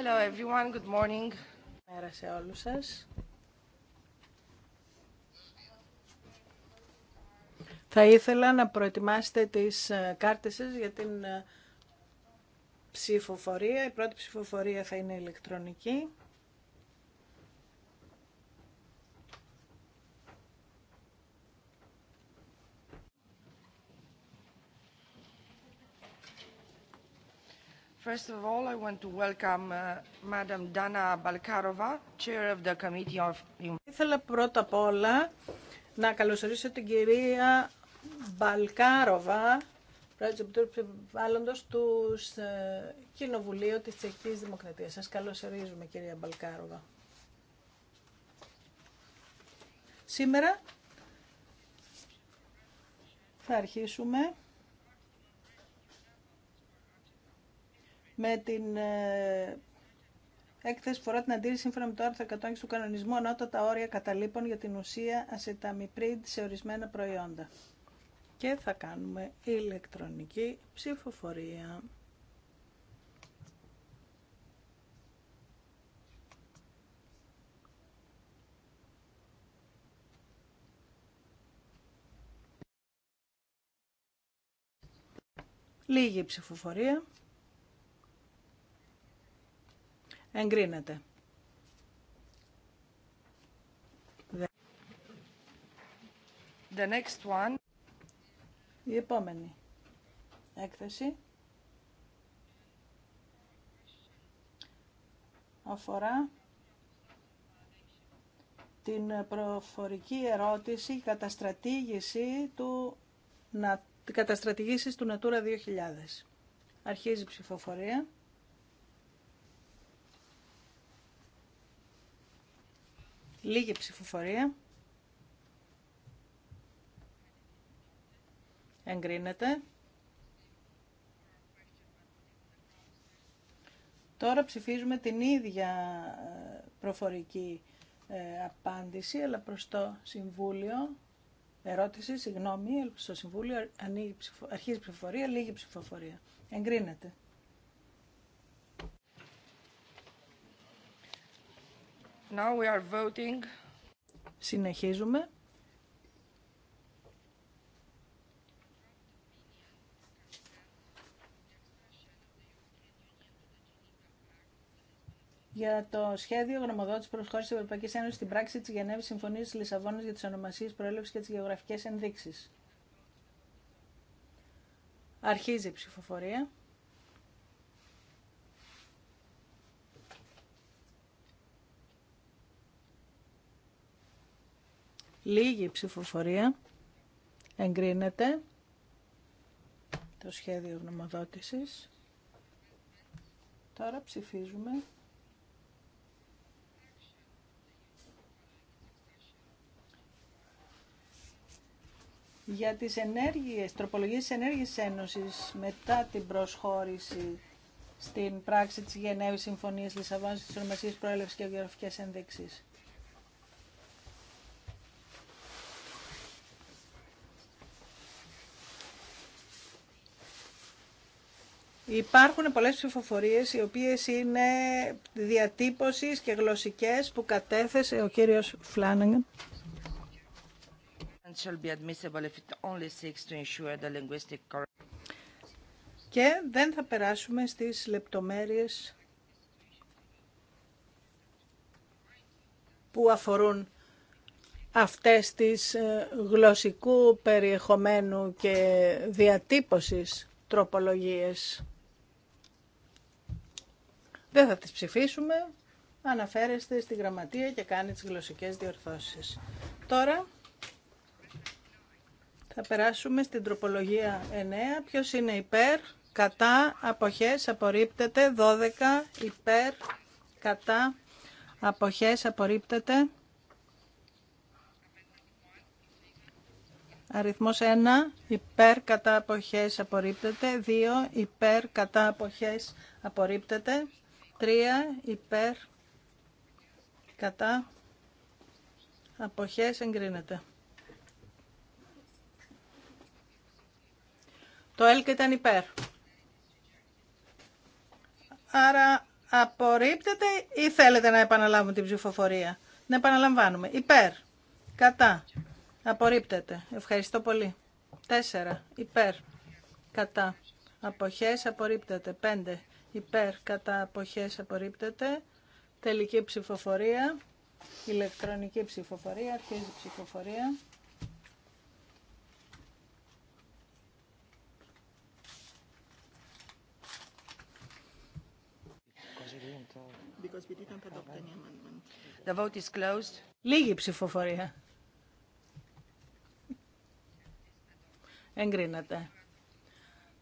Hello everyone, good morning. σε όλους σας. Θα ήθελα να προετοιμάσετε τις ε, κάρτες σας για την ε, ψηφοφορία. Η πρώτη ψηφοφορία θα είναι ηλεκτρονική. First of all, I want to welcome uh, Madam Dana Balkarova, Chair of the Committee of Ήθελα πρώτα απ' όλα να καλωσορίσω την κυρία Μπαλκάροβα, πρόεδρο του Περιβάλλοντο του ε, Κοινοβουλίου τη Τσεχική Δημοκρατία. Σα καλωσορίζουμε, κυρία Μπαλκάροβα. Σήμερα θα αρχίσουμε με την ε, έκθεση φορά την αντίρρηση σύμφωνα με το άρθρο 100 του κανονισμού ανώτατα όρια καταλήπων για την ουσία ασεταμιπρίντ σε ορισμένα προϊόντα. Και θα κάνουμε ηλεκτρονική ψηφοφορία. Λίγη ψηφοφορία. Εγκρίνεται. The next one. Η επόμενη έκθεση αφορά την προφορική ερώτηση καταστρατήγηση του, καταστρατηγήσεις του Natura 2000. Αρχίζει η ψηφοφορία. Λίγη ψηφοφορία. Εγκρίνεται. Τώρα ψηφίζουμε την ίδια ε, προφορική ε, απάντηση, αλλά προς το Συμβούλιο, ερώτηση, συγγνώμη, στο Συμβούλιο αρχίζει αρχίζει ψηφοφορία, λίγη ψηφοφορία. Εγκρίνεται. Now we are voting. Συνεχίζουμε. για το σχέδιο γνωμοδότηση προσχώρηση τη Ευρωπαϊκή Ένωση στην πράξη τη Γενέβη Συμφωνία τη Λισαβόνα για τι ονομασίε προέλευση και τι γεωγραφικέ ενδείξει. Αρχίζει η ψηφοφορία. Λίγη ψηφοφορία. Εγκρίνεται το σχέδιο γνωμοδότησης. Τώρα ψηφίζουμε. για τις ενέργειες, τροπολογίες της Ενέργειας Ένωσης μετά την προσχώρηση στην πράξη της Γενέβης Συμφωνίας Λισαβόνας της Ονομασίας Προέλευσης και Γεωγραφικές ενδείξεις. Υπάρχουν πολλές ψηφοφορίες οι οποίες είναι διατύπωσης και γλωσσικές που κατέθεσε ο κύριος Φλάνεγκ. Και δεν θα περάσουμε στις λεπτομέρειες που αφορούν αυτές τις ε, γλωσσικού περιεχομένου και διατύπωσης τροπολογίες. Δεν θα τις ψηφίσουμε. Αναφέρεστε στη γραμματεία και κάνει τις γλωσσικές διορθώσεις. Τώρα θα περάσουμε στην τροπολογία 9. Ποιος είναι υπέρ, κατά, αποχές, απορρίπτεται. 12 υπέρ, κατά, αποχές, απορρίπτεται. Αριθμός 1, υπέρ κατά αποχές απορρίπτεται. 2, υπέρ κατά αποχές απορρίπτεται. 3 υπέρ κατά αποχές εγκρίνεται. Το ΕΛΚ ήταν υπέρ. Άρα απορρίπτεται ή θέλετε να επαναλάβουμε την ψηφοφορία. Να επαναλαμβάνουμε. Υπέρ. Κατά. Απορρίπτεται. Ευχαριστώ πολύ. Τέσσερα Υπέρ. Κατά. Αποχές απορρίπτεται. 5 υπέρ κατά αποχές απορρίπτεται. Τελική ψηφοφορία, ηλεκτρονική ψηφοφορία, αρχίζει η ψηφοφορία. The vote is closed. Λίγη ψηφοφορία. Εγκρίνεται.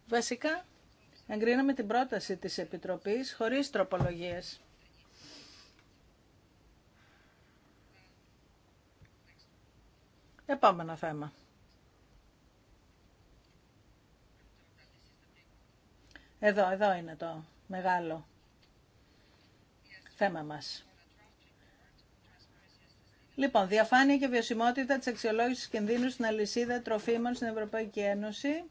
Βασικά, εγκρίνουμε την πρόταση της Επιτροπής χωρίς τροπολογίες. Επόμενο θέμα. Εδώ, εδώ είναι το μεγάλο θέμα μας. Λοιπόν, διαφάνεια και βιωσιμότητα της αξιολόγησης κινδύνου στην αλυσίδα τροφίμων στην Ευρωπαϊκή Ένωση.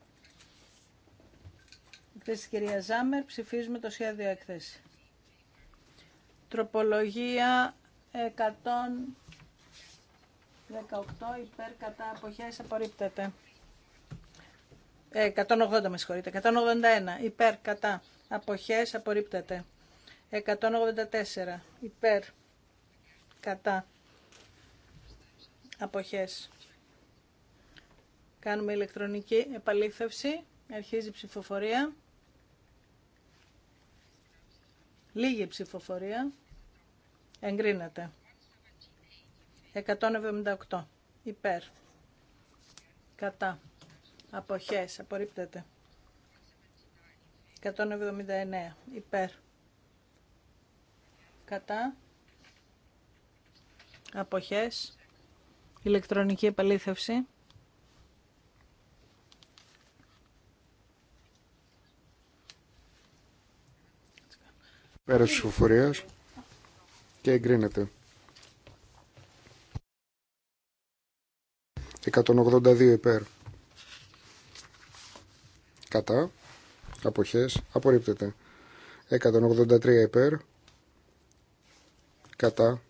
Στην κυρία Ζάμερ. Ψηφίζουμε το σχέδιο έκθεση. Τροπολογία 118 υπέρ κατά αποχές απορρίπτεται. 180 ε, με συγχωρείτε. 181 υπέρ κατά αποχές απορρίπτεται. 184 υπέρ κατά αποχές. Κάνουμε ηλεκτρονική επαλήθευση. Αρχίζει η ψηφοφορία. Λίγη ψηφοφορία. Εγκρίνεται. 178. Υπέρ. Κατά. Αποχές. Απορρίπτεται. 179. Υπέρ. Κατά. Αποχές. Ηλεκτρονική επαλήθευση. Πέρα τη και εγκρίνεται. 182 υπέρ. Κατά. Αποχές. Απορρίπτεται. 183 υπέρ. Κατά.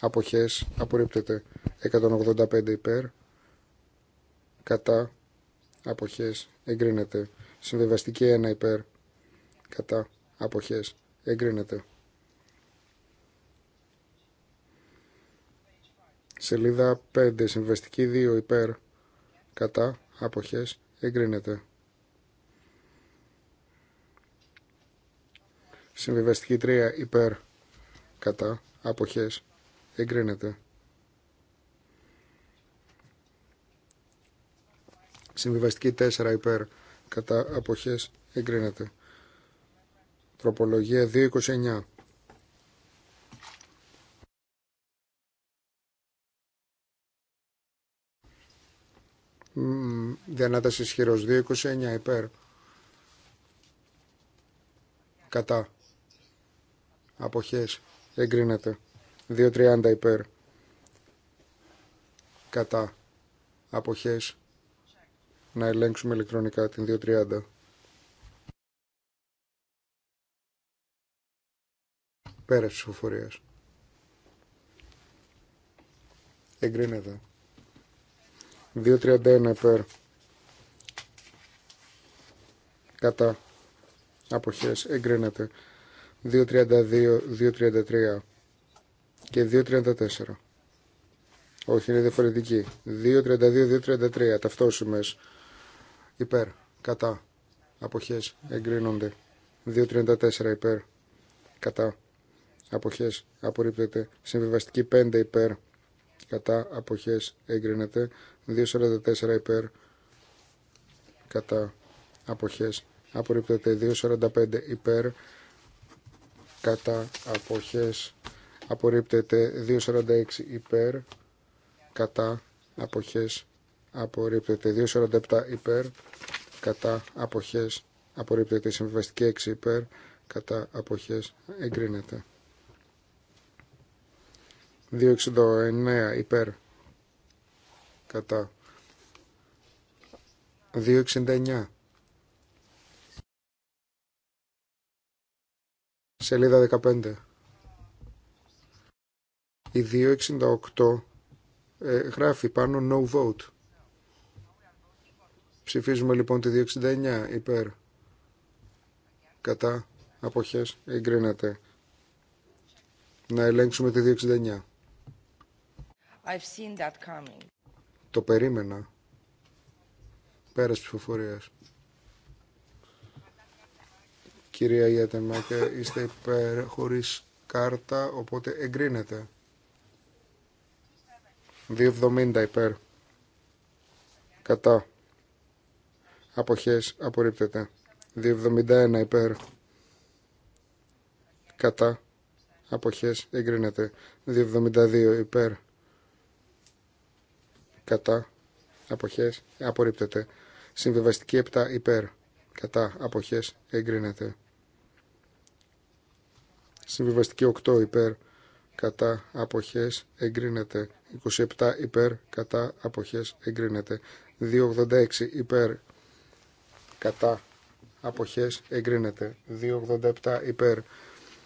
Αποχές. Απορρίπτεται. 185 υπέρ. Κατά. Αποχές. Εγκρίνεται. Συμβεβαστική 1 υπέρ. Κατά. Αποχές. Εγκρίνεται. Σελίδα 5. Συμβεστική 2 υπέρ. Κατά. Αποχές. Εγκρίνεται. Συμβιβαστική 3 υπέρ. Κατά. Αποχές. Εγκρίνεται. Συμβιβαστική 4 υπέρ. Κατά. Αποχές. Εγκρίνεται. Τροπολογία 229. Διανάταση ισχυρός 229 υπέρ. Κατά. Αποχές. Εγκρίνεται. 230 υπέρ. Κατά. Αποχές. Να ελέγξουμε ηλεκτρονικά την 230. Πέρα της ψηφοφορίας. Εγκρίνεται. 2.31 υπέρ. Κατά. Αποχές. Εγκρίνεται. 2.32, 2.33 και 2.34. Όχι, είναι διαφορετική. 2.32, 2.33. Ταυτόσιμες. Υπέρ. Κατά. Αποχές. Εγκρίνονται. 2.34 υπέρ. Κατά αποχές απορρίπτεται. Συμβιβαστική 5 υπέρ κατά αποχές εγκρίνεται. 2.44 υπέρ κατά αποχές απορρίπτεται. 2.45 υπέρ κατά αποχές απορρίπτεται. 2.46 υπέρ κατά αποχές απορρίπτεται. 2.47 υπέρ κατά αποχές απορρίπτεται. Συμβιβαστική 6 υπέρ κατά αποχές εγκρίνεται. 269 υπέρ κατά 269 σελίδα 15 η 268 ε, γράφει πάνω no vote ψηφίζουμε λοιπόν τη 269 υπέρ κατά αποχές εγκρίνεται να ελέγξουμε τη 269 I've seen that coming. Το περίμενα. Πέρας ψηφοφορίας. Κυρία Μάκε, είστε υπέρ χωρίς κάρτα, οπότε εγκρίνεται. 2,70 υπέρ. Κατά. Αποχές απορρίπτεται. 2,71 υπέρ. Κατά. Αποχές εγκρίνεται. 2,72 υπέρ κατά αποχέ απορρίπτεται. Συμβιβαστική 7 υπέρ κατά απόχέ εγκρίνεται. Συμβιβαστική 8 υπέρ κατά απόχέ. εγκρίνεται. 27 υπέρ κατά αποχέ εγκρίνεται. 286 υπέρ κατά αποχε εγκρίνεται. 287 υπέρ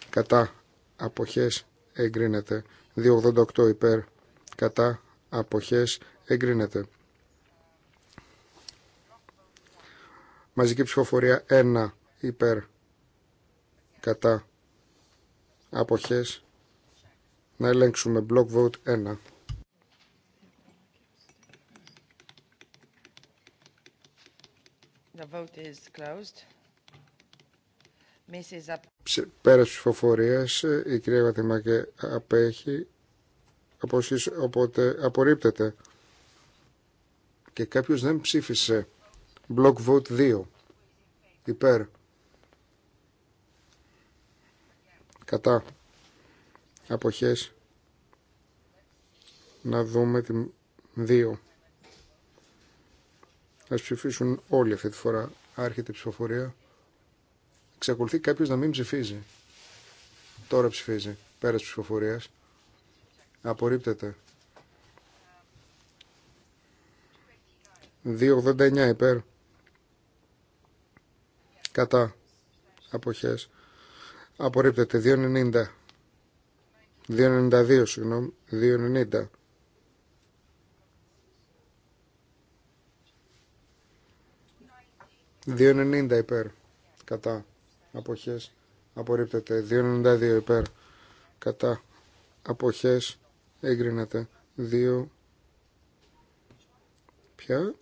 κατά αποχέ εγκρίνεται. 288 υπέρ κατά αποχές εγκρίνεται. Μαζική ψηφοφορία 1 υπέρ κατά αποχές. Να ελέγξουμε block vote 1. The vote Πέρα στις ε, η κυρία Γατημάκη απέχει, οπότε απορρίπτεται και κάποιος δεν ψήφισε. Block vote 2. Υπέρ. Κατά. Αποχές. Να δούμε την 2. Ας ψηφίσουν όλοι αυτή τη φορά. Άρχεται η ψηφοφορία. Ξεκολουθεί κάποιος να μην ψηφίζει. Τώρα ψηφίζει. Πέρας ψηφοφορίας. Απορρίπτεται. 289 υπέρ κατά αποχές απορρίπτεται 290 292 συγγνώμη 290 2,90 υπέρ κατά αποχές απορρίπτεται 2,92 υπέρ κατά αποχές εγκρίνεται 2 πια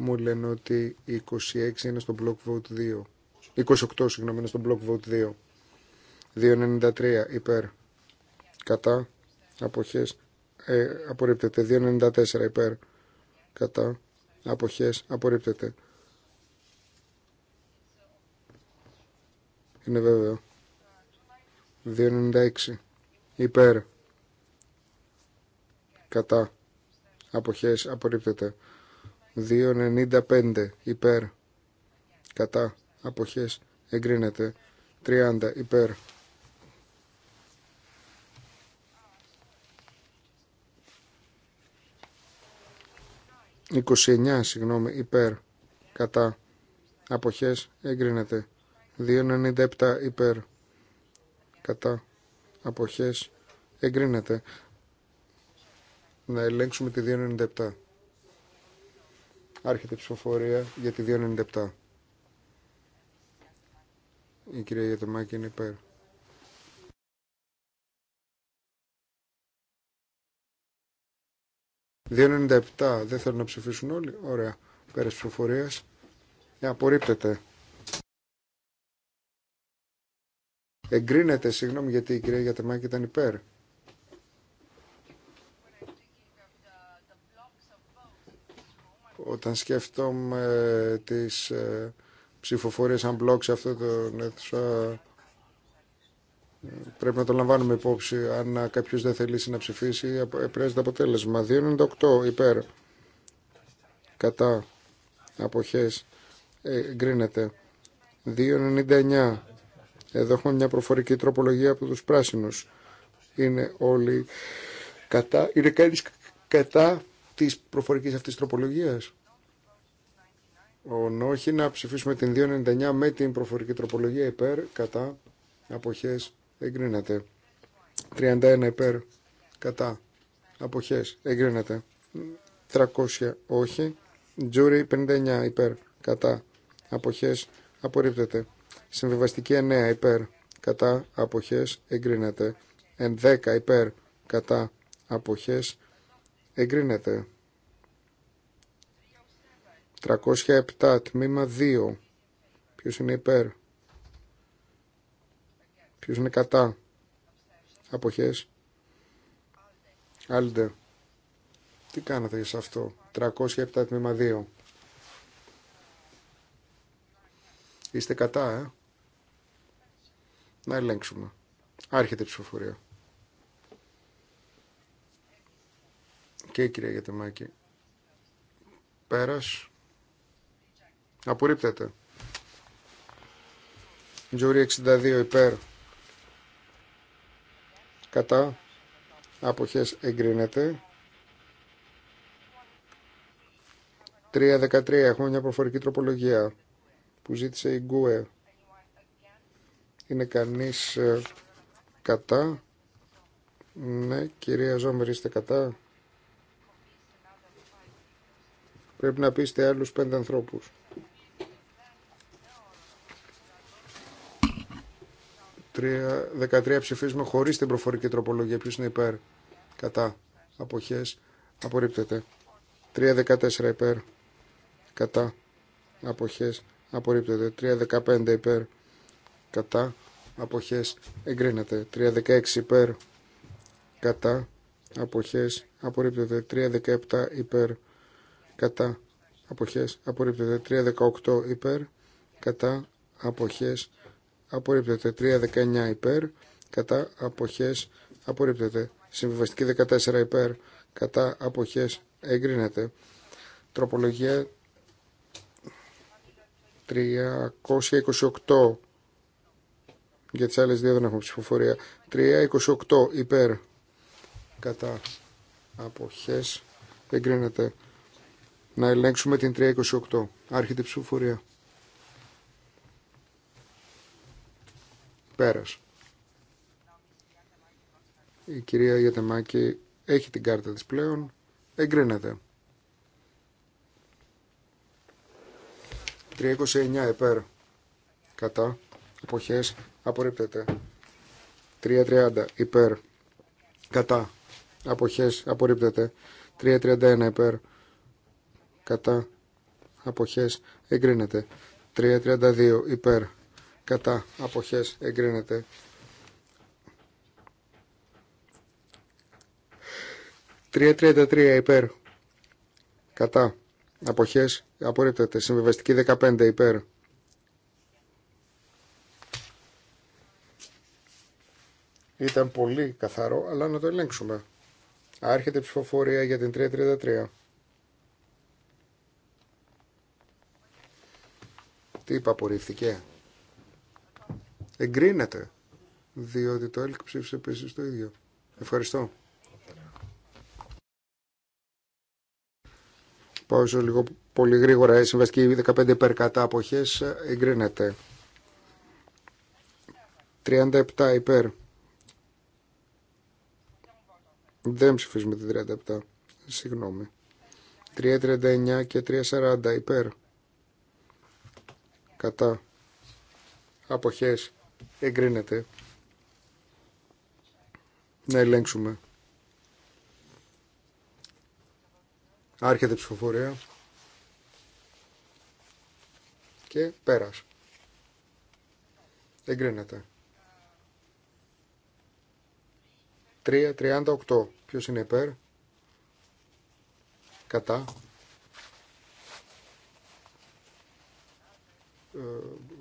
μου λένε ότι 26 είναι στο block vote 2. 28 συγγνώμη είναι στο block vote 2. 2.93 υπέρ. Κατά. Αποχές. Ε, απορρίπτεται. 2.94 υπέρ. Κατά. Αποχές. Απορρίπτεται. Είναι βέβαιο. 2.96 υπέρ. Κατά. Αποχές. Απορρίπτεται. 2.95 υπέρ κατά αποχές εγκρίνεται 30 υπέρ «29 συγγνώμη υπέρ κατά αποχές εγκρίνεται 2.97 υπέρ κατά αποχές εγκρίνεται να ελέγξουμε τη 2.97 Άρχεται η ψηφοφορία για τη 297. Η κυρία Γιατεμάκη είναι υπέρ. «2.97 δεν θέλουν να ψηφίσουν όλοι. Ωραία. Πέρας ψηφοφορίας. Απορρίπτεται. Εγκρίνεται, συγγνώμη, γιατί η κυρία Γιατεμάκη ήταν υπέρ. όταν σκέφτομαι τις ε, ψηφοφορίες αν μπλοκ σε αυτό το αίθουσα ε, πρέπει να το λαμβάνουμε υπόψη αν κάποιος δεν θελήσει να ψηφίσει πρέπει το αποτέλεσμα 2,98 υπέρ κατά αποχές ε, εγκρίνεται 2,99 εδώ έχουμε μια προφορική τροπολογία από τους πράσινους είναι όλοι κατά είναι κανείς κατά της προφορικής αυτής τροπολογίας όχι να ψηφίσουμε την 299 με την προφορική τροπολογία υπέρ κατά αποχές εγκρίνεται. 31 υπέρ κατά αποχές εγκρίνεται. 300 όχι. Τζούρι 59 υπέρ κατά αποχές απορρίπτεται. Συμβιβαστική 9 υπέρ κατά αποχές εγκρίνεται. 10 υπέρ κατά αποχές εγκρίνεται. 307 τμήμα 2. Ποιος είναι υπέρ. Ποιος είναι κατά. Αποχές. Άλντε. Τι κάνατε για αυτό. 307 τμήμα 2. Είστε κατά, ε. Να ελέγξουμε. Άρχεται η ψηφοφορία. Και η κυρία Γιατεμάκη. Πέρας. Απορρίπτεται. Τζουρί 62 υπέρ. Κατά. Αποχές εγκρίνεται. 3.13 έχουμε μια προφορική τροπολογία που ζήτησε η Γκουε. Είναι κανείς ε, κατά. Ναι, κυρία Ζόμερ, είστε κατά. Πρέπει να πείστε άλλους πέντε ανθρώπους. 13 ψηφίζουμε χωρίς την προφορική τροπολογία. Ποιος είναι υπέρ. Κατά. Αποχές. Απορρίπτεται. 3-14 υπέρ. Κατά. Αποχές. Απορρίπτεται. 3-15 υπέρ. Κατά. Αποχές. Εγκρίνεται. 3-16 υπέρ. Κατά. Αποχές. Απορρίπτεται. 3-17 υπέρ. Κατά. Αποχές. Απορρίπτεται. 3-18 υπέρ. Κατά. Αποχές απορρίπτεται. 3.19 υπέρ, κατά αποχές απορρίπτεται. Συμβιβαστική 14 υπέρ, κατά αποχές εγκρίνεται. Τροπολογία 328 για τις άλλες δύο δεν έχουμε ψηφοφορία 328 υπέρ κατά αποχές εγκρίνεται να ελέγξουμε την 328 άρχεται ψηφοφορία Πέρας. Η κυρία Γιατεμάκη έχει την κάρτα της πλέον. Εγκρίνεται. 329 υπέρ. Κατά. Εποχές. Απορρίπτεται. 330 υπέρ. Κατά. Αποχές. Απορρίπτεται. 331 υπέρ. Κατά. Αποχές. Εγκρίνεται. 332 υπέρ κατά αποχές εγκρίνεται. «3.33 υπέρ κατά αποχές απορρίπτεται. Συμβιβαστική 15 υπέρ Ήταν πολύ καθαρό, αλλά να το ελέγξουμε. Άρχεται ψηφοφορία για την 333. Τι είπα, απορρίφθηκε. Εγκρίνεται. Διότι το ΕΛΚ ψήφισε επίση το ίδιο. Ευχαριστώ. Πάω λίγο πολύ γρήγορα. Η συμβαστική 15 υπέρ κατά αποχές εγκρίνεται. 37 υπέρ. Δεν ψηφίζουμε την 37. Συγγνώμη. 3.39 και 3.40 υπέρ. Κατά. Αποχές εγκρίνεται. Να ελέγξουμε. Άρχεται η ψηφοφορία. Και πέρας. Εγκρίνεται. 3.38. Ποιος είναι υπέρ. Κατά. Ε,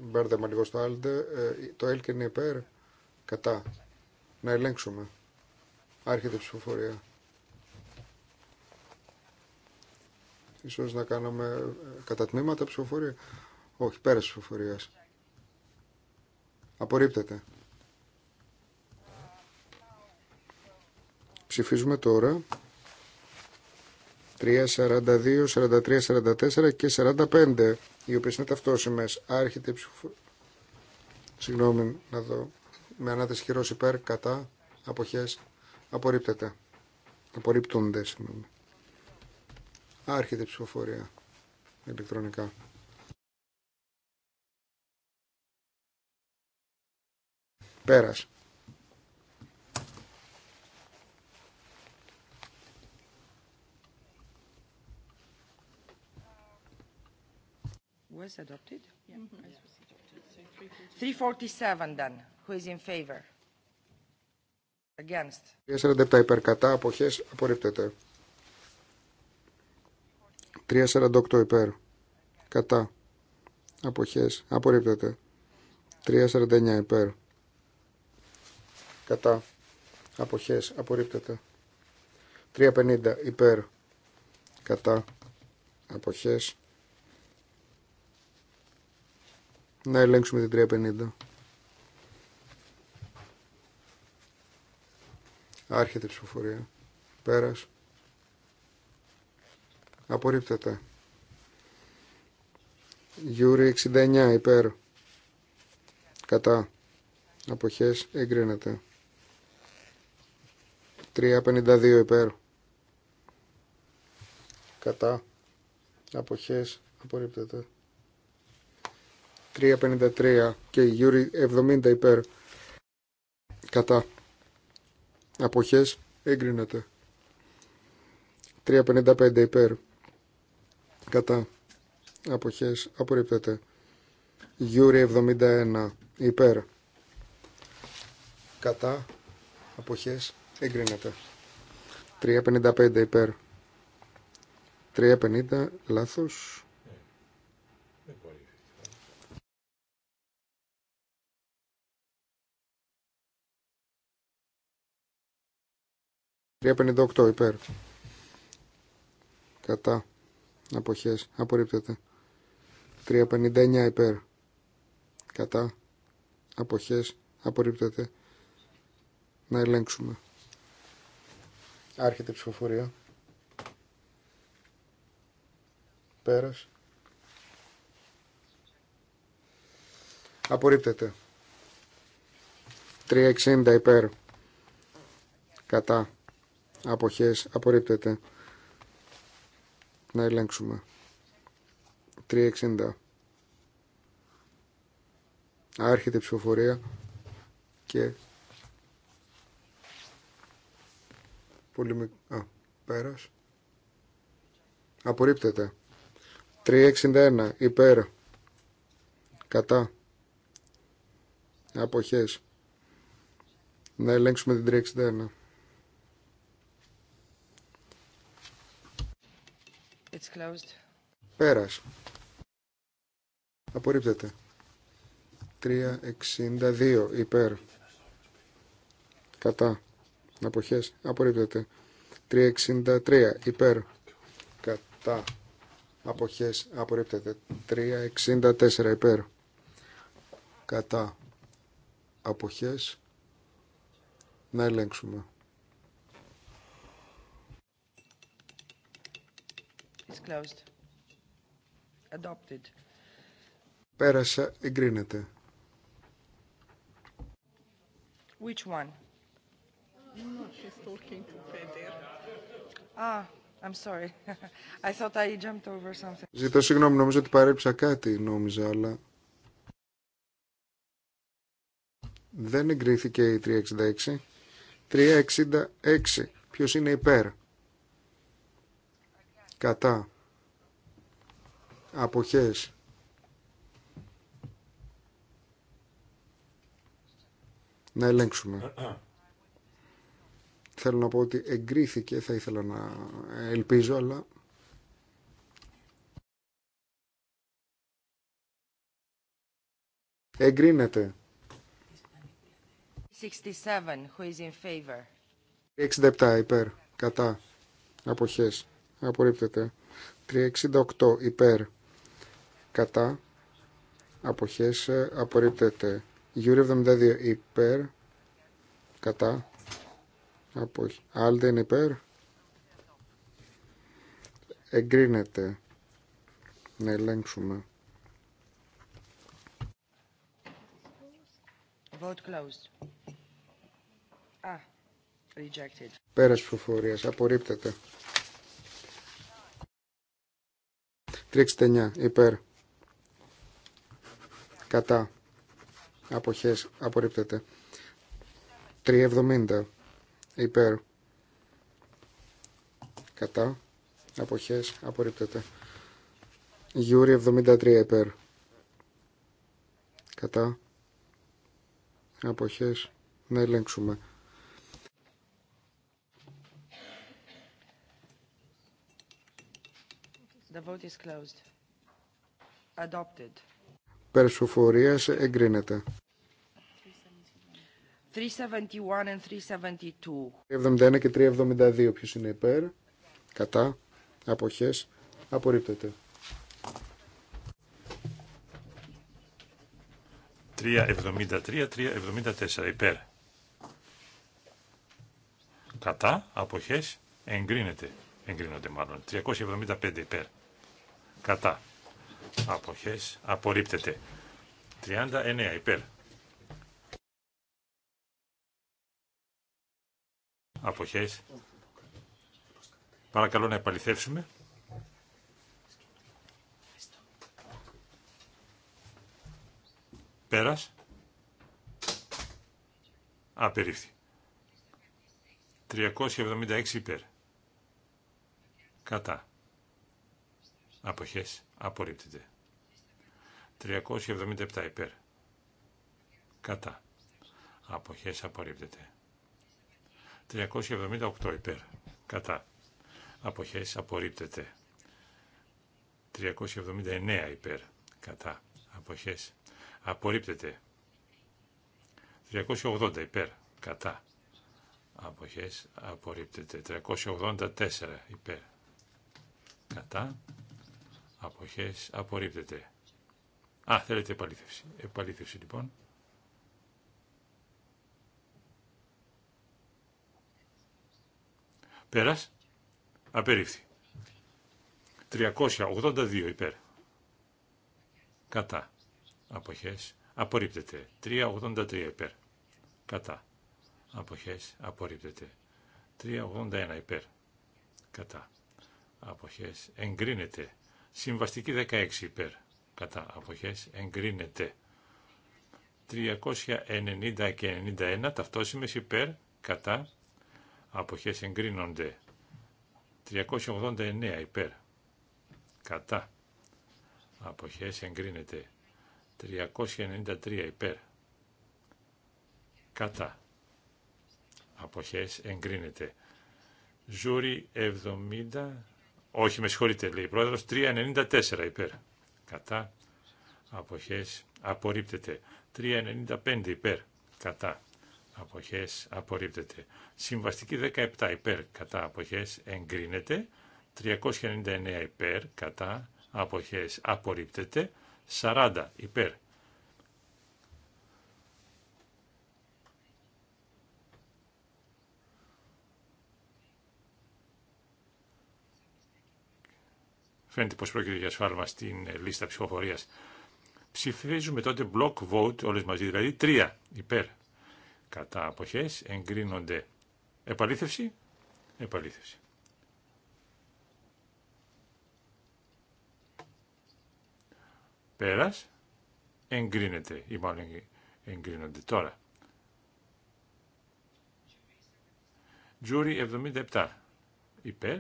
μπέρδεμα λίγο στο Άλντε. Ε, το ΕΛΚ είναι υπέρ. Κατά. Να ελέγξουμε. Άρχεται η ψηφοφορία. Ίσως να κάνουμε ε, κατά τμήματα ψηφοφορία. Όχι, πέρα ψηφοφορία. Απορρίπτεται. Ψηφίζουμε τώρα 3, 42, 43, 44 και 45, οι οποίε είναι ταυτόσιμε. Άρχεται ψηφοφορία. Συγγνώμη να δω. Με ανάθεση χειρό υπέρ, κατά, αποχές, απορρίπτεται. Απορρίπτονται, συγγνώμη. Άρχεται η ψηφοφορία ηλεκτρονικά. Πέρας. Was adopted? Yeah. 347 mm-hmm. then. Who is in favor? Against. 347 υπέρ κατά αποχές απορρίπτεται. 348 υπέρ κατά αποχές απορρίπτεται. 349 υπέρ κατά αποχές απορρίπτεται. 350 υπέρ κατά αποχές Να ελέγξουμε την 350. Άρχεται η ψηφοφορία. Πέρας. Απορρίπτεται. Γιούρι 69 υπέρ. Κατά. Αποχές εγκρίνεται. 352 υπέρ. Κατά. Αποχές απορρίπτεται. 353 και η Γιούρι 70 υπέρ κατά αποχές εγκρίνεται 355 υπέρ κατά αποχές απορρίπτεται Γιούρι 71 υπέρ κατά αποχές εγκρίνεται 355 υπέρ 350 λάθος 358 υπέρ. Κατά. Αποχές. Απορρίπτεται. 359 υπέρ. Κατά. Αποχές. Απορρίπτεται. Να ελέγξουμε. Άρχεται η ψηφοφορία. Πέρας. Απορρίπτεται. 360 υπέρ. Κατά αποχές απορρίπτεται να ελέγξουμε 360 άρχεται η ψηφοφορία και πολύ μικρό α, πέρας απορρίπτεται 361 υπέρ κατά αποχές να ελέγξουμε την 361 Πέρας. Απορρίπτεται. 362 υπέρ. Κατά. Αποχές. Απορρίπτεται. 363 υπέρ. Κατά. Αποχές. Απορρίπτεται. 364 υπέρ. Κατά. Αποχές. Να ελέγξουμε. Closed. Adopted. Πέρασε, εγκρίνεται. Which one? No, she's talking to Peter. Ah, I'm sorry. I thought I jumped over something. Ζητώ συγγνώμη, νομίζω ότι παρέψα κάτι, νόμιζα, αλλά... Δεν εγκρίθηκε η 366. 366. Ποιος είναι υπέρ. Κατά αποχές να ελέγξουμε. Θέλω να πω ότι εγκρίθηκε, θα ήθελα να ελπίζω, αλλά... Εγκρίνεται. 67, who is in favor. 67 υπέρ, κατά, αποχές, απορρίπτεται. 368 υπέρ, κατά αποχές ε, απορρίπτεται Γιούρι 72 υπέρ κατά αποχή Άλτε είναι υπέρ εγκρίνεται να ελέγξουμε Vote closed. Ah, rejected. Πέρας προφορίας, απορρίπτεται. 369, υπέρ κατά αποχές απορρίπτεται 370 υπέρ κατά αποχές απορρίπτεται Γιούρι 73 υπέρ κατά αποχές να ελέγξουμε The vote is closed. Adopted περσοφορίας εγκρίνεται. 371 372. 371 και 372 ποιος είναι υπέρ, κατά, αποχές, απορρίπτεται. 373, 374 υπέρ. Κατά, αποχές, εγκρίνεται. Εγκρίνονται μάλλον. 375 υπέρ. Κατά, αποχές απορρίπτεται. 39 υπέρ. Αποχές. Παρακαλώ να επαληθεύσουμε. Πέρας. Απερίφθη. 376 υπέρ. Κατά. Αποχές. Απορρίπτεται. 377 υπέρ. Κατά. Αποχές απορρίπτεται. 378 υπέρ. Κατά. Αποχές απορρίπτεται. 379 υπέρ. Κατά. Αποχές. Απορρίπτεται. 380 υπέρ. Κατά. Αποχές απορρίπτεται. 384 υπέρ. Κατά αποχές απορρίπτεται. Α, θέλετε επαλήθευση. Επαλήθευση λοιπόν. Πέρας, απερίφθη. 382 υπέρ. Κατά. Αποχές. Απορρίπτεται. 383 υπέρ. Κατά. Αποχές. Απορρίπτεται. 381 υπέρ. Κατά. Αποχές. Εγκρίνεται. Συμβαστική 16 υπέρ κατά αποχές εγκρίνεται. 390 και 91 ταυτόσημες υπέρ κατά αποχές εγκρίνονται. 389 υπέρ κατά αποχές εγκρίνεται. 393 υπέρ κατά αποχές εγκρίνεται. Ζούρι 70 όχι, με συγχωρείτε, λέει η πρόεδρος. 3,94 υπέρ. Κατά. Αποχές. Απορρίπτεται. 3,95 υπέρ. Κατά. Αποχές. Απορρίπτεται. Συμβαστική 17 υπέρ. Κατά. Αποχές. Εγκρίνεται. 399 υπέρ. Κατά. Αποχές. Απορρίπτεται. 40 υπέρ. Φαίνεται πως πρόκειται για σφάλμα στην ε, λίστα ψηφοφορίας. Ψηφίζουμε τότε block vote όλες μαζί, δηλαδή τρία υπέρ. Κατά αποχές εγκρίνονται επαλήθευση, επαλήθευση. Πέρας, εγκρίνεται ή μάλλον εγκρίνονται τώρα. Τζούρι 77 υπέρ,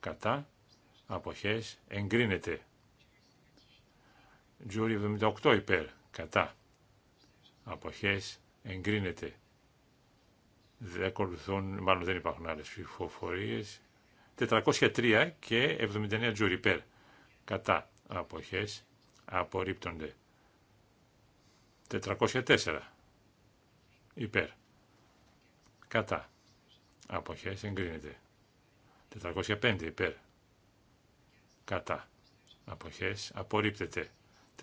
κατά, αποχές εγκρίνεται. Τζούρι 78 υπέρ, κατά, αποχές εγκρίνεται. Δεν ακολουθούν, μάλλον δεν υπάρχουν άλλες ψηφοφορίες. 403 και 79 τζούρι υπέρ, κατά, αποχές απορρίπτονται. 404 υπέρ, κατά, αποχές εγκρίνεται. 405 υπέρ, κατά αποχές απορρίπτεται.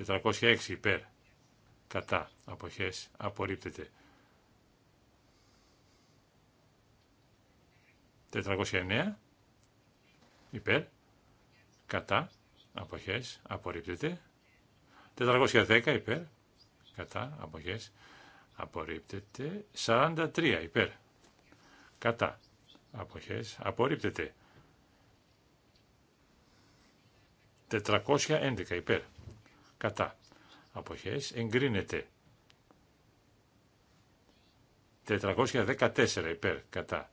406 υπέρ κατά αποχές απορρίπτεται. 409 υπέρ κατά αποχές απορρίπτεται. 410 υπέρ κατά αποχές απορρίπτεται. 43 υπέρ κατά αποχές απορρίπτεται. 411 υπέρ. Κατά. Αποχές εγκρίνεται. 414 υπέρ. Κατά.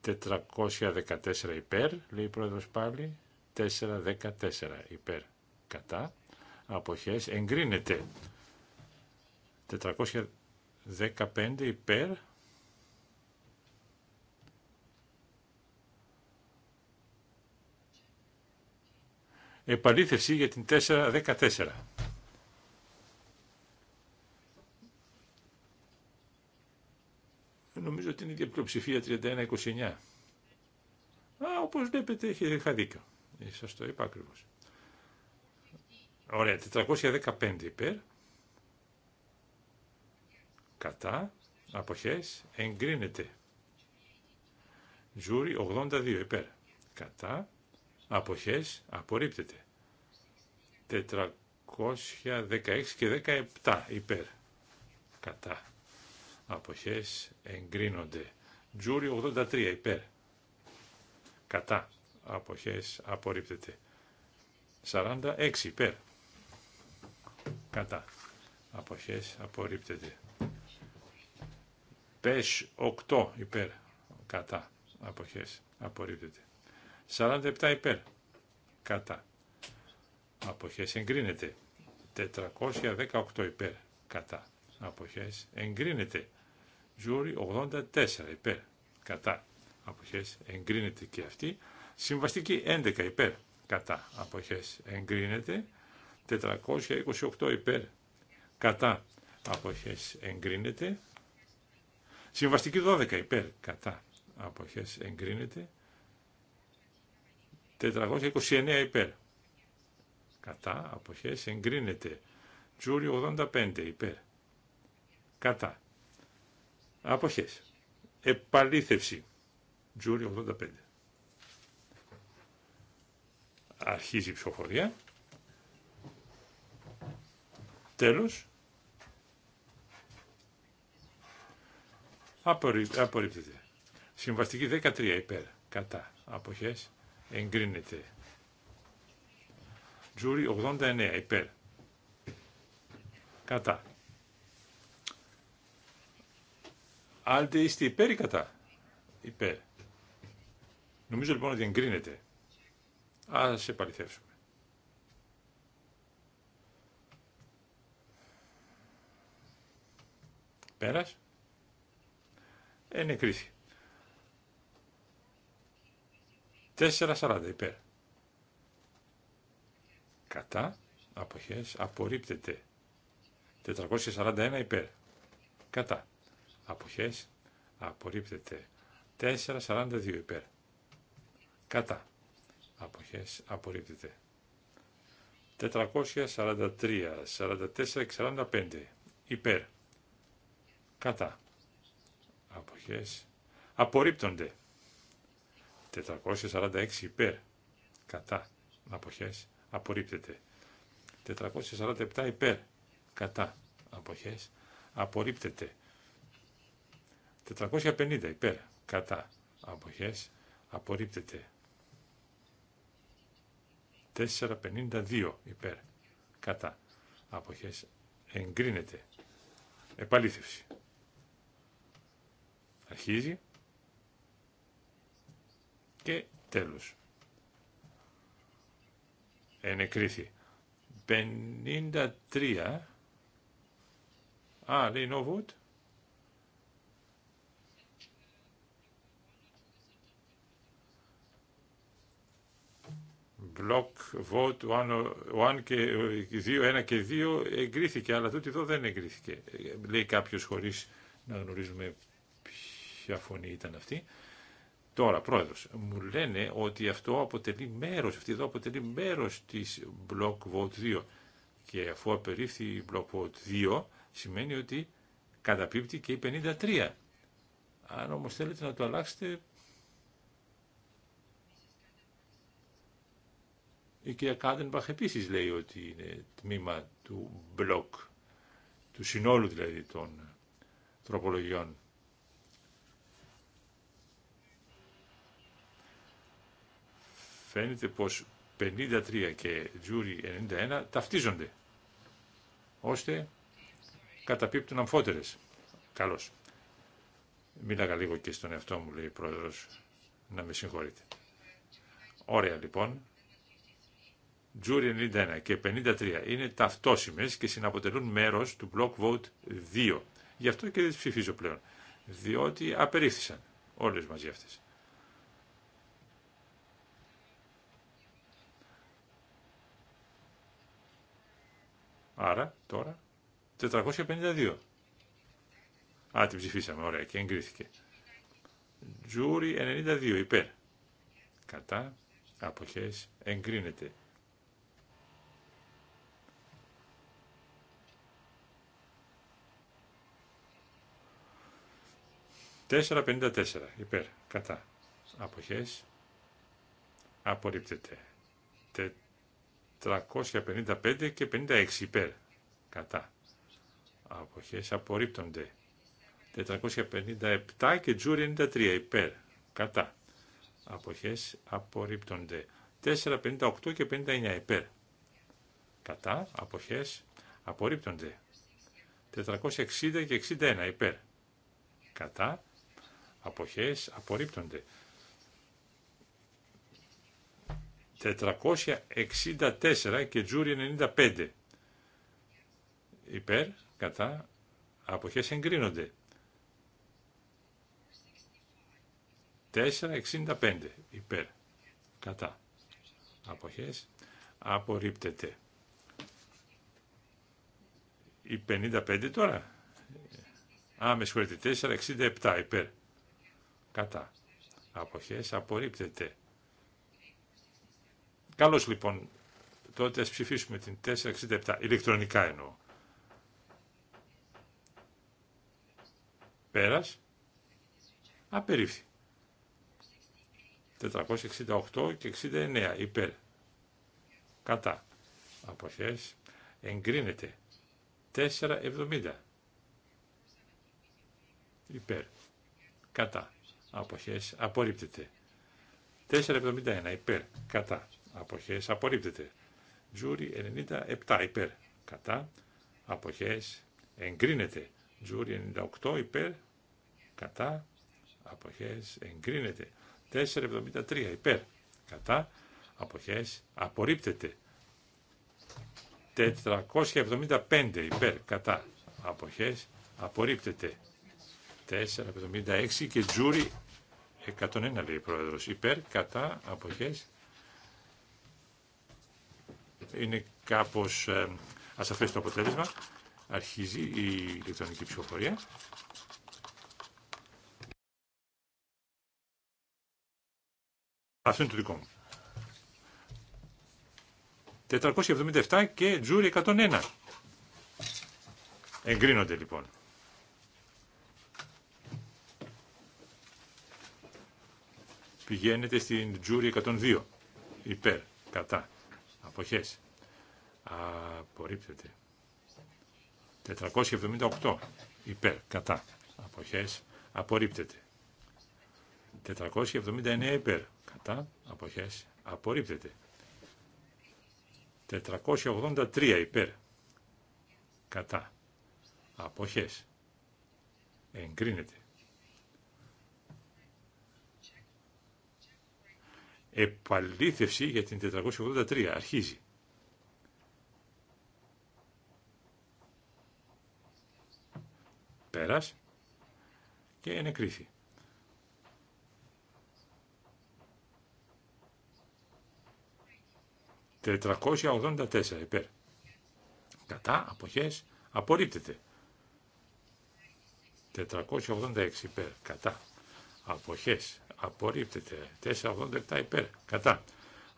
414 υπέρ, λέει η πρόεδρος πάλι, 414 υπέρ κατά, αποχές εγκρίνεται. 415 υπέρ, επαλήθευση για την 414. Νομίζω ότι είναι η ίδια πλειοψηφία 31-29. Α, όπως βλέπετε, είχα δίκιο. Ε, σας το είπα ακριβώς. Ωραία, 415 υπέρ. Κατά, αποχές, εγκρίνεται. Ζούρι, 82 υπέρ. Κατά, αποχές απορρίπτεται. 416 και 17 υπέρ κατά αποχές εγκρίνονται. Τζούρι 83 υπέρ κατά αποχές απορρίπτεται. 46 υπέρ κατά αποχές απορρίπτεται. Πες 8 υπέρ κατά αποχές απορρίπτεται. 47 υπέρ. Κατά. Αποχές εγκρίνεται. 418 υπέρ. Κατά. Αποχές εγκρίνεται. Ζούρι 84 υπέρ. Κατά. Αποχές εγκρίνεται και αυτή. Συμβαστική 11 υπέρ. Κατά. Αποχές εγκρίνεται. 428 υπέρ. Κατά. Αποχές εγκρίνεται. Συμβαστική 12 υπέρ. Κατά. Αποχές εγκρίνεται. 429 υπέρ. Κατά αποχές εγκρίνεται. Τζούριο 85 υπέρ. Κατά. Αποχές. Επαλήθευση. Τζούριο 85. Αρχίζει η ψηφοφορία. Τέλος. Απορρίπτεται. Συμβαστική 13 υπέρ. Κατά. Αποχές εγκρίνεται. Τζούρι 89 υπέρ. Κατά. Αλτε είστε υπέρ ή κατά. Υπέρ. Νομίζω λοιπόν ότι εγκρίνεται. Ας επαληθεύσουμε. Πέρας. Ενεκρίθηκε. Ναι, 4.40 υπέρ. Κατά αποχές απορρίπτεται. 441 υπέρ. Κατά αποχές απορρίπτεται. 4.42 υπέρ. Κατά αποχές απορρίπτεται. 443, 44 45 υπέρ. Κατά αποχές απορρίπτονται. 446 υπέρ κατά αποχές απορρίπτεται. 447 υπέρ κατά αποχές απορρίπτεται. 450 υπέρ κατά αποχές απορρίπτεται. 452 υπέρ κατά αποχές εγκρίνεται. Επαλήθευση. Αρχίζει. Και τέλος. Ενεκρίθη. 53. Α, λέει no vote. Block vote 1 και 2, 1 και 2 εγκρίθηκε, αλλά τούτη εδώ δεν εγκρίθηκε. Ε, λέει κάποιος χωρίς να γνωρίζουμε ποια φωνή ήταν αυτή. Τώρα, πρόεδρος, μου λένε ότι αυτό αποτελεί μέρος, αυτή εδώ αποτελεί μέρος της Block Vote 2 και αφού απερίφθη η Block Vote 2 σημαίνει ότι καταπίπτει και η 53. Αν όμως θέλετε να το αλλάξετε, η κυρία Κάντενμπαχ επίσης λέει ότι είναι τμήμα του Block, του συνόλου δηλαδή των τροπολογιών φαίνεται πως 53 και Jury 91 ταυτίζονται, ώστε καταπίπτουν αμφότερες. Καλώς. Μίλαγα λίγο και στον εαυτό μου, λέει η πρόεδρος, να με συγχωρείτε. Ωραία λοιπόν. Jury 91 και 53 είναι ταυτόσιμες και συναποτελούν μέρος του Block Vote 2. Γι' αυτό και δεν ψηφίζω πλέον, διότι απερίφθησαν όλες μαζί αυτές. Άρα τώρα 452. Α, την ψηφίσαμε, ωραία, και εγκρίθηκε. Τζούρι 92, υπέρ. Κατά, αποχές, εγκρίνεται. Τέσσερα υπέρ, κατά, αποχές, απορρίπτεται. 355 και 56 υπέρ. Κατά. Αποχές απορρίπτονται. 457 και τζούρι 93 υπέρ. Κατά. Αποχές απορρίπτονται. 458 και 59 υπέρ. Κατά. Αποχές απορρίπτονται. 460 και 61 υπέρ. Κατά. Αποχές απορρίπτονται. 464 και τζούρι 95. Υπέρ, κατά, αποχές εγκρίνονται. 465 υπέρ, κατά, αποχές απορρίπτεται. Η 55 τώρα. Α, με συγχωρείτε, 467 υπέρ, κατά, αποχές απορρίπτεται. Καλώ λοιπόν, τότε α ψηφίσουμε την 467, ηλεκτρονικά εννοώ. Πέρας, απερίφθη. 468 και 69 υπέρ. Κατά. Αποχές. Εγκρίνεται. 470 υπέρ. Κατά. Αποχές. Απορρίπτεται. 471 υπέρ. Κατά. Αποχέ. απορρίπτεται. Τζούρι 97 υπέρ κατά απόχέ. εγκρίνεται. Τζούρι 98 υπέρ κατά Αποχέ. εγκρίνεται. 473 υπέρ κατά απόχέ. απορρίπτεται. 475 υπέρ κατά απόχέ. απορρίπτεται. 476 και τζούρι 101 λέει η πρόεδρος υπέρ κατά αποχές είναι κάπως ε, ασαφές το αποτέλεσμα. Αρχίζει η ηλεκτρονική ψηφοφορία. Αυτό είναι το δικό μου. 477 και τζούρι 101. Εγκρίνονται λοιπόν. Πηγαίνετε στην τζούρι 102. Υπέρ, κατά, αποχές. Απορρίπτεται. 478 υπέρ, κατά, αποχές, απορρίπτεται. 479 υπέρ, κατά, αποχές, απορρίπτεται. 483 υπέρ, κατά, αποχές, εγκρίνεται. Επαλήθευση για την 483 αρχίζει. Πέρας. Και ενεκρίθη. «484 υπέρ». Κατά αποχές απορρίπτεται. 486 υπέρ. Κατά αποχές απορρίπτεται. 487 υπέρ. Κατά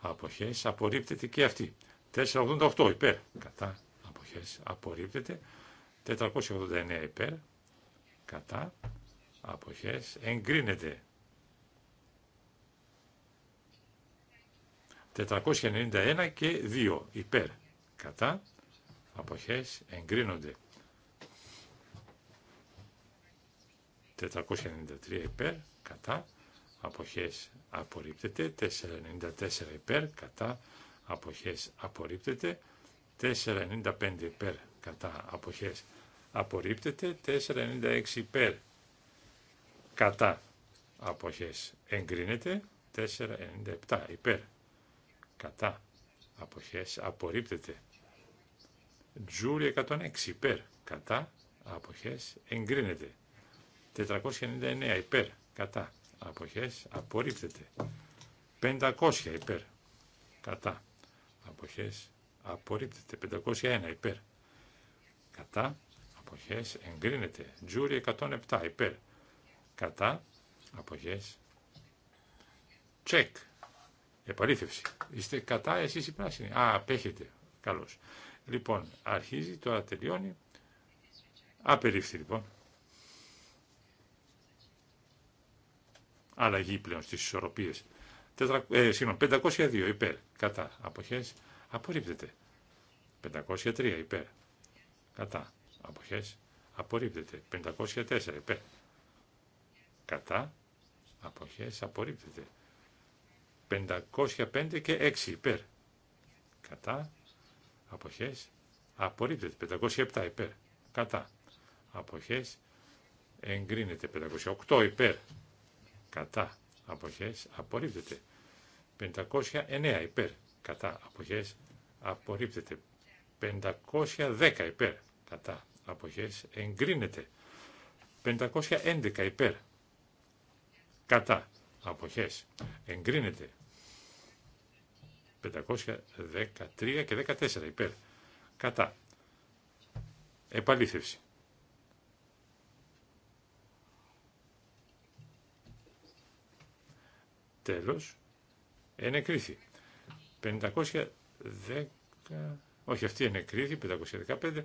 αποχές απορρίπτεται και αυτή. 488 υπέρ. Κατά αποχές απορρίπτεται. 489 υπέρ κατά, αποχές, εγκρίνεται. 491 και 2 υπέρ, κατά, αποχές, εγκρίνονται. 493 υπέρ, κατά, αποχές απορρίπτεται, 494 υπέρ, κατά, αποχές απορρίπτεται, 495 υπέρ, κατά, αποχές απορρίπτεται 496 υπέρ κατά αποχές εγκρίνεται 497 υπέρ κατά αποχές απορρίπτεται Τζούρι 106 υπέρ κατά αποχές εγκρίνεται 499 υπέρ κατά αποχές απορρίπτεται 500 υπέρ κατά αποχές απορρίπτεται 501 υπέρ κατά αποχές εγκρίνεται. Τζούρι 107 υπέρ. Κατά αποχές. Τσεκ. Επαλήθευση. Είστε κατά εσείς οι πράσινοι. Α, απέχετε. Καλώς. Λοιπόν, αρχίζει, τώρα τελειώνει. Απερίφθη λοιπόν. Αλλαγή πλέον στις ισορροπίες. Ε, συγγνώμη, 502 υπέρ. Κατά αποχές απορρίπτεται. 503 υπέρ. Κατά αποχές απορρίπτεται. 504 υπέρ κατά αποχές απορρίπτεται. 505 και 6 υπέρ κατά αποχές απορρίπτεται. 507 υπέρ κατά αποχές εγκρίνεται. 508 υπέρ κατά αποχές απορρίπτεται. 509 υπέρ κατά αποχές απορρίπτεται. 510 υπέρ κατά αποχές εγκρίνεται. 511 υπέρ κατά αποχές εγκρίνεται. 513 και 14 υπέρ κατά επαλήθευση. Τέλος, ενεκρίθη. 510, όχι αυτή ενεκρίθη, 515,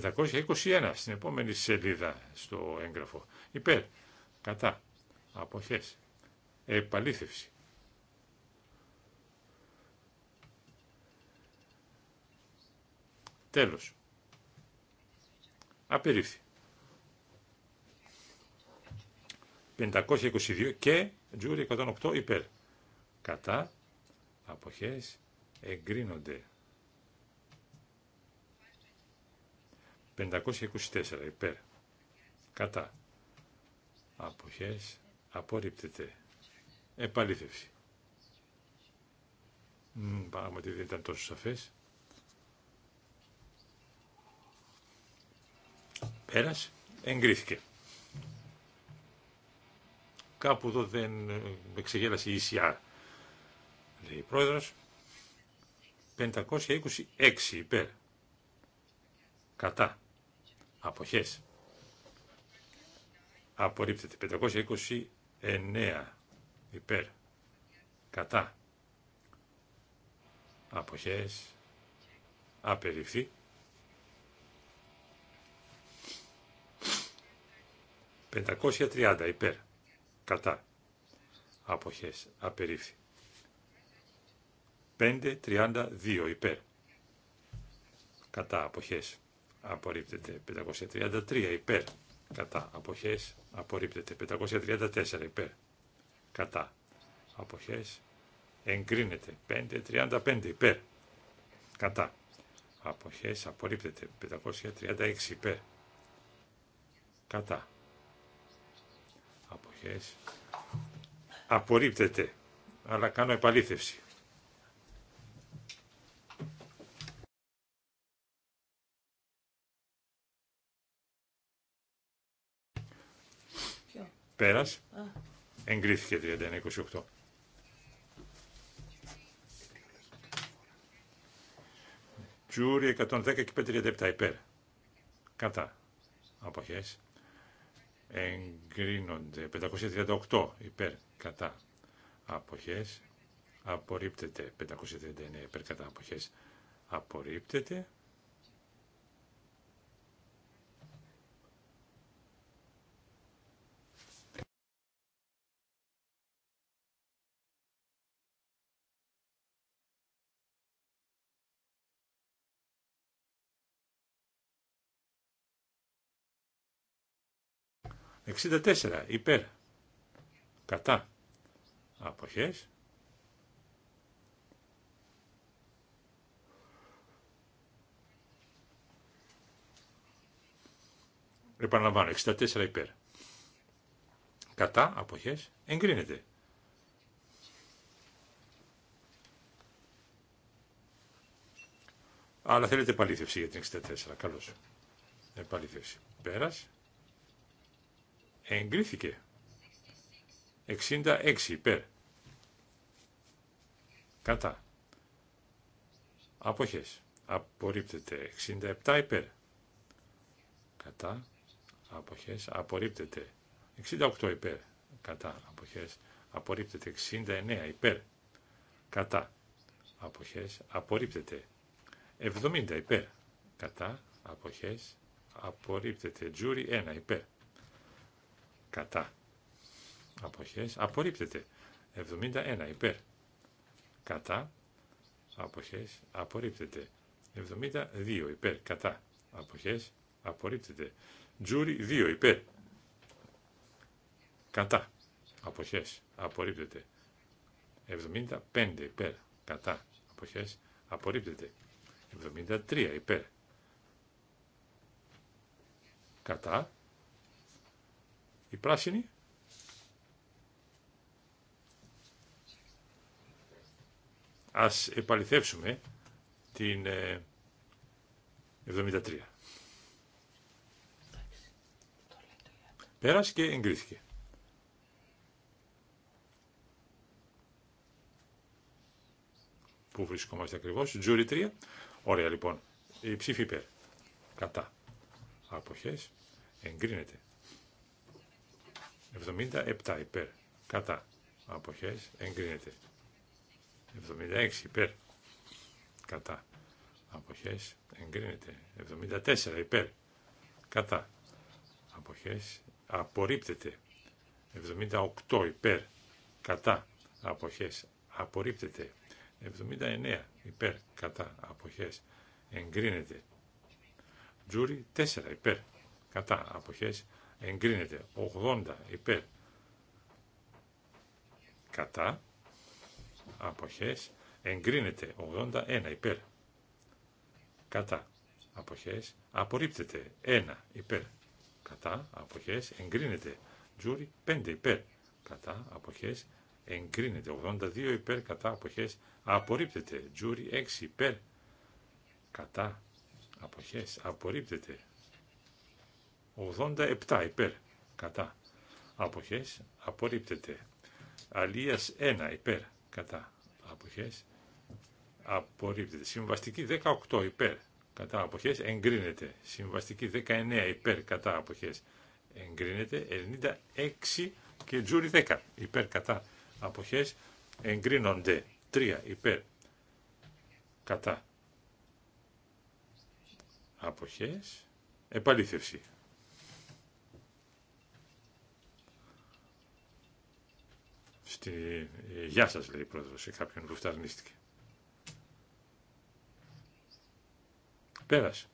521 στην επόμενη σελίδα στο έγγραφο. Υπέρ. Κατά. Αποχές. Επαλήθευση. Τέλος. Απερίφθη. 522 και τζούρι 108 υπέρ. Κατά. Αποχές. Εγκρίνονται. 524 υπέρ. Κατά. Αποχές. Απορρίπτεται. Επαλήθευση. Πάμε ότι δεν ήταν τόσο σαφές. Πέρας. Εγκρίθηκε. Κάπου εδώ δεν ε, με ξεγέλασε η ECR. Λέει η πρόεδρος. 526 υπέρ. Κατά. Αποχές. Απορρίπτεται. 529 υπέρ. Κατά. Αποχές. Απεριφθεί. 530 υπέρ. Κατά. Αποχές. Απερίφθη. 532 υπέρ. Κατά. Αποχές απορρίπτεται 533 υπέρ κατά αποχές απορρίπτεται 534 υπέρ κατά αποχές εγκρίνεται 535 υπέρ κατά αποχές απορρίπτεται 536 υπέρ κατά αποχές απορρίπτεται αλλά κάνω επαλήθευση Πέρας. Εγκρίθηκε 31-28. Τζούρι 110 και 537 υπέρ. Κατά. Αποχές. Εγκρίνονται. 538 υπέρ. Κατά. Αποχές. Απορρίπτεται. 539 υπέρ. Κατά. Αποχές. Απορρίπτεται. 64 υπέρ κατά αποχές επαναλαμβάνω 64 υπέρ κατά αποχές εγκρίνεται αλλά θέλετε επαλήθευση για την 64 καλώς επαλήθευση πέρας εγκρίθηκε. 66 υπέρ. Κατά. Αποχές. Απορρίπτεται. 67 υπέρ. Κατά. Αποχές. Απορρίπτεται. 68 υπέρ. Κατά. Αποχές. Απορρίπτεται. 69 υπέρ. Κατά. Αποχές. Απορρίπτεται. 70 υπέρ. Κατά. Αποχές. Απορρίπτεται. Τζούρι 1 υπέρ κατά αποχές απορρίπτεται 71 υπέρ κατά αποχές απορρίπτεται 72 υπέρ κατά αποχές απορρίπτεται τζούρι 2 υπέρ κατά αποχές απορρίπτεται 75 υπέρ κατά αποχές απορρίπτεται 73 υπέρ κατά η πράσινη Ας επαληθεύσουμε την 73. Ε, Πέρασε και εγκρίθηκε. Πού βρισκόμαστε ακριβώς. Τζούρι 3. Ωραία λοιπόν. Η ψήφη υπέρ. Κατά. Αποχές. Εγκρίνεται. 77 υπέρ. Κατά. Αποχές. Εγκρίνεται. 76 υπέρ. Κατά. Αποχές. Εγκρίνεται. 74 υπέρ. Κατά. Αποχές. Απορρίπτεται. 78 υπέρ. Κατά. Αποχές. Απορρίπτεται. 79 υπέρ. Κατά. Αποχές. Εγκρίνεται. Τζούρι 4 υπέρ. Κατά. Αποχές εγκρίνεται 80 υπέρ κατά αποχές εγκρίνεται 81 υπέρ κατά αποχές απορρίπτεται 1 υπέρ κατά αποχές εγκρίνεται τζούρι 5 υπέρ κατά αποχές εγκρίνεται 82 υπέρ κατά αποχές απορρίπτεται τζούρι 6 υπέρ κατά αποχές απορρίπτεται 87 υπέρ. Κατά. Αποχές. Απορρίπτεται. Αλίας 1 υπέρ. Κατά. Αποχές. Απορρίπτεται. Συμβαστική 18 υπέρ. Κατά αποχές εγκρίνεται. Συμβαστική 19 υπέρ κατά αποχές εγκρίνεται. 96 και τζούρι 10 υπέρ κατά αποχές εγκρίνονται. 3 υπέρ κατά αποχές επαλήθευση. Στη... Ε, γεια σας λέει η πρόεδρος σε κάποιον που φταρνίστηκε. Πέρασε.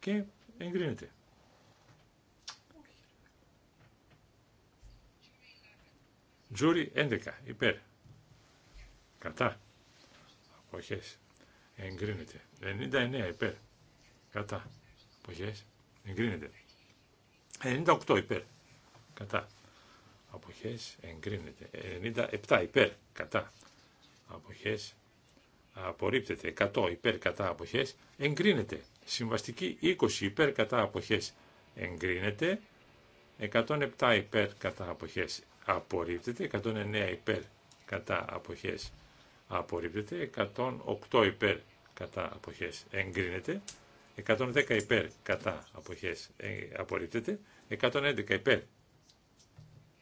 Και εγκρίνεται. Τζούρι 11 υπέρ. Κατά. Αποχές. Εγκρίνεται. 99 υπέρ. Κατά. Αποχές. Εγκρίνεται. 98 υπέρ. Κατά αποχές εγκρίνεται. 97 υπέρ κατά αποχές απορρίπτεται. 100 υπέρ κατά αποχές εγκρίνεται. Συμβαστική 20 υπέρ κατά αποχές εγκρίνεται. 107 υπέρ κατά αποχές απορρίπτεται. 109 υπέρ κατά αποχές απορρίπτεται. 108 υπέρ κατά αποχές εγκρίνεται. 110 υπέρ κατά αποχές ε, απορρίπτεται. 111 υπέρ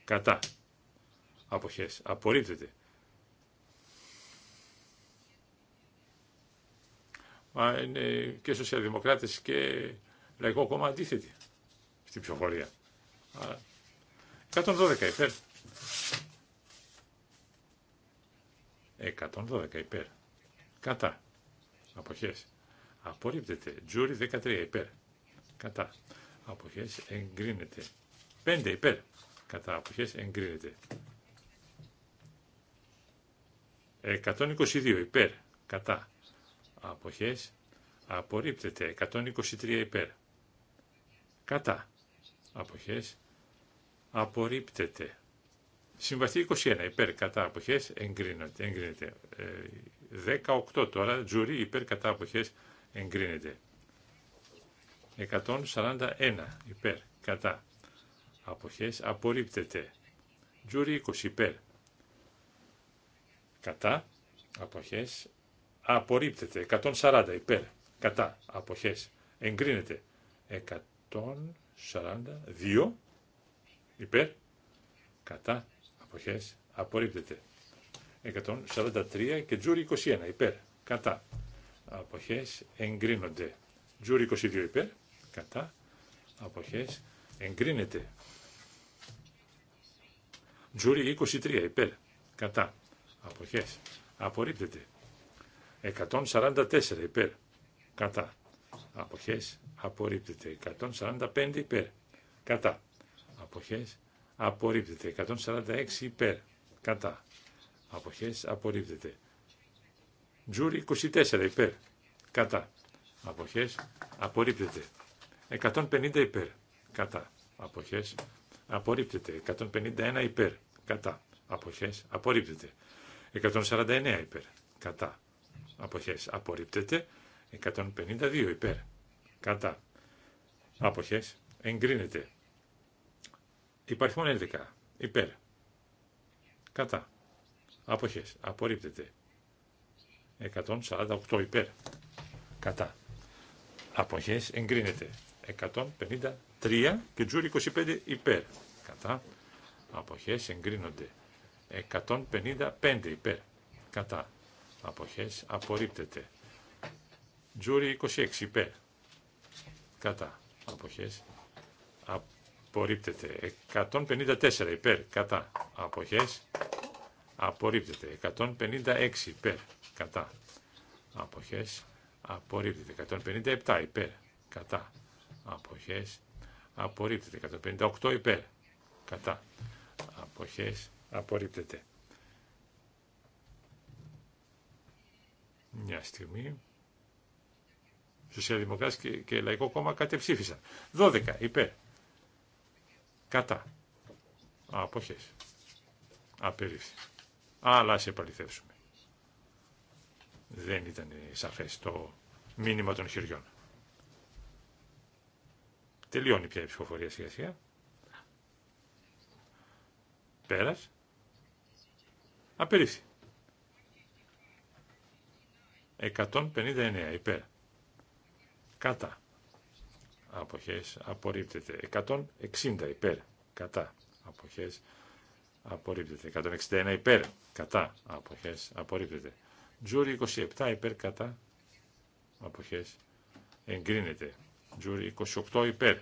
Κατά. Αποχές. Απορρίπτεται. Μα είναι και σοσιαλδημοκράτες και λαϊκό κόμμα αντίθετοι στην ψηφοφορία. 112 υπέρ. 112 υπέρ. Κατά. Αποχές. Απορρίπτεται. Τζούρι 13 υπέρ. Κατά. Αποχές εγκρίνεται. 5 υπέρ κατά αποχές εγκρίνεται. 122 υπέρ κατά αποχές απορρίπτεται. 123 υπέρ κατά αποχές απορρίπτεται. Συμβαστή 21 υπέρ κατά αποχές εγκρίνεται. εγκρίνεται. 18 ε, τώρα τζουρί υπέρ κατά αποχές εγκρίνεται. 141 υπέρ κατά αποχές απορρίπτεται. Τζούρι 20 υπέρ. Κατά αποχές απορρίπτεται. 140 υπέρ. Κατά αποχές εγκρίνεται. 142 υπέρ. Κατά αποχές απορρίπτεται. 143 και τζούρι 21 υπέρ. Κατά αποχές εγκρίνονται. Τζούρι 22 υπέρ. Κατά αποχές εγκρίνεται. Τζούρι 23 υπέρ. Κατά. Αποχές. Απορρίπτεται. 144 υπέρ. Κατά. Αποχές. Απορρίπτεται. 145 υπέρ. Κατά. Αποχές. Απορρίπτεται. 146 υπέρ. Κατά. Αποχές. Απορρίπτεται. Τζούρι 24 υπέρ. Κατά. Αποχές. Απορρίπτεται. 150 υπέρ. Κατά. Αποχές. Απορρίπτεται. 151 υπέρ κατά, απόχέ, απορρίπτεται. 149 υπέρ, κατά, Αποχέ, απορρίπτεται. 152 υπέρ, κατά, Αποχέ, εγκρίνεται. Υπαριθμόν 11 υπέρ, κατά, Αποχέ, απορρίπτεται. 148 υπέρ, κατά, Αποχέ, εγκρίνεται. 153 και τζούρι 25 υπέρ, κατά, αποχές εγκρίνονται. 155 υπέρ κατά αποχές απορρίπτεται. Τζούρι 26 υπέρ κατά αποχές απορρίπτεται. 154 υπέρ κατά αποχές απορρίπτεται. 156 υπέρ κατά αποχές απορρίπτεται. 157 υπέρ κατά αποχές απορρίπτεται. 158 υπέρ κατά αποχές απορρίπτεται. Μια στιγμή. Σοσιαλδημοκράτες και, Λαϊκό Κόμμα κατεψήφισαν. 12 υπέρ. Κατά. Αποχές. Απερίφθη. Αλλά σε επαληθεύσουμε. Δεν ήταν σαφές το μήνυμα των χειριών. Τελειώνει πια η ψηφοφορία σιγά σιγά. Πέρας. Απερίφθη. 159 υπέρ. Κατά. Αποχές απορρίπτεται. 160 υπέρ. Κατά. Αποχές απορρίπτεται. 161 υπέρ. Κατά. Αποχές απορρίπτεται. Τζούρι 27 υπέρ. Κατά. Αποχές εγκρίνεται. Τζούρι 28 υπέρ.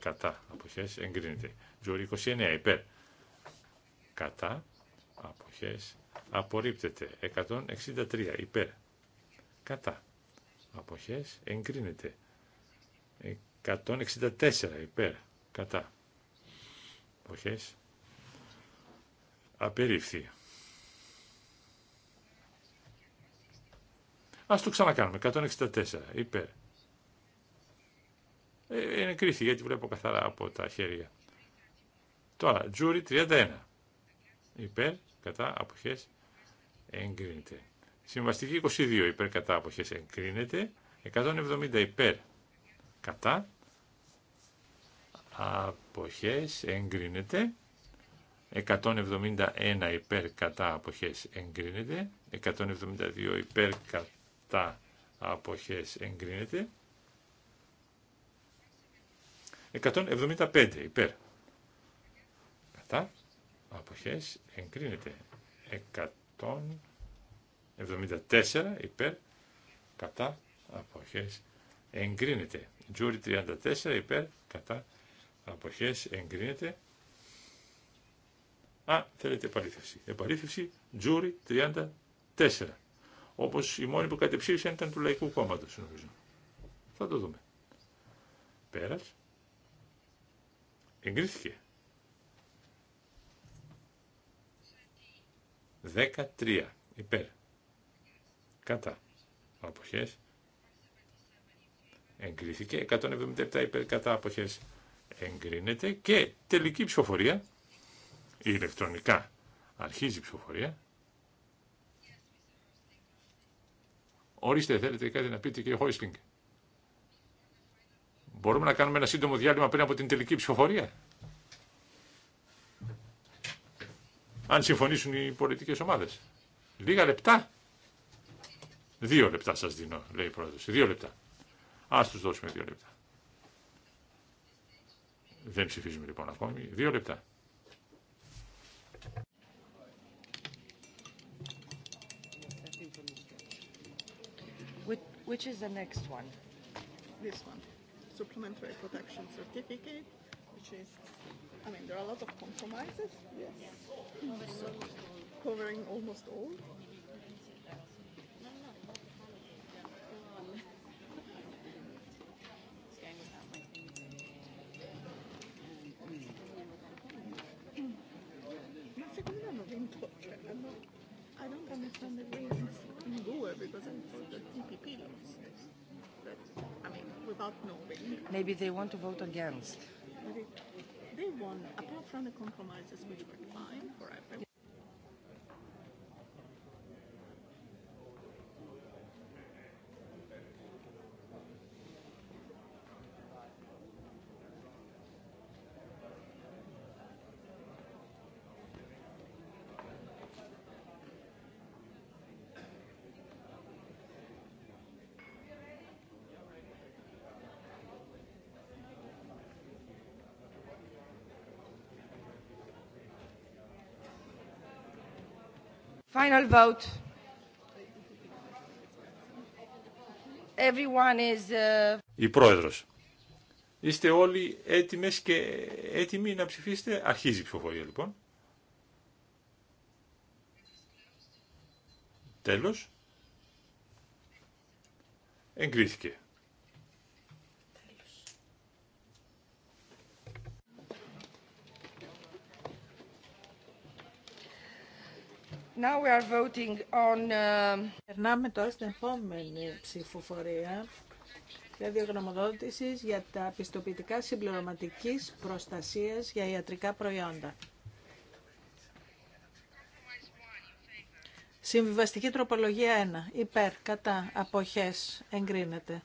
Κατά. Αποχές εγκρίνεται. Τζούρι 29 υπέρ κατά, αποχές, απορρίπτεται. 163 υπέρ, κατά, αποχές, εγκρίνεται. 164 υπέρ, κατά, αποχές, απερίφθη. Ας το ξανακάνουμε. 164 υπέρ. Ε, είναι κρίση γιατί βλέπω καθαρά από τα χέρια. Τώρα, τζούρι 31 υπέρ, κατά, αποχές, εγκρίνεται. Συμβαστική 22 υπέρ, κατά, αποχές, εγκρίνεται. 170 υπέρ, κατά, αποχές, εγκρίνεται. 171 υπέρ, κατά, αποχές, εγκρίνεται. 172 υπέρ, κατά, αποχές, εγκρίνεται. 175 υπέρ. Κατά αποχές εγκρίνεται 174 υπέρ κατά αποχές εγκρίνεται Τζούρι 34 υπέρ κατά αποχές εγκρίνεται Α, θέλετε επαλήθευση. Επαλήθευση Τζούρι 34. Όπως η μόνη που κατεψήφισαν ήταν του Λαϊκού Κόμματος νομίζω. Θα το δούμε. Πέρας. Εγκρίθηκε. 13 υπέρ κατά αποχές εγκρίθηκε 177 υπέρ κατά αποχές εγκρίνεται και τελική ψηφοφορία ηλεκτρονικά αρχίζει η ψηφοφορία Ορίστε, θέλετε κάτι να πείτε, κύριε Χόισλινγκ. Μπορούμε να κάνουμε ένα σύντομο διάλειμμα πριν από την τελική ψηφοφορία. αν συμφωνήσουν οι πολιτικές ομάδες. Λίγα λεπτά. Δύο λεπτά σας δίνω, λέει η πρόεδρο. Δύο λεπτά. Α του δώσουμε δύο λεπτά. Δεν ψηφίζουμε λοιπόν ακόμη. Δύο λεπτά. Which is the next one? This one. Supplementary protection certificate, which is I mean, there are a lot of compromises, yes. Covering almost all. Ma secondo me hanno vinto, cioè hanno... I don't understand the reasons in Goa because it's the TPP laws. I mean, without knowing. Maybe they want to vote against they won, apart from the compromises which were fine for everyone. Final vote. Everyone is, uh, Η πρόεδρος. Είστε όλοι έτοιμες και έτοιμοι να ψηφίσετε. Αρχίζει η ψηφοφορία λοιπόν. Τέλος. Εγκρίθηκε. Now we are voting on... Uh, Περνάμε τώρα στην επόμενη ψηφοφορία, για διαγνωμοδότηση για τα πιστοποιητικά συμπληρωματική προστασία για ιατρικά προϊόντα. Συμβιβαστική τροπολογία 1. Υπέρ, κατά, αποχές, εγκρίνεται.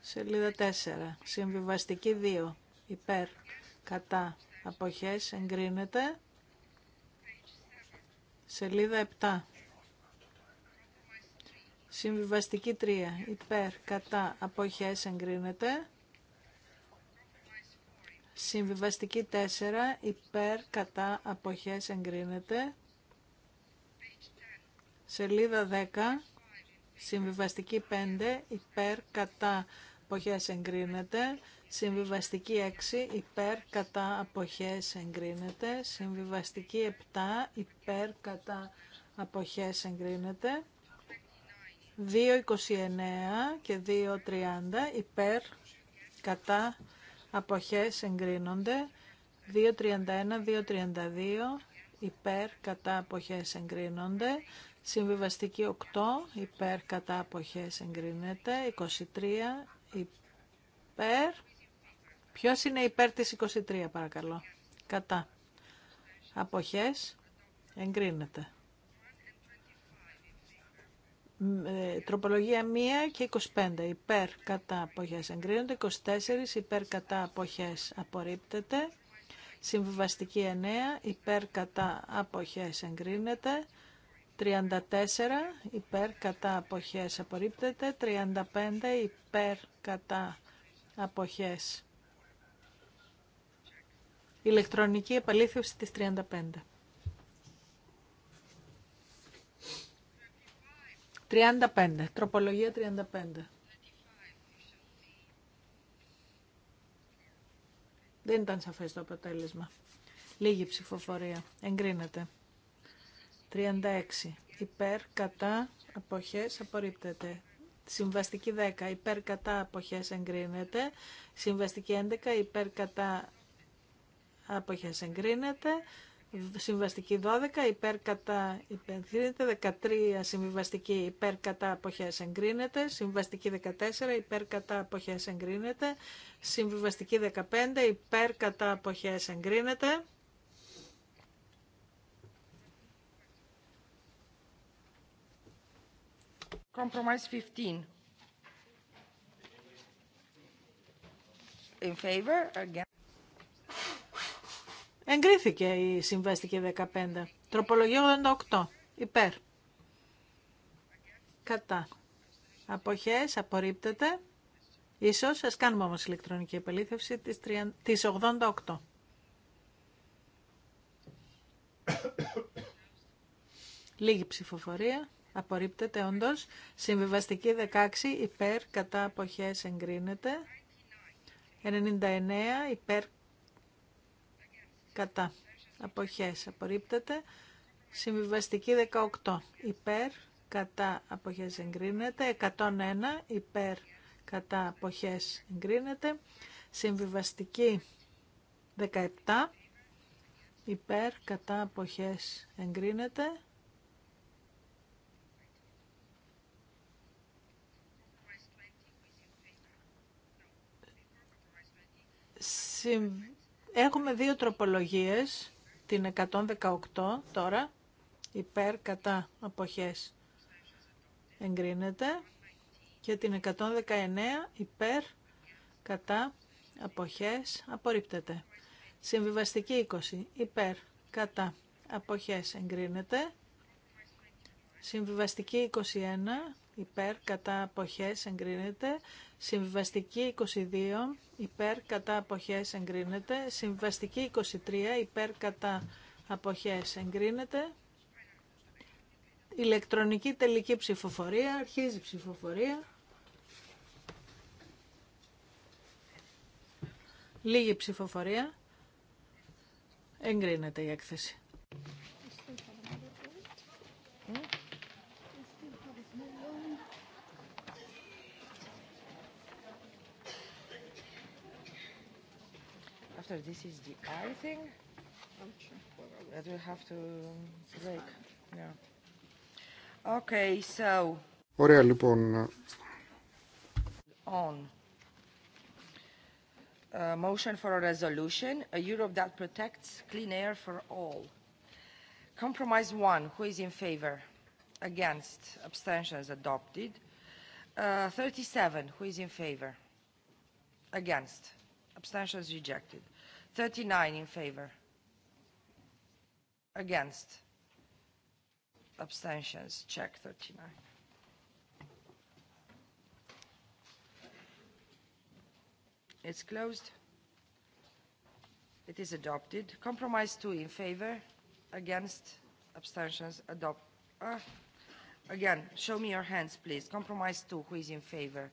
Σελίδα 4. Συμβιβαστική 2. Υπέρ, κατά, αποχές εγκρίνεται. Σελίδα 7. Συμβιβαστική 3. Υπέρ, κατά, αποχές εγκρίνεται. Συμβιβαστική 4. Υπέρ, κατά, αποχές εγκρίνεται. Σελίδα 10. Συμβιβαστική 5. Υπέρ, κατά, αποχές εγκρίνεται. Συμβιβαστική 6 υπέρ κατά αποχές εγκρίνεται. Συμβιβαστική 7 υπέρ κατά αποχές εγκρίνεται. 2.29 και 2.30 υπέρ κατά αποχές εγκρίνονται. 2.31, 2.32 υπέρ κατά αποχές εγκρίνονται. Συμβιβαστική 8 υπέρ κατά αποχές εγκρίνεται. 23 υπέρ Ποιος είναι υπέρ της 23 παρακαλώ. Κατά. Αποχές. Εγκρίνεται. Ε, τροπολογία 1 και 25. Υπέρ κατά αποχές εγκρίνονται. 24 υπέρ κατά αποχές απορρίπτεται. Συμβιβαστική 9 υπέρ κατά αποχές εγκρίνεται. 34 υπέρ κατά αποχές απορρίπτεται. 35 υπέρ κατά αποχές ηλεκτρονική επαλήθευση της 35. 35. Τροπολογία 35. Δεν ήταν σαφές το αποτέλεσμα. Λίγη ψηφοφορία. Εγκρίνεται. 36. Υπέρ, κατά, αποχές, απορρίπτεται. Συμβαστική 10. Υπέρ, κατά, αποχές, εγκρίνεται. Συμβαστική 11. Υπέρ, κατά, αποχές εγκρίνεται. Συμβαστική 12 υπέρ κατά υπενθύνεται. 13 συμβιβαστική υπέρ κατά αποχές εγκρίνεται. Συμβαστική 14 υπέρ κατά αποχές εγκρίνεται. Συμβιβαστική 15 υπέρ κατά αποχές εγκρίνεται. Compromise 15. In favor, again. Εγκρίθηκε η συμβαστική 15. Τροπολογία 88. Υπέρ. Κατά. Αποχές απορρίπτεται. Ίσως, ας κάνουμε όμως ηλεκτρονική επαλήθευση της 88. Λίγη ψηφοφορία. Απορρίπτεται όντω. Συμβιβαστική 16 υπέρ κατά αποχές εγκρίνεται. 99 υπέρ κατά αποχές απορρίπτεται. Συμβιβαστική 18 υπέρ κατά αποχές εγκρίνεται. 101 υπέρ κατά αποχές εγκρίνεται. Συμβιβαστική 17 υπέρ κατά αποχές εγκρίνεται. Συμβιβαστική Έχουμε δύο τροπολογίες, την 118 τώρα, υπέρ κατά αποχές εγκρίνεται και την 119 υπέρ κατά αποχές απορρίπτεται. Συμβιβαστική 20 υπέρ κατά αποχές εγκρίνεται. Συμβιβαστική 21 υπέρ κατά αποχές εγκρίνεται. Συμβαστική 22 υπέρ κατά αποχές εγκρίνεται. Συμβαστική 23 υπέρ κατά αποχές εγκρίνεται. Ηλεκτρονική τελική ψηφοφορία. Αρχίζει η ψηφοφορία. Λίγη ψηφοφορία. Εγκρίνεται η έκθεση. after this is the eye that have to break. Yeah. Okay, so. Ωραία λοιπόν. On. motion for a resolution, a Europe that protects clean air for all. Compromise one, who is in favor? Against, abstentions adopted. Uh, 37, who is in favor? Against, abstentions rejected. 39 in favor. Against. Abstentions. Check 39. It's closed. It is adopted. Compromise 2 in favor. Against. Abstentions. Adopt. Again, show me your hands, please. Compromise 2. Who is in favor?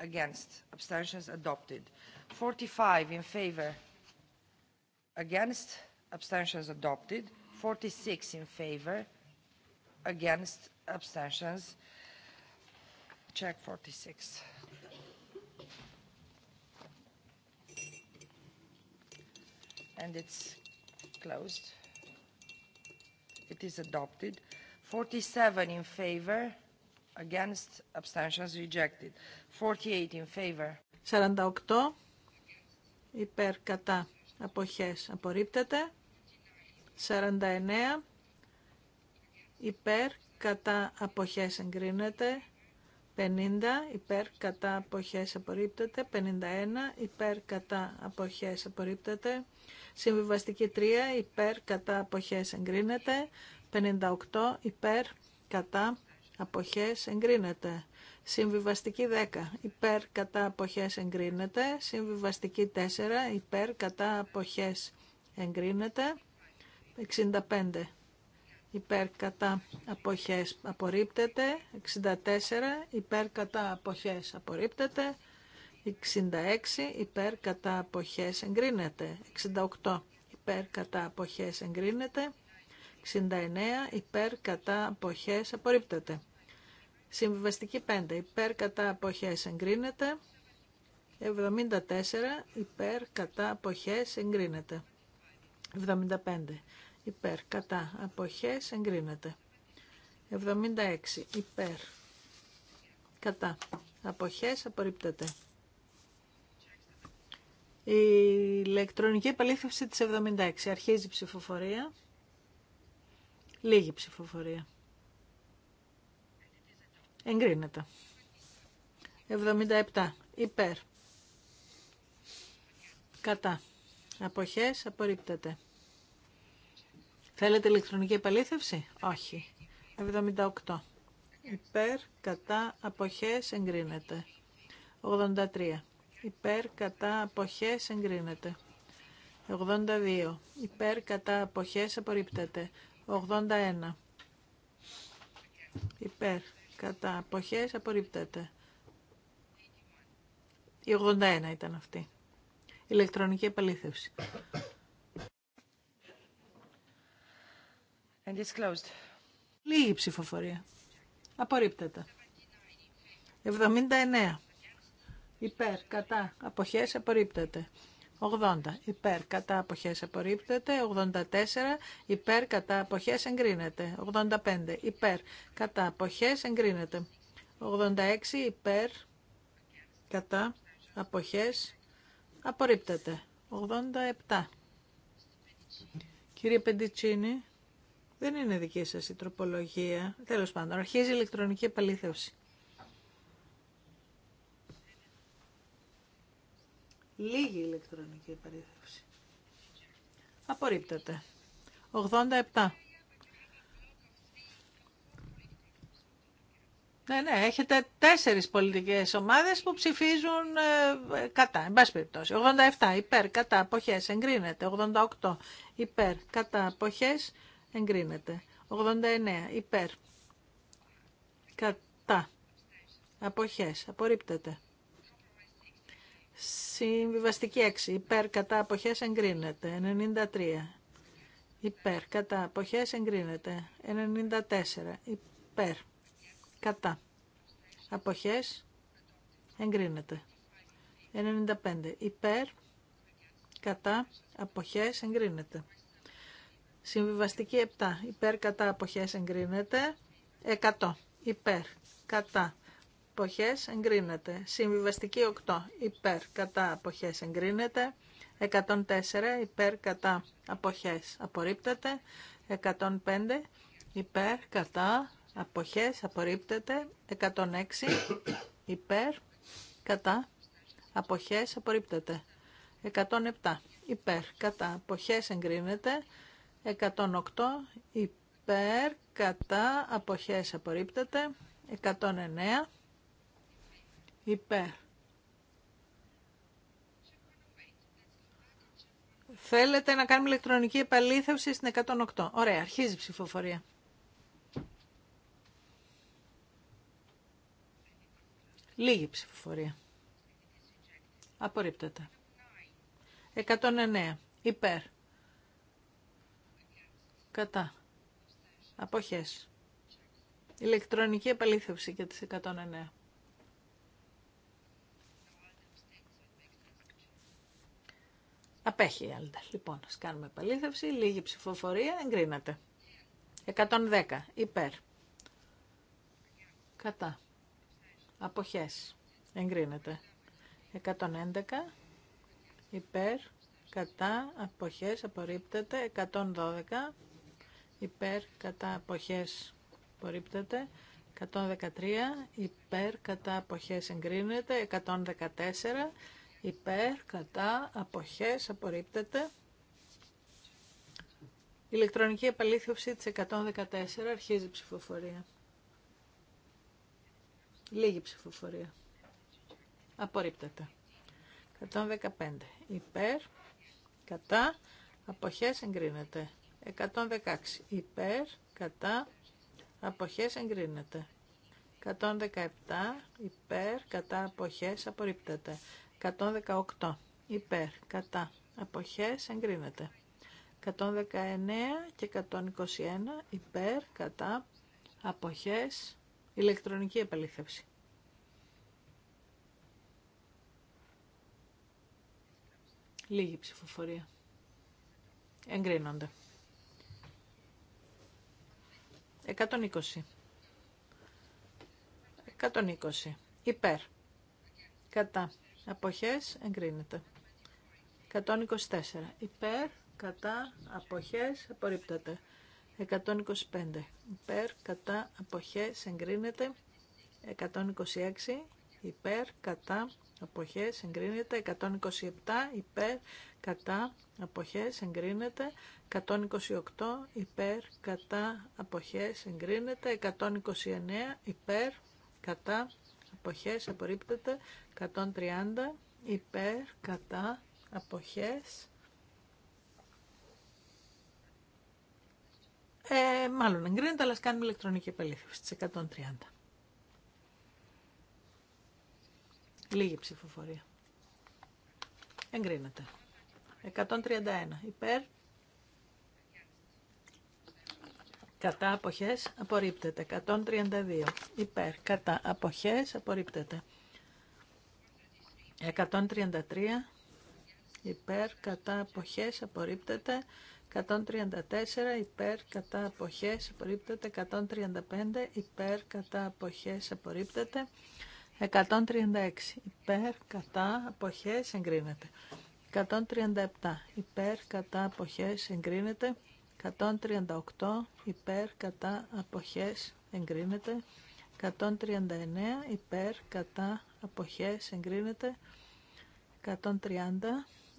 Against. Abstentions. Adopted. 45 in favor against abstentions adopted 46 in favor against abstentions check 46 and it's closed it is adopted 47 in favor against abstentions rejected 48 in favor 48 υπέρ κατά αποχές απορρίπτεται 49 υπέρ κατά αποχές εγκρίνεται 50 υπέρ κατά αποχές απορρίπτεται 51 υπέρ κατά αποχές απορρίπτεται συμβιβαστική 3 υπέρ κατά αποχές εγκρίνεται 58 υπέρ κατά αποχές εγκρίνεται Συμβιβαστική 10. Υπέρ κατά αποχές εγκρίνεται. Συμβιβαστική 4. Υπέρ κατά αποχές εγκρίνεται. 65. Υπέρ κατά αποχές απορρίπτεται. 64. Υπέρ κατά αποχές απορρίπτεται. 66. Υπέρ κατά αποχές εγκρίνεται. 68. Υπέρ κατά αποχές εγκρίνεται. 69. Υπέρ κατά αποχές απορρίπτεται. Συμβιβαστική 5 υπέρ κατά αποχές εγκρίνεται. 74 υπέρ κατά αποχές εγκρίνεται. 75 υπέρ κατά αποχές εγκρίνεται. 76 υπέρ κατά αποχές απορρίπτεται. Η ηλεκτρονική επαλήθευση της 76 αρχίζει η ψηφοφορία. Λίγη ψηφοφορία. Εγκρίνεται. 77. Υπέρ. Κατά. Αποχές απορρίπτεται. Θέλετε ηλεκτρονική επαλήθευση? Όχι. 78. Υπέρ, κατά, αποχές, εγκρίνεται. 83. Υπέρ, κατά, αποχές, εγκρίνεται. 82. Υπέρ, κατά, αποχές, απορρίπτεται. 81. Υπέρ, κατά αποχές απορρίπτεται. Η 81 ήταν αυτή. Ηλεκτρονική επαλήθευση. And it's Λίγη ψηφοφορία. Απορρίπτεται. 79. Υπέρ, κατά, αποχές, απορρίπτεται. 80 υπέρ κατά αποχές απορρίπτεται, 84 υπέρ κατά αποχές εγκρίνεται, 85 υπέρ κατά αποχές εγκρίνεται, 86 υπέρ κατά αποχές απορρίπτεται, 87. Κύριε Πεντιτσίνη, δεν είναι δική σας η τροπολογία. Τέλος πάντων, αρχίζει η ηλεκτρονική επαλήθευση. Λίγη ηλεκτρονική επαρήθευση. Απορρίπτεται. 87. Ναι, ναι, έχετε τέσσερις πολιτικές ομάδες που ψηφίζουν ε, κατά, εν πάση περιπτώσει. 87 υπέρ, κατά, αποχές, εγκρίνεται. 88 υπέρ, κατά, αποχές, εγκρίνεται. 89 υπέρ, κατά, αποχές, απορρίπτεται. Συμβιβαστική 6. Υπέρ κατά αποχές εγκρίνεται. 93. Υπέρ κατά αποχές εγκρίνεται. 94. Υπέρ κατά αποχές εγκρίνεται. 95. Υπέρ κατά αποχές εγκρίνεται. Συμβιβαστική 7. Υπέρ κατά αποχές εγκρίνεται. 100. Υπέρ κατά αποχές εγκρίνεται. Συμβιβαστική 8 υπέρ κατά αποχές εγκρίνεται. 104 υπέρ κατά αποχές απορρίπτεται. 105 υπέρ κατά αποχές απορρίπτεται. 106 υπέρ κατά αποχές απορρίπτεται. 107 υπέρ κατά αποχές εγκρίνεται. 108 υπέρ κατά αποχές απορρίπτεται. 109 υπέρ. Θέλετε να κάνουμε ηλεκτρονική επαλήθευση στην 108. Ωραία, αρχίζει η ψηφοφορία. Λίγη ψηφοφορία. Απορρίπτεται. 109. Υπέρ. Κατά. Αποχές. Ηλεκτρονική επαλήθευση για τις 109. Απέχει η Άλντα. Λοιπόν, α κάνουμε επαλήθευση. Λίγη ψηφοφορία. Εγκρίνεται. 110. Υπέρ. Κατά. Αποχές. Εγκρίνεται. 111. Υπέρ. Κατά. Αποχές. Απορρίπτεται. 112. Υπέρ. Κατά. Αποχές. Απορρίπτεται. 113. Υπέρ. Κατά. Αποχές. Εγκρίνεται. 114 υπέρ, κατά, αποχές, απορρίπτεται. Ηλεκτρονική επαλήθευση της 114, αρχίζει η ψηφοφορία. Λίγη ψηφοφορία. Απορρίπτεται. 115. Υπέρ, κατά, αποχές εγκρίνεται. 116. Υπέρ, κατά, αποχές εγκρίνεται. 117. Υπέρ, κατά, αποχές απορρίπτεται. 118 υπέρ κατά αποχές εγκρίνεται 119 και 121 υπέρ κατά αποχές ηλεκτρονική επαλήθευση λίγη ψηφοφορία εγκρίνονται 120 120 υπέρ κατά αποχές εγκρίνεται. 124 υπέρ, κατά, αποχές απορρίπτεται. 125 υπέρ, κατά, αποχές εγκρίνεται. 126 υπέρ, κατά, αποχές εγκρίνεται. 127 υπέρ, κατά, αποχές εγκρίνεται. 128 υπέρ, κατά, αποχές εγκρίνεται. 129 υπέρ, κατά, αποχές απορρίπτεται 130 υπέρ κατά αποχές ε, μάλλον εγκρίνεται αλλά κάνουμε ηλεκτρονική επελήφθηση στις 130 λίγη ψηφοφορία εγκρίνεται 131 υπέρ κατά αποχές απορρίπτεται. 132 υπέρ κατά αποχές απορρίπτεται. 133 υπέρ κατά αποχές απορρίπτεται. 134 υπέρ κατά αποχές απορρίπτεται. 135 υπέρ κατά αποχές απορρίπτεται. 136 υπέρ κατά αποχές εγκρίνεται. 137 υπέρ κατά αποχές εγκρίνεται. 138 υπέρ κατά αποχές εγκρίνεται. 139 υπέρ κατά αποχές εγκρίνεται. 130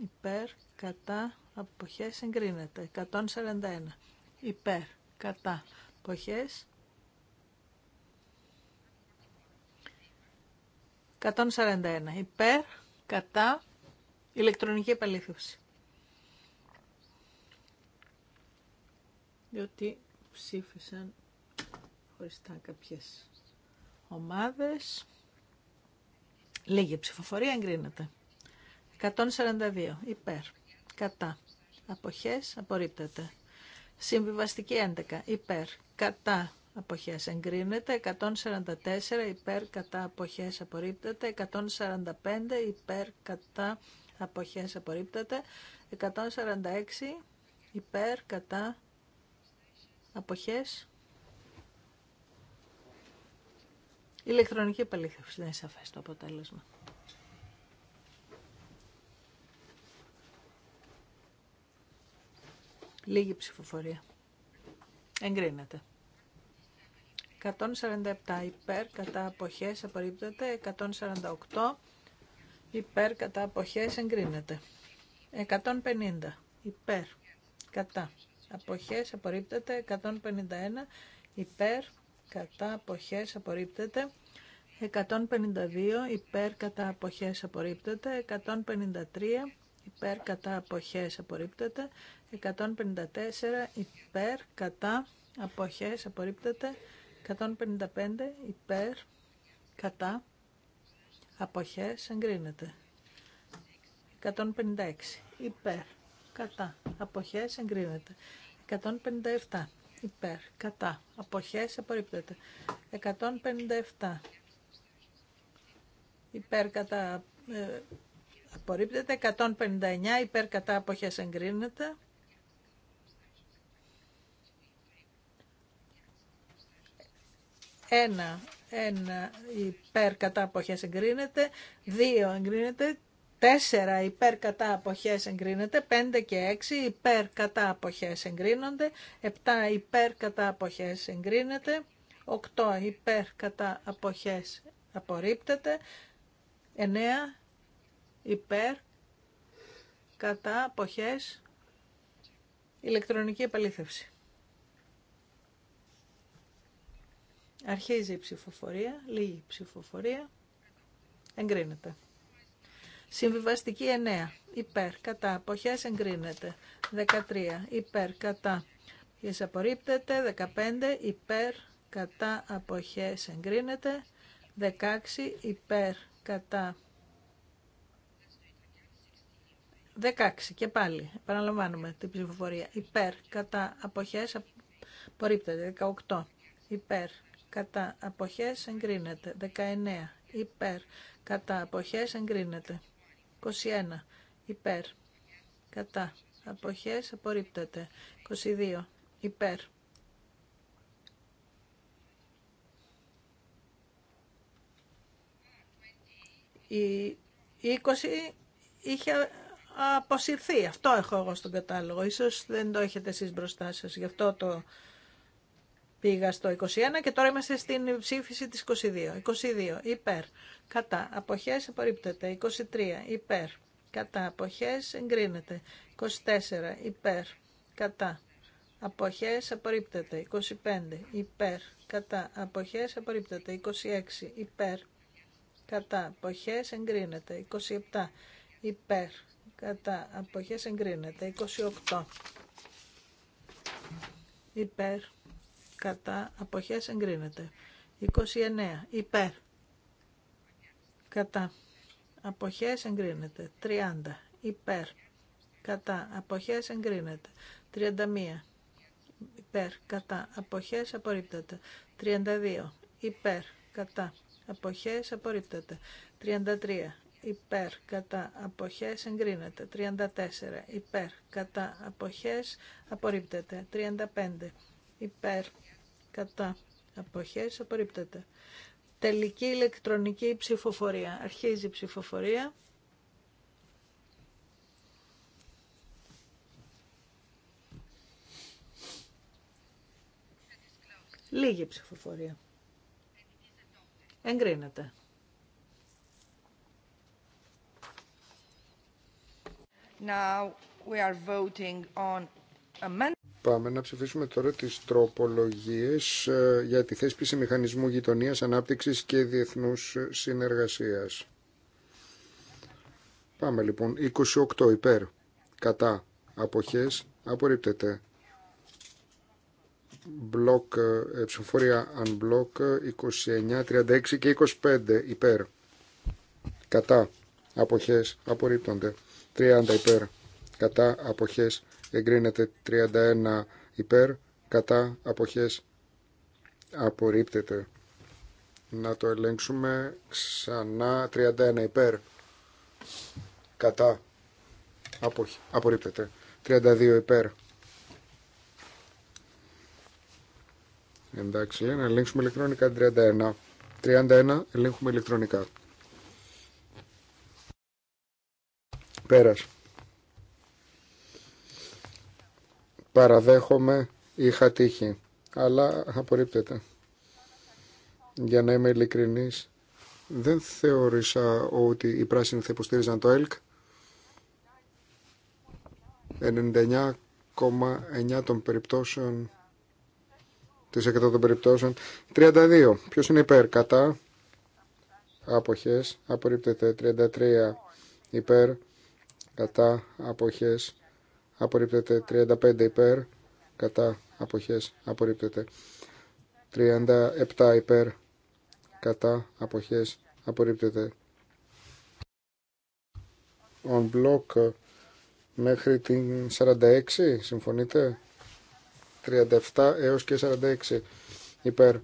υπέρ κατά αποχές εγκρίνεται. 141 υπέρ κατά αποχές 141 υπέρ κατά ηλεκτρονική επαλήθευση. διότι ψήφισαν χωριστά κάποιες ομάδες. Λίγη ψηφοφορία εγκρίνεται. 142 υπέρ, κατά, αποχές απορρίπτεται. Συμβιβαστική 11 υπέρ, κατά, αποχές εγκρίνεται, 144 υπέρ κατά αποχές απορρίπτεται, 145 υπέρ κατά αποχές απορρίπτεται, 146 υπέρ κατά αποχές. Ηλεκτρονική επαλήθευση, δεν είναι σαφές το αποτέλεσμα. Λίγη ψηφοφορία. Εγκρίνεται. 147 υπέρ κατά αποχές απορρίπτεται. 148 υπέρ κατά αποχές εγκρίνεται. 150 υπέρ κατά αποχές απορρίπτεται 151 υπέρ κατά αποχές απορρίπτεται 152 υπέρ κατά αποχές απορρίπτεται 153 υπέρ κατά αποχές απορρίπτεται 154 υπέρ κατά αποχές απορρίπτεται 155 υπέρ κατά αποχές εγκρίνεται 156 υπέρ κατά, αποχές εγκρίνεται. 157 υπέρ, κατά, αποχές απορρίπτεται. 157 υπέρ, κατά, ε, απορρίπτεται. 159 υπέρ, κατά, αποχές εγκρίνεται. 1 1 υπέρ κατά αποχές εγκρίνεται, 2 εγκρίνεται, 4 υπέρ κατά αποχές εγκρίνεται, 5 και 6 υπέρ κατά αποχές εγκρίνονται, 7 υπέρ κατά αποχές εγκρίνεται, 8 υπέρ κατά αποχές απορρίπτεται, 9 υπέρ κατά αποχές ηλεκτρονική επαλήθευση. Αρχίζει η ψηφοφορία, λίγη ψηφοφορία, εγκρίνεται. Συμβιβαστική 9. Υπέρ, κατά, απόχέ εγκρίνεται. 13. Υπέρ, κατά, Εισαπορρίπτεται. 15. Υπέρ, κατά, απόχέ εγκρίνεται. 16. Υπέρ, κατά, 16 και πάλι επαναλαμβάνουμε την ψηφοφορία. Υπέρ, κατά, αποχές, απορρίπτεται. 18. Υπέρ, κατά, αποχές, εγκρίνεται. 19. Υπέρ, κατά, αποχές, εγκρίνεται. 21. Υπέρ. Κατά. Αποχές απορρίπτεται. 22. Υπέρ. Η 20 είχε αποσυρθεί. Αυτό έχω εγώ στον κατάλογο. Ίσως δεν το έχετε εσείς μπροστά σας. Γι' αυτό το Πήγα στο 21 και τώρα είμαστε στην ψήφιση της 22. 22 υπέρ. Κατά. Αποχές απορρίπτεται. 23 υπέρ. Κατά. Αποχές εγκρίνεται. 24 υπέρ. Κατά. Αποχές απορρίπτεται. 25 υπέρ. Κατά. Αποχές απορρίπτεται. 26 υπέρ. Κατά. Αποχές εγκρίνεται. 27 υπέρ. Κατά. Αποχές εγκρίνεται. 28 υπέρ κατά αποχές εγκρίνεται. 29 υπέρ κατά αποχές εγκρίνεται. 30 υπέρ κατά αποχές εγκρίνεται. 31 υπέρ κατά αποχές απορρίπτεται. 32 υπέρ κατά αποχές απορρίπτεται. 33 υπέρ κατά αποχές εγκρίνεται 34 υπέρ κατά αποχές απορρίπτεται 35 υπέρ κατά αποχές απορρίπτεται. Τελική ηλεκτρονική ψηφοφορία. Αρχίζει η ψηφοφορία. Λίγη ψηφοφορία. Εγκρίνεται. Now we are voting on Πάμε να ψηφίσουμε τώρα τις τροπολογίες ε, για τη θέσπιση μηχανισμού γειτονίας, ανάπτυξης και διεθνούς συνεργασίας. Πάμε λοιπόν. 28 υπέρ, κατά, αποχές, απορρίπτεται. Μπλοκ, ε, ψηφοφορία unblock, 29, 36 και 25 υπέρ, κατά, αποχές, απορρίπτονται. 30 υπέρ, κατά, αποχές, εγκρίνεται 31 υπέρ κατά αποχές απορρίπτεται να το ελέγξουμε ξανά 31 υπέρ κατά απορρίπτεται 32 υπέρ εντάξει να ελέγξουμε ηλεκτρονικά 31 31 ελέγχουμε ηλεκτρονικά πέρας Παραδέχομαι, είχα τύχει, αλλά απορρίπτεται. Για να είμαι ειλικρινής, δεν θεώρησα ότι οι πράσινοι θα υποστήριζαν το ΕΛΚ. 99,9 των περιπτώσεων της 100 των περιπτώσεων 32. Ποιος είναι υπέρ κατά αποχές απορρίπτεται 33 υπέρ κατά αποχές απορρίπτεται 35 υπέρ κατά αποχές απορρίπτεται 37 υπέρ κατά αποχές απορρίπτεται on block μέχρι την 46 συμφωνείτε 37 έως και 46 υπέρ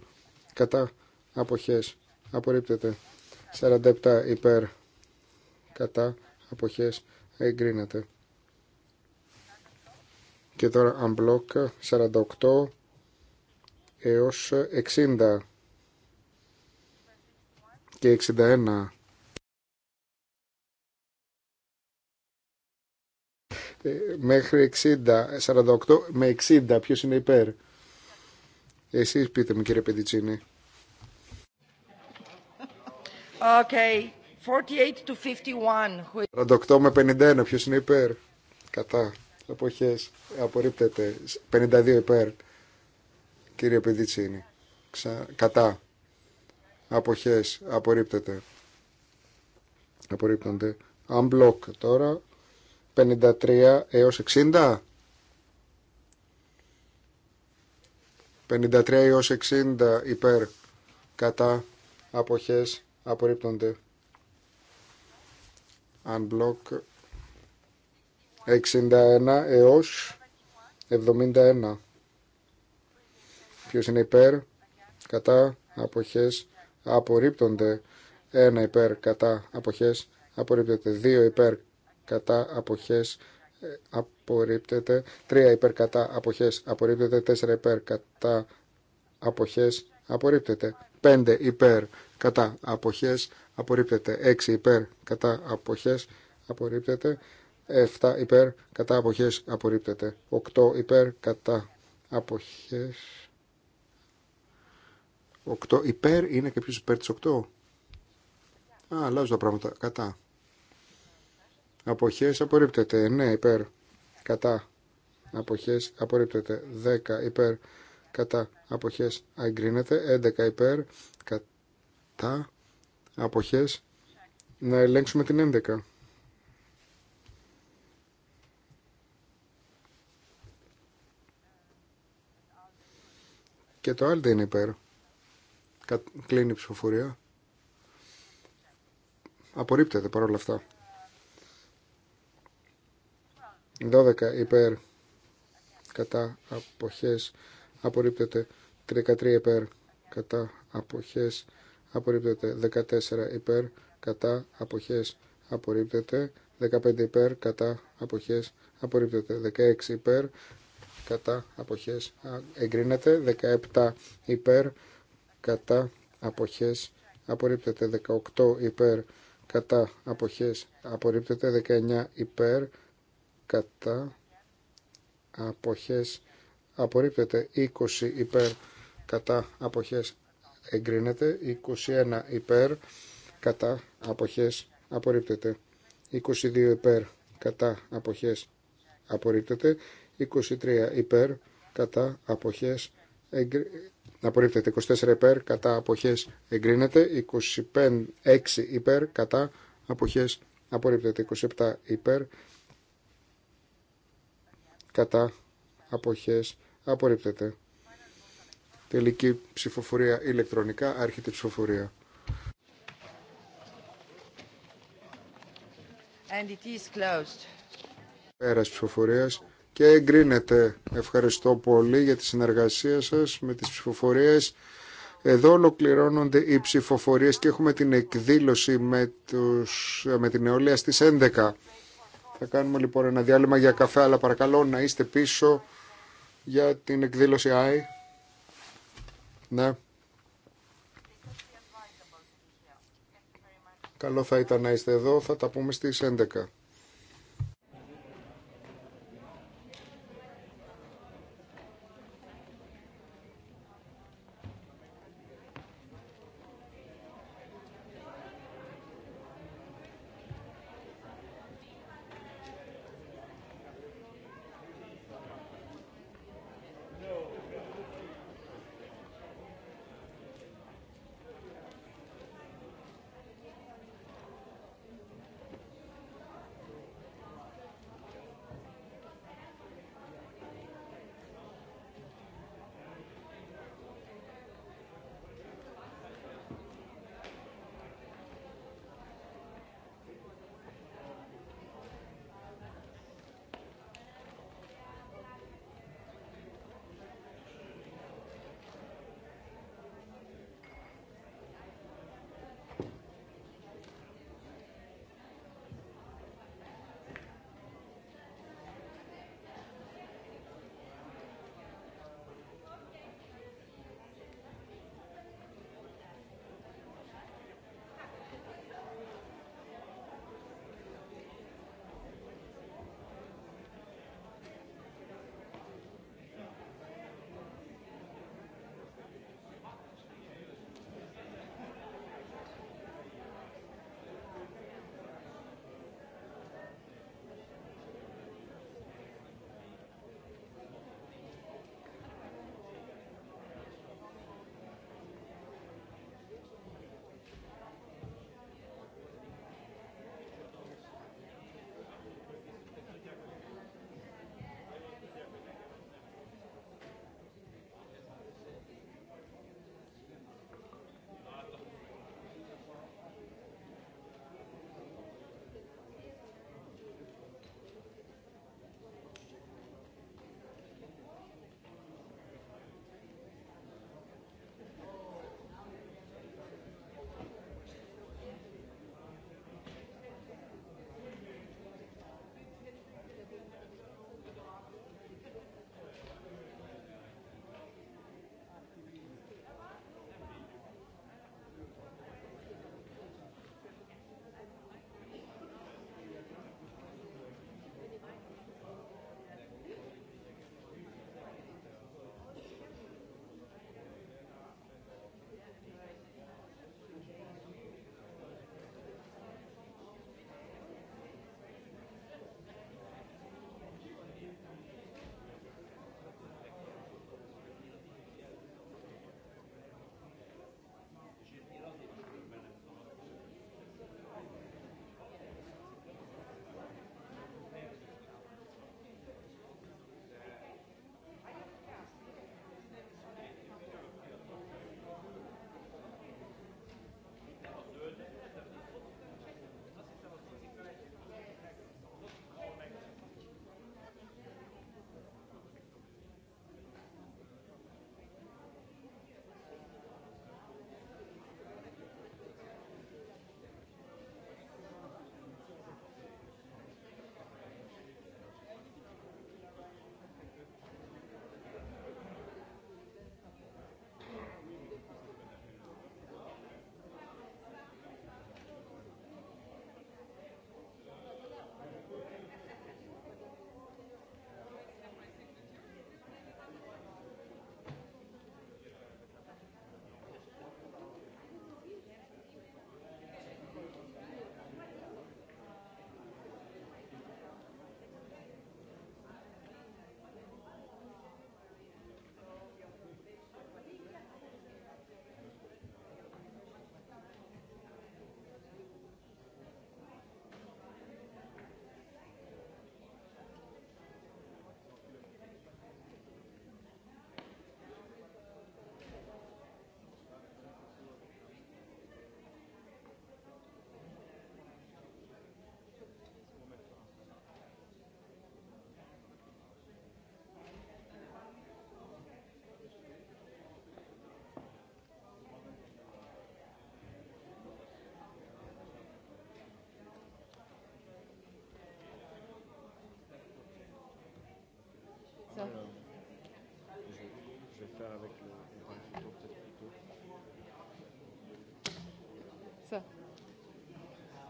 κατά αποχές απορρίπτεται 47 υπέρ κατά αποχές εγκρίνεται και τώρα unblock 48 έως 60 και 61. Ε, μέχρι 60, 48 με 60, ποιος είναι υπέρ. Εσείς πείτε μου κύριε Πεντιτσίνη. Okay, 48 to 51. 48 με 51, ποιος είναι υπέρ. Κατά. Αποχές. Απορρίπτεται. 52 υπέρ. Κύριε Πεδίτσινη. Κατά. Αποχές. Απορρίπτεται. Απορρίπτονται. Unblock τώρα. 53 έως 60. 53 έως 60 υπέρ. Κατά. Αποχές. Απορρίπτονται. Unblock 61 έως 71. Ποιος είναι υπέρ, κατά, αποχές, απορρίπτονται. 1 υπέρ, κατά, αποχές, απορρίπτεται. 2 υπέρ, κατά, αποχές, απορρίπτεται. 3 υπέρ, κατά, αποχές, απορρίπτεται. 4 υπέρ, κατά, αποχές, απορρίπτεται. 5 υπέρ, κατά, αποχές, απορρίπτεται. 6 υπέρ, κατά, αποχές, απορρίπτεται. 7 υπέρ κατά αποχές απορρίπτεται. 8 υπέρ κατά αποχές. 8 υπέρ είναι και ποιος υπέρ της 8. Α, αλλάζω τα πράγματα. Κατά. Αποχές απορρίπτεται. 9 υπέρ κατά αποχές απορρίπτεται. 10 υπέρ κατά αποχές αγκρίνεται. 11 υπέρ κατά αποχές να ελέγξουμε την 11. Και το άλλο δεν είναι υπέρ. Κλείνει η ψηφοφορία. Απορρίπτεται παρόλα αυτά. 12 υπέρ κατά αποχές απορρίπτεται 13 υπέρ κατά αποχές απορρίπτεται 14 υπέρ κατά αποχές απορρίπτεται 15 υπέρ κατά αποχές απορρίπτεται 16 υπέρ κατά αποχές εγκρίνεται 17 υπέρ κατά αποχές απορρίπτεται 18 υπέρ κατά αποχές απορρίπτεται 19 υπέρ κατά αποχές απορρίπτεται 20 υπέρ κατά αποχές εγκρίνεται 21 υπέρ κατά αποχές απορρίπτεται 22 υπέρ κατά αποχές απορρίπτεται 23 υπέρ κατά αποχές εγκρι... απορρίπτεται 24 υπέρ κατά αποχές εγκρίνεται 25 6 υπέρ κατά αποχές απορρίπτεται 27 υπέρ κατά αποχές απορρίπτεται τελική ψηφοφορία ηλεκτρονικά άρχεται ψηφοφορία And it closed. Πέρας ψηφοφορίας και εγκρίνεται. Ευχαριστώ πολύ για τη συνεργασία σας με τις ψηφοφορίες. Εδώ ολοκληρώνονται οι ψηφοφορίες και έχουμε την εκδήλωση με, τους, με την νεολαία στις 11. Θα κάνουμε λοιπόν ένα διάλειμμα για καφέ, αλλά παρακαλώ να είστε πίσω για την εκδήλωση I. Ναι. Καλό θα ήταν να είστε εδώ, θα τα πούμε στις 11.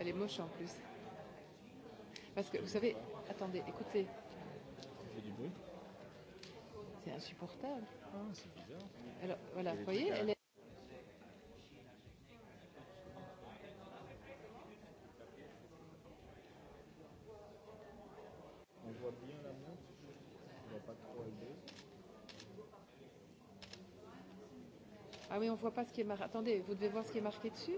Elle est moche en plus. Parce que vous savez, attendez, écoutez. C'est du bruit. C'est insupportable. c'est bizarre. Alors voilà, vous voyez, elle est. On voit bien la montre. On voit pas trop elle Ah oui, on voit pas ce qui est marqué. Attendez, vous devez voir ce qui est marqué dessus.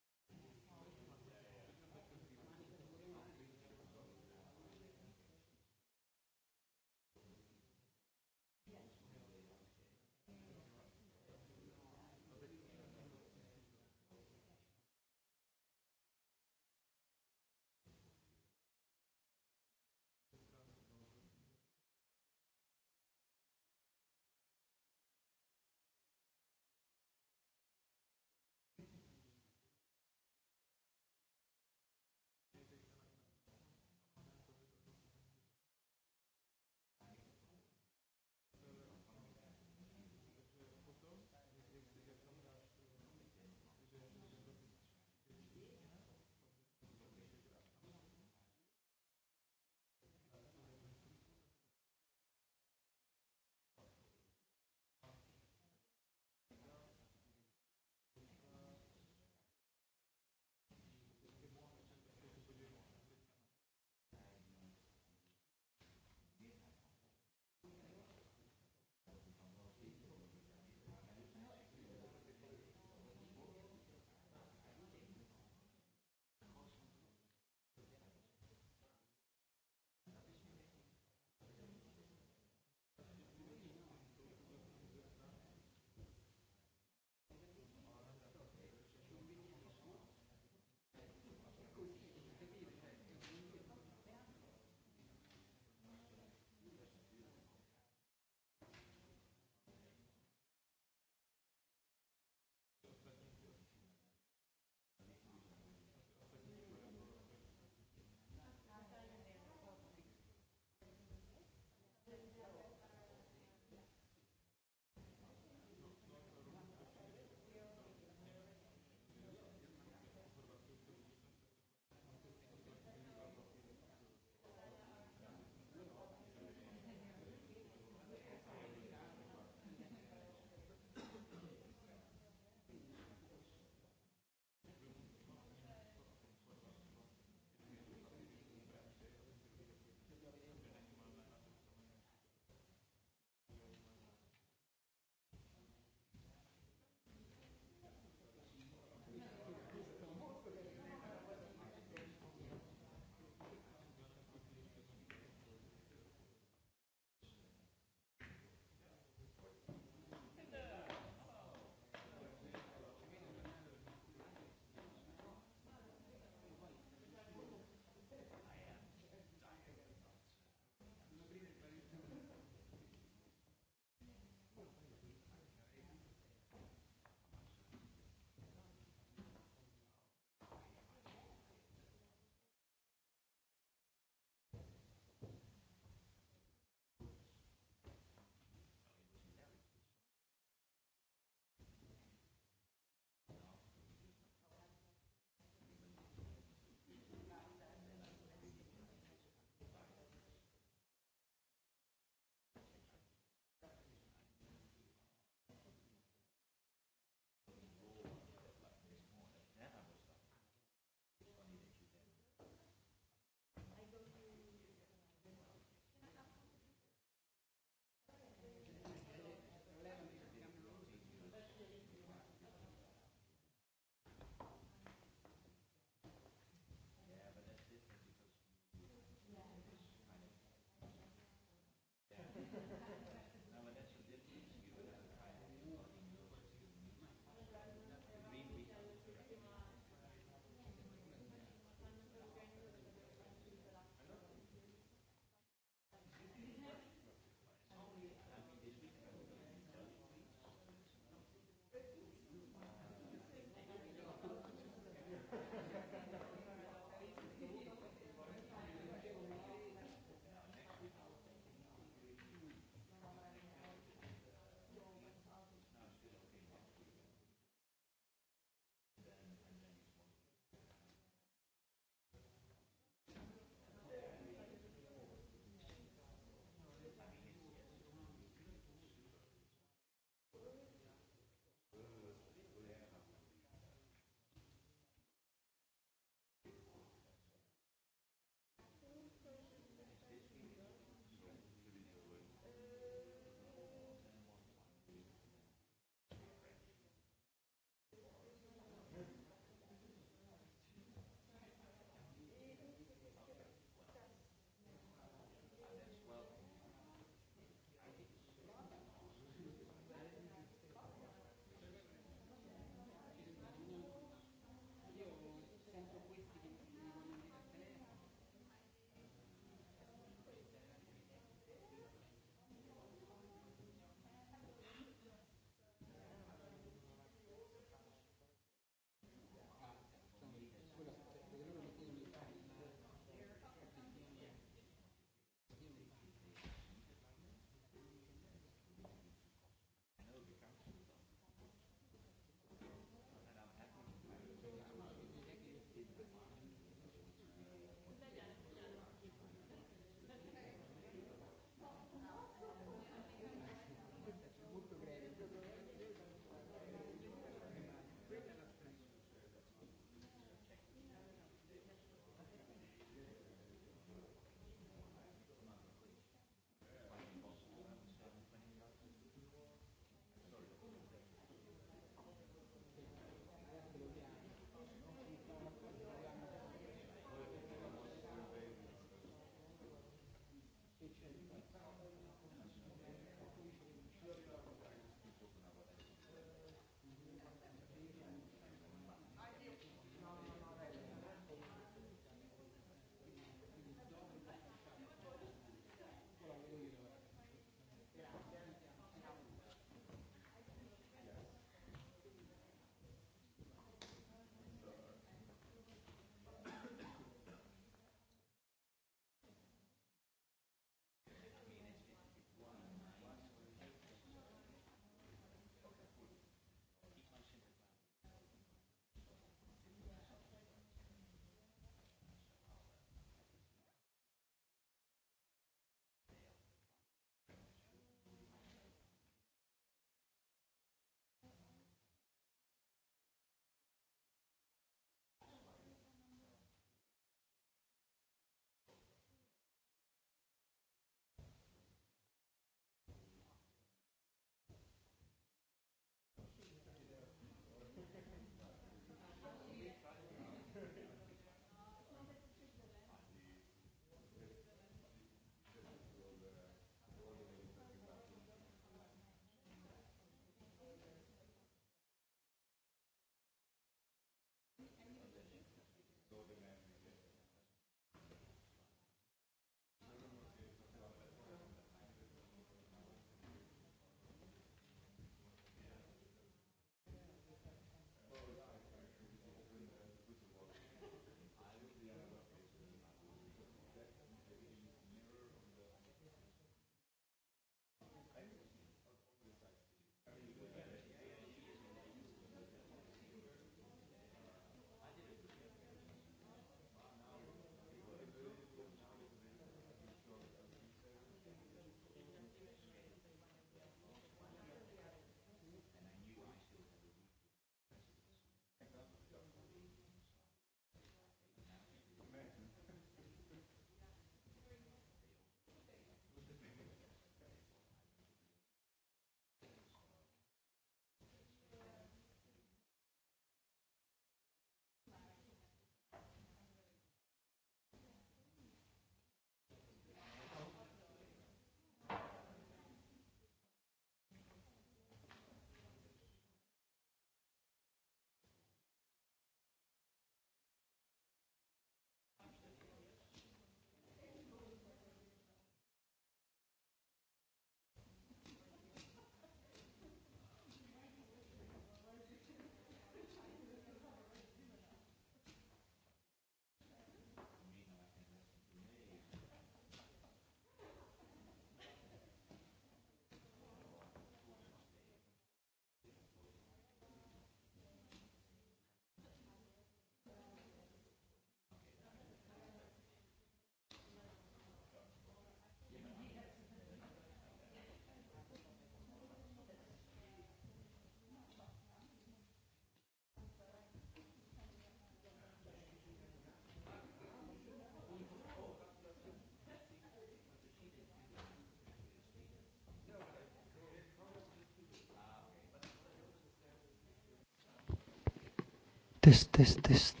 τεστ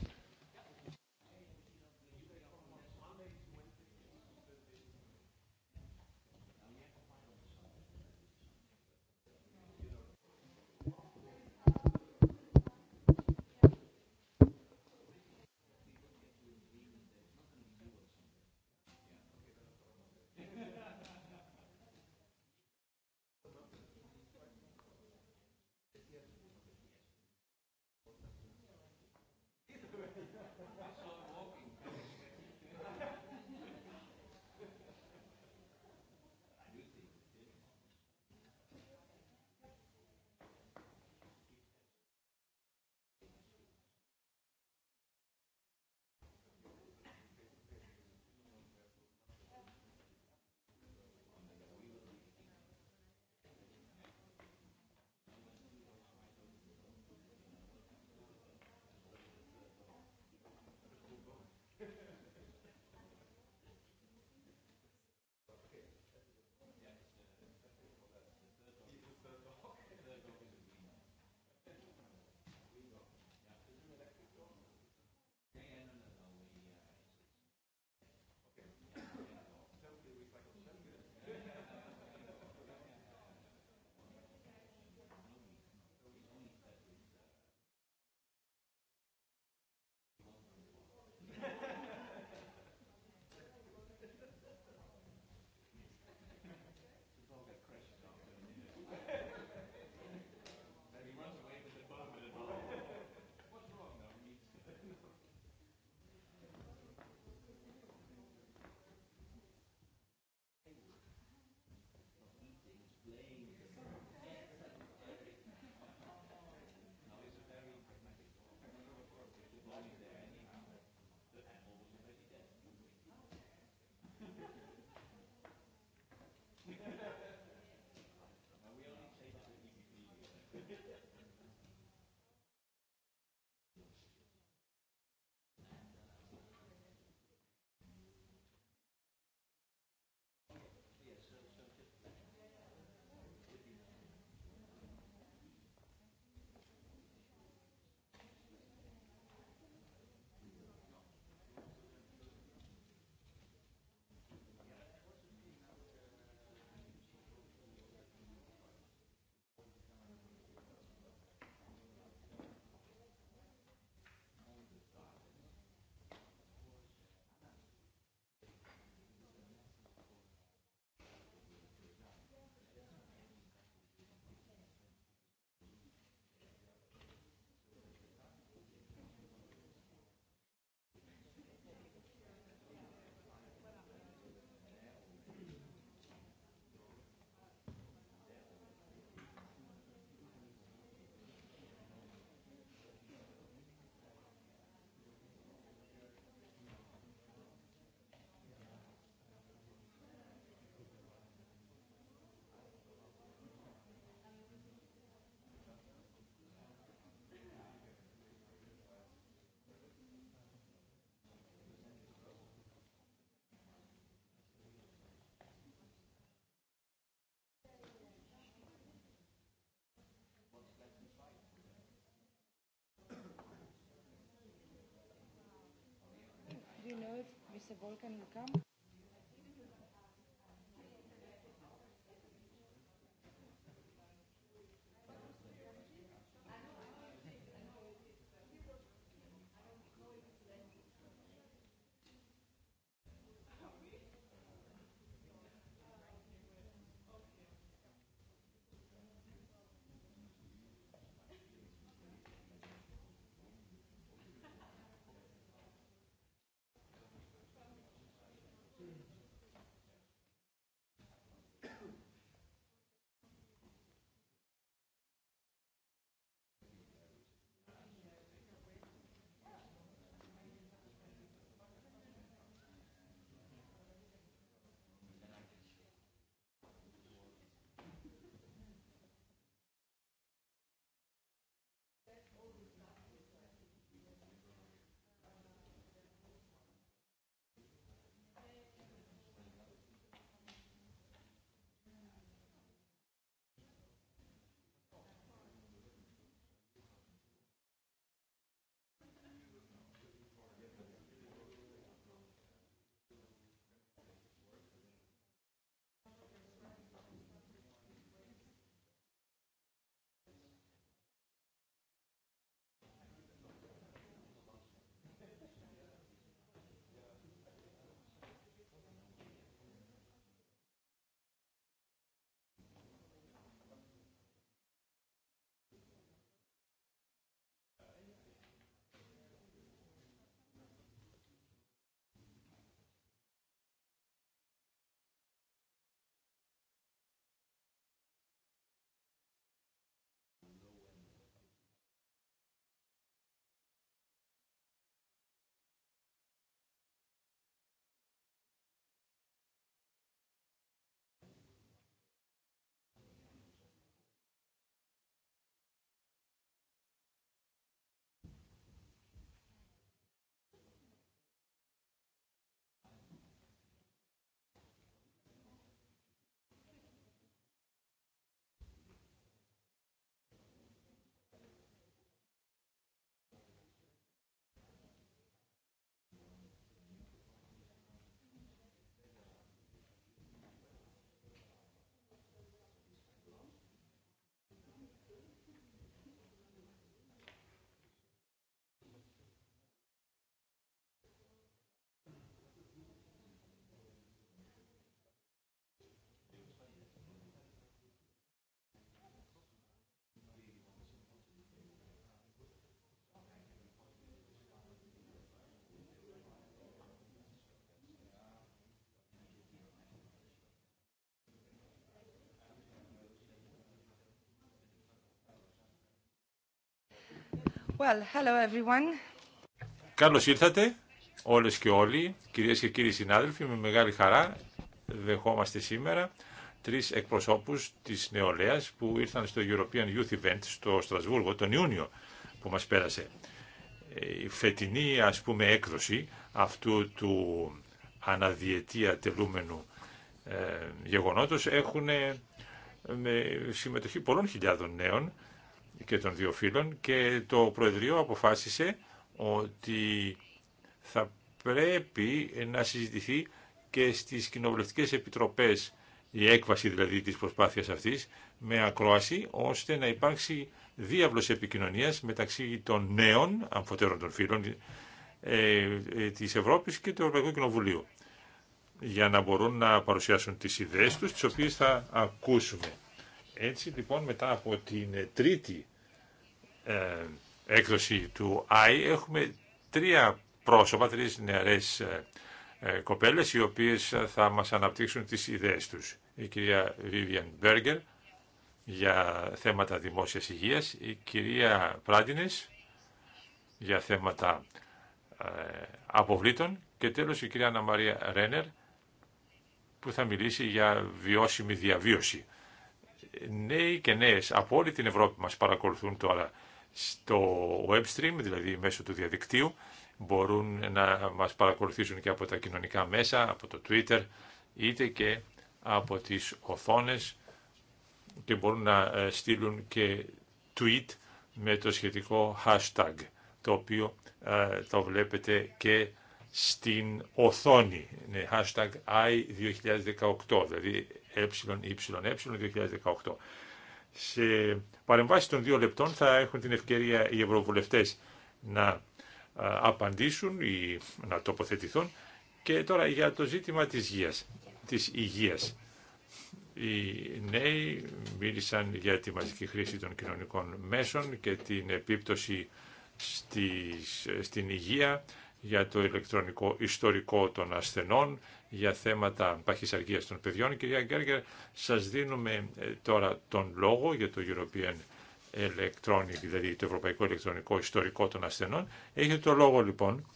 Mr. Volkan will come. Well, Καλώς ήρθατε όλες και όλοι, κυρίες και κύριοι συνάδελφοι, με μεγάλη χαρά δεχόμαστε σήμερα τρεις εκπροσώπους της νεολαίας που ήρθαν στο European Youth Event στο Στρασβούργο τον Ιούνιο που μας πέρασε. Ε, η φετινή ας πούμε έκδοση αυτού του αναδιετία τελούμενου ε, γεγονότος έχουν ε, με συμμετοχή πολλών χιλιάδων νέων και των δύο φίλων και το Προεδρείο αποφάσισε ότι θα πρέπει να συζητηθεί και στις κοινοβουλευτικέ επιτροπές η έκβαση δηλαδή της προσπάθειας αυτής με ακρόαση ώστε να υπάρξει διάβλος επικοινωνίας μεταξύ των νέων αμφωτέρων των φίλων ε, ε της Ευρώπης και του Ευρωπαϊκού Κοινοβουλίου για να μπορούν να παρουσιάσουν τις ιδέες τους τις οποίες θα ακούσουμε. Έτσι λοιπόν μετά από την τρίτη ε, έκδοση του ΆΙ έχουμε τρία πρόσωπα, τρεις νεαρές ε, ε, κοπέλες οι οποίες θα μας αναπτύξουν τις ιδέες τους. Η κυρία Βίβιαν Μπέργκερ για θέματα δημόσιας υγείας, η κυρία Πράντινες για θέματα ε, αποβλήτων και τέλος η κυρία Αναμαρία Ρένερ που θα μιλήσει για βιώσιμη διαβίωση νέοι και νέε από όλη την Ευρώπη μας παρακολουθούν τώρα στο web stream, δηλαδή μέσω του διαδικτύου, μπορούν να μας παρακολουθήσουν και από τα κοινωνικά μέσα, από το Twitter, είτε και από τι οθόνε και μπορούν να ε, στείλουν και tweet με το σχετικό hashtag, το οποίο ε, το βλέπετε και στην οθόνη. hashtag i2018, δηλαδή 2018 ε, ε, ε, Σε παρεμβάσει των δύο λεπτών θα έχουν την ευκαιρία οι ευρωβουλευτές να απαντήσουν ή να τοποθετηθούν. Και τώρα για το ζήτημα της υγείας. Της υγείας. Οι νέοι μίλησαν για τη μαζική χρήση των κοινωνικών μέσων και την επίπτωση στην υγεία για το ηλεκτρονικό ιστορικό των ασθενών, για θέματα παχυσαργίας των παιδιών. Κυρία Γκέργερ, σας δίνουμε ε, τώρα τον λόγο για το European Electronic, δηλαδή το Ευρωπαϊκό Ελεκτρονικό Ιστορικό των Ασθενών. Έχετε το λόγο λοιπόν.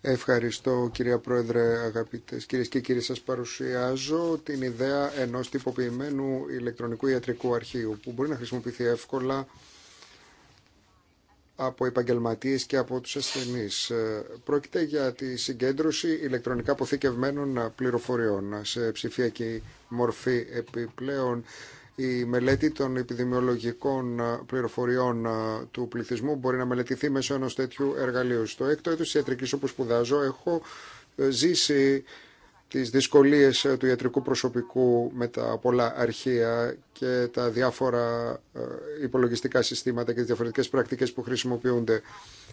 Ευχαριστώ κυρία Πρόεδρε, αγαπητές κυρίες και κύριοι. Σας παρουσιάζω την ιδέα ενός τυποποιημένου ηλεκτρονικού ιατρικού αρχείου που μπορεί να χρησιμοποιηθεί εύκολα από επαγγελματίες και από τους ασθενείς. Ε, πρόκειται για τη συγκέντρωση ηλεκτρονικά αποθηκευμένων ε, πληροφοριών σε ψηφιακή μορφή επιπλέον. Η μελέτη των επιδημιολογικών ε, πληροφοριών του πληθυσμού μπορεί να μελετηθεί μέσω ενός τέτοιου εργαλείου. Στο έκτο έτος ιατρικής όπου σπουδάζω έχω ζήσει τις δυσκολίες ε, του ιατρικού προσωπικού με τα πολλά αρχεία και τα διάφορα ε, υπολογιστικά συστήματα και τις διαφορετικές πρακτικές που χρησιμοποιούνται.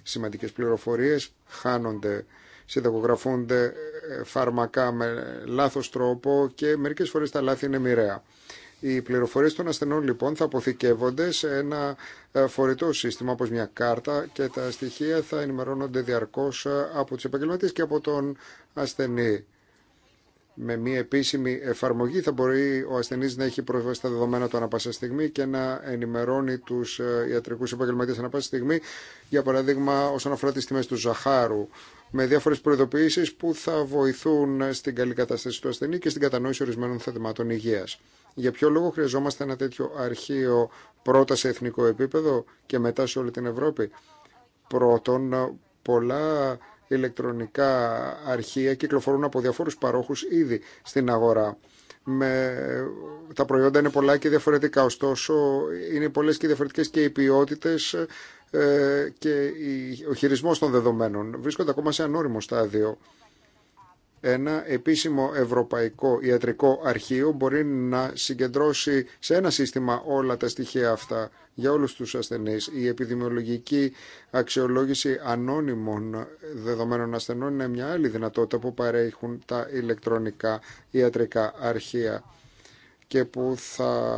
Σημαντικές πληροφορίες χάνονται, συνταγογραφούνται ε, φάρμακα με λάθος τρόπο και μερικές φορές τα λάθη είναι μοιραία. Οι πληροφορίες των ασθενών λοιπόν θα αποθηκεύονται σε ένα φορητό σύστημα όπως μια κάρτα και τα στοιχεία θα ενημερώνονται διαρκώς από τους επαγγελματίες και από τον ασθενή με μία επίσημη εφαρμογή θα μπορεί ο ασθενή να έχει πρόσβαση στα δεδομένα του ανα πάσα στιγμή και να ενημερώνει του ε, ιατρικού επαγγελματίε ανα πάσα στιγμή, για παράδειγμα όσον αφορά τι τιμέ του ζαχάρου, με διάφορε προειδοποιήσει που θα βοηθούν στην καλή κατάσταση του ασθενή και στην κατανόηση ορισμένων θεμάτων υγεία. Για ποιο λόγο χρειαζόμαστε ένα τέτοιο αρχείο πρώτα σε εθνικό επίπεδο και μετά σε όλη την Ευρώπη. Πρώτον, πολλά ηλεκτρονικά αρχεία κυκλοφορούν από διαφόρους παρόχους ήδη στην αγορά. Με... Τα προϊόντα είναι πολλά και διαφορετικά, ωστόσο είναι πολλές και διαφορετικές και οι ποιότητες ε, και ο χειρισμός των δεδομένων. Βρίσκονται ακόμα σε ανώριμο στάδιο ένα επίσημο ευρωπαϊκό ιατρικό αρχείο μπορεί να συγκεντρώσει σε ένα σύστημα όλα τα στοιχεία αυτά για όλους τους ασθενείς. Η επιδημιολογική αξιολόγηση ανώνυμων δεδομένων ασθενών είναι μια άλλη δυνατότητα που παρέχουν τα ηλεκτρονικά ιατρικά αρχεία και που θα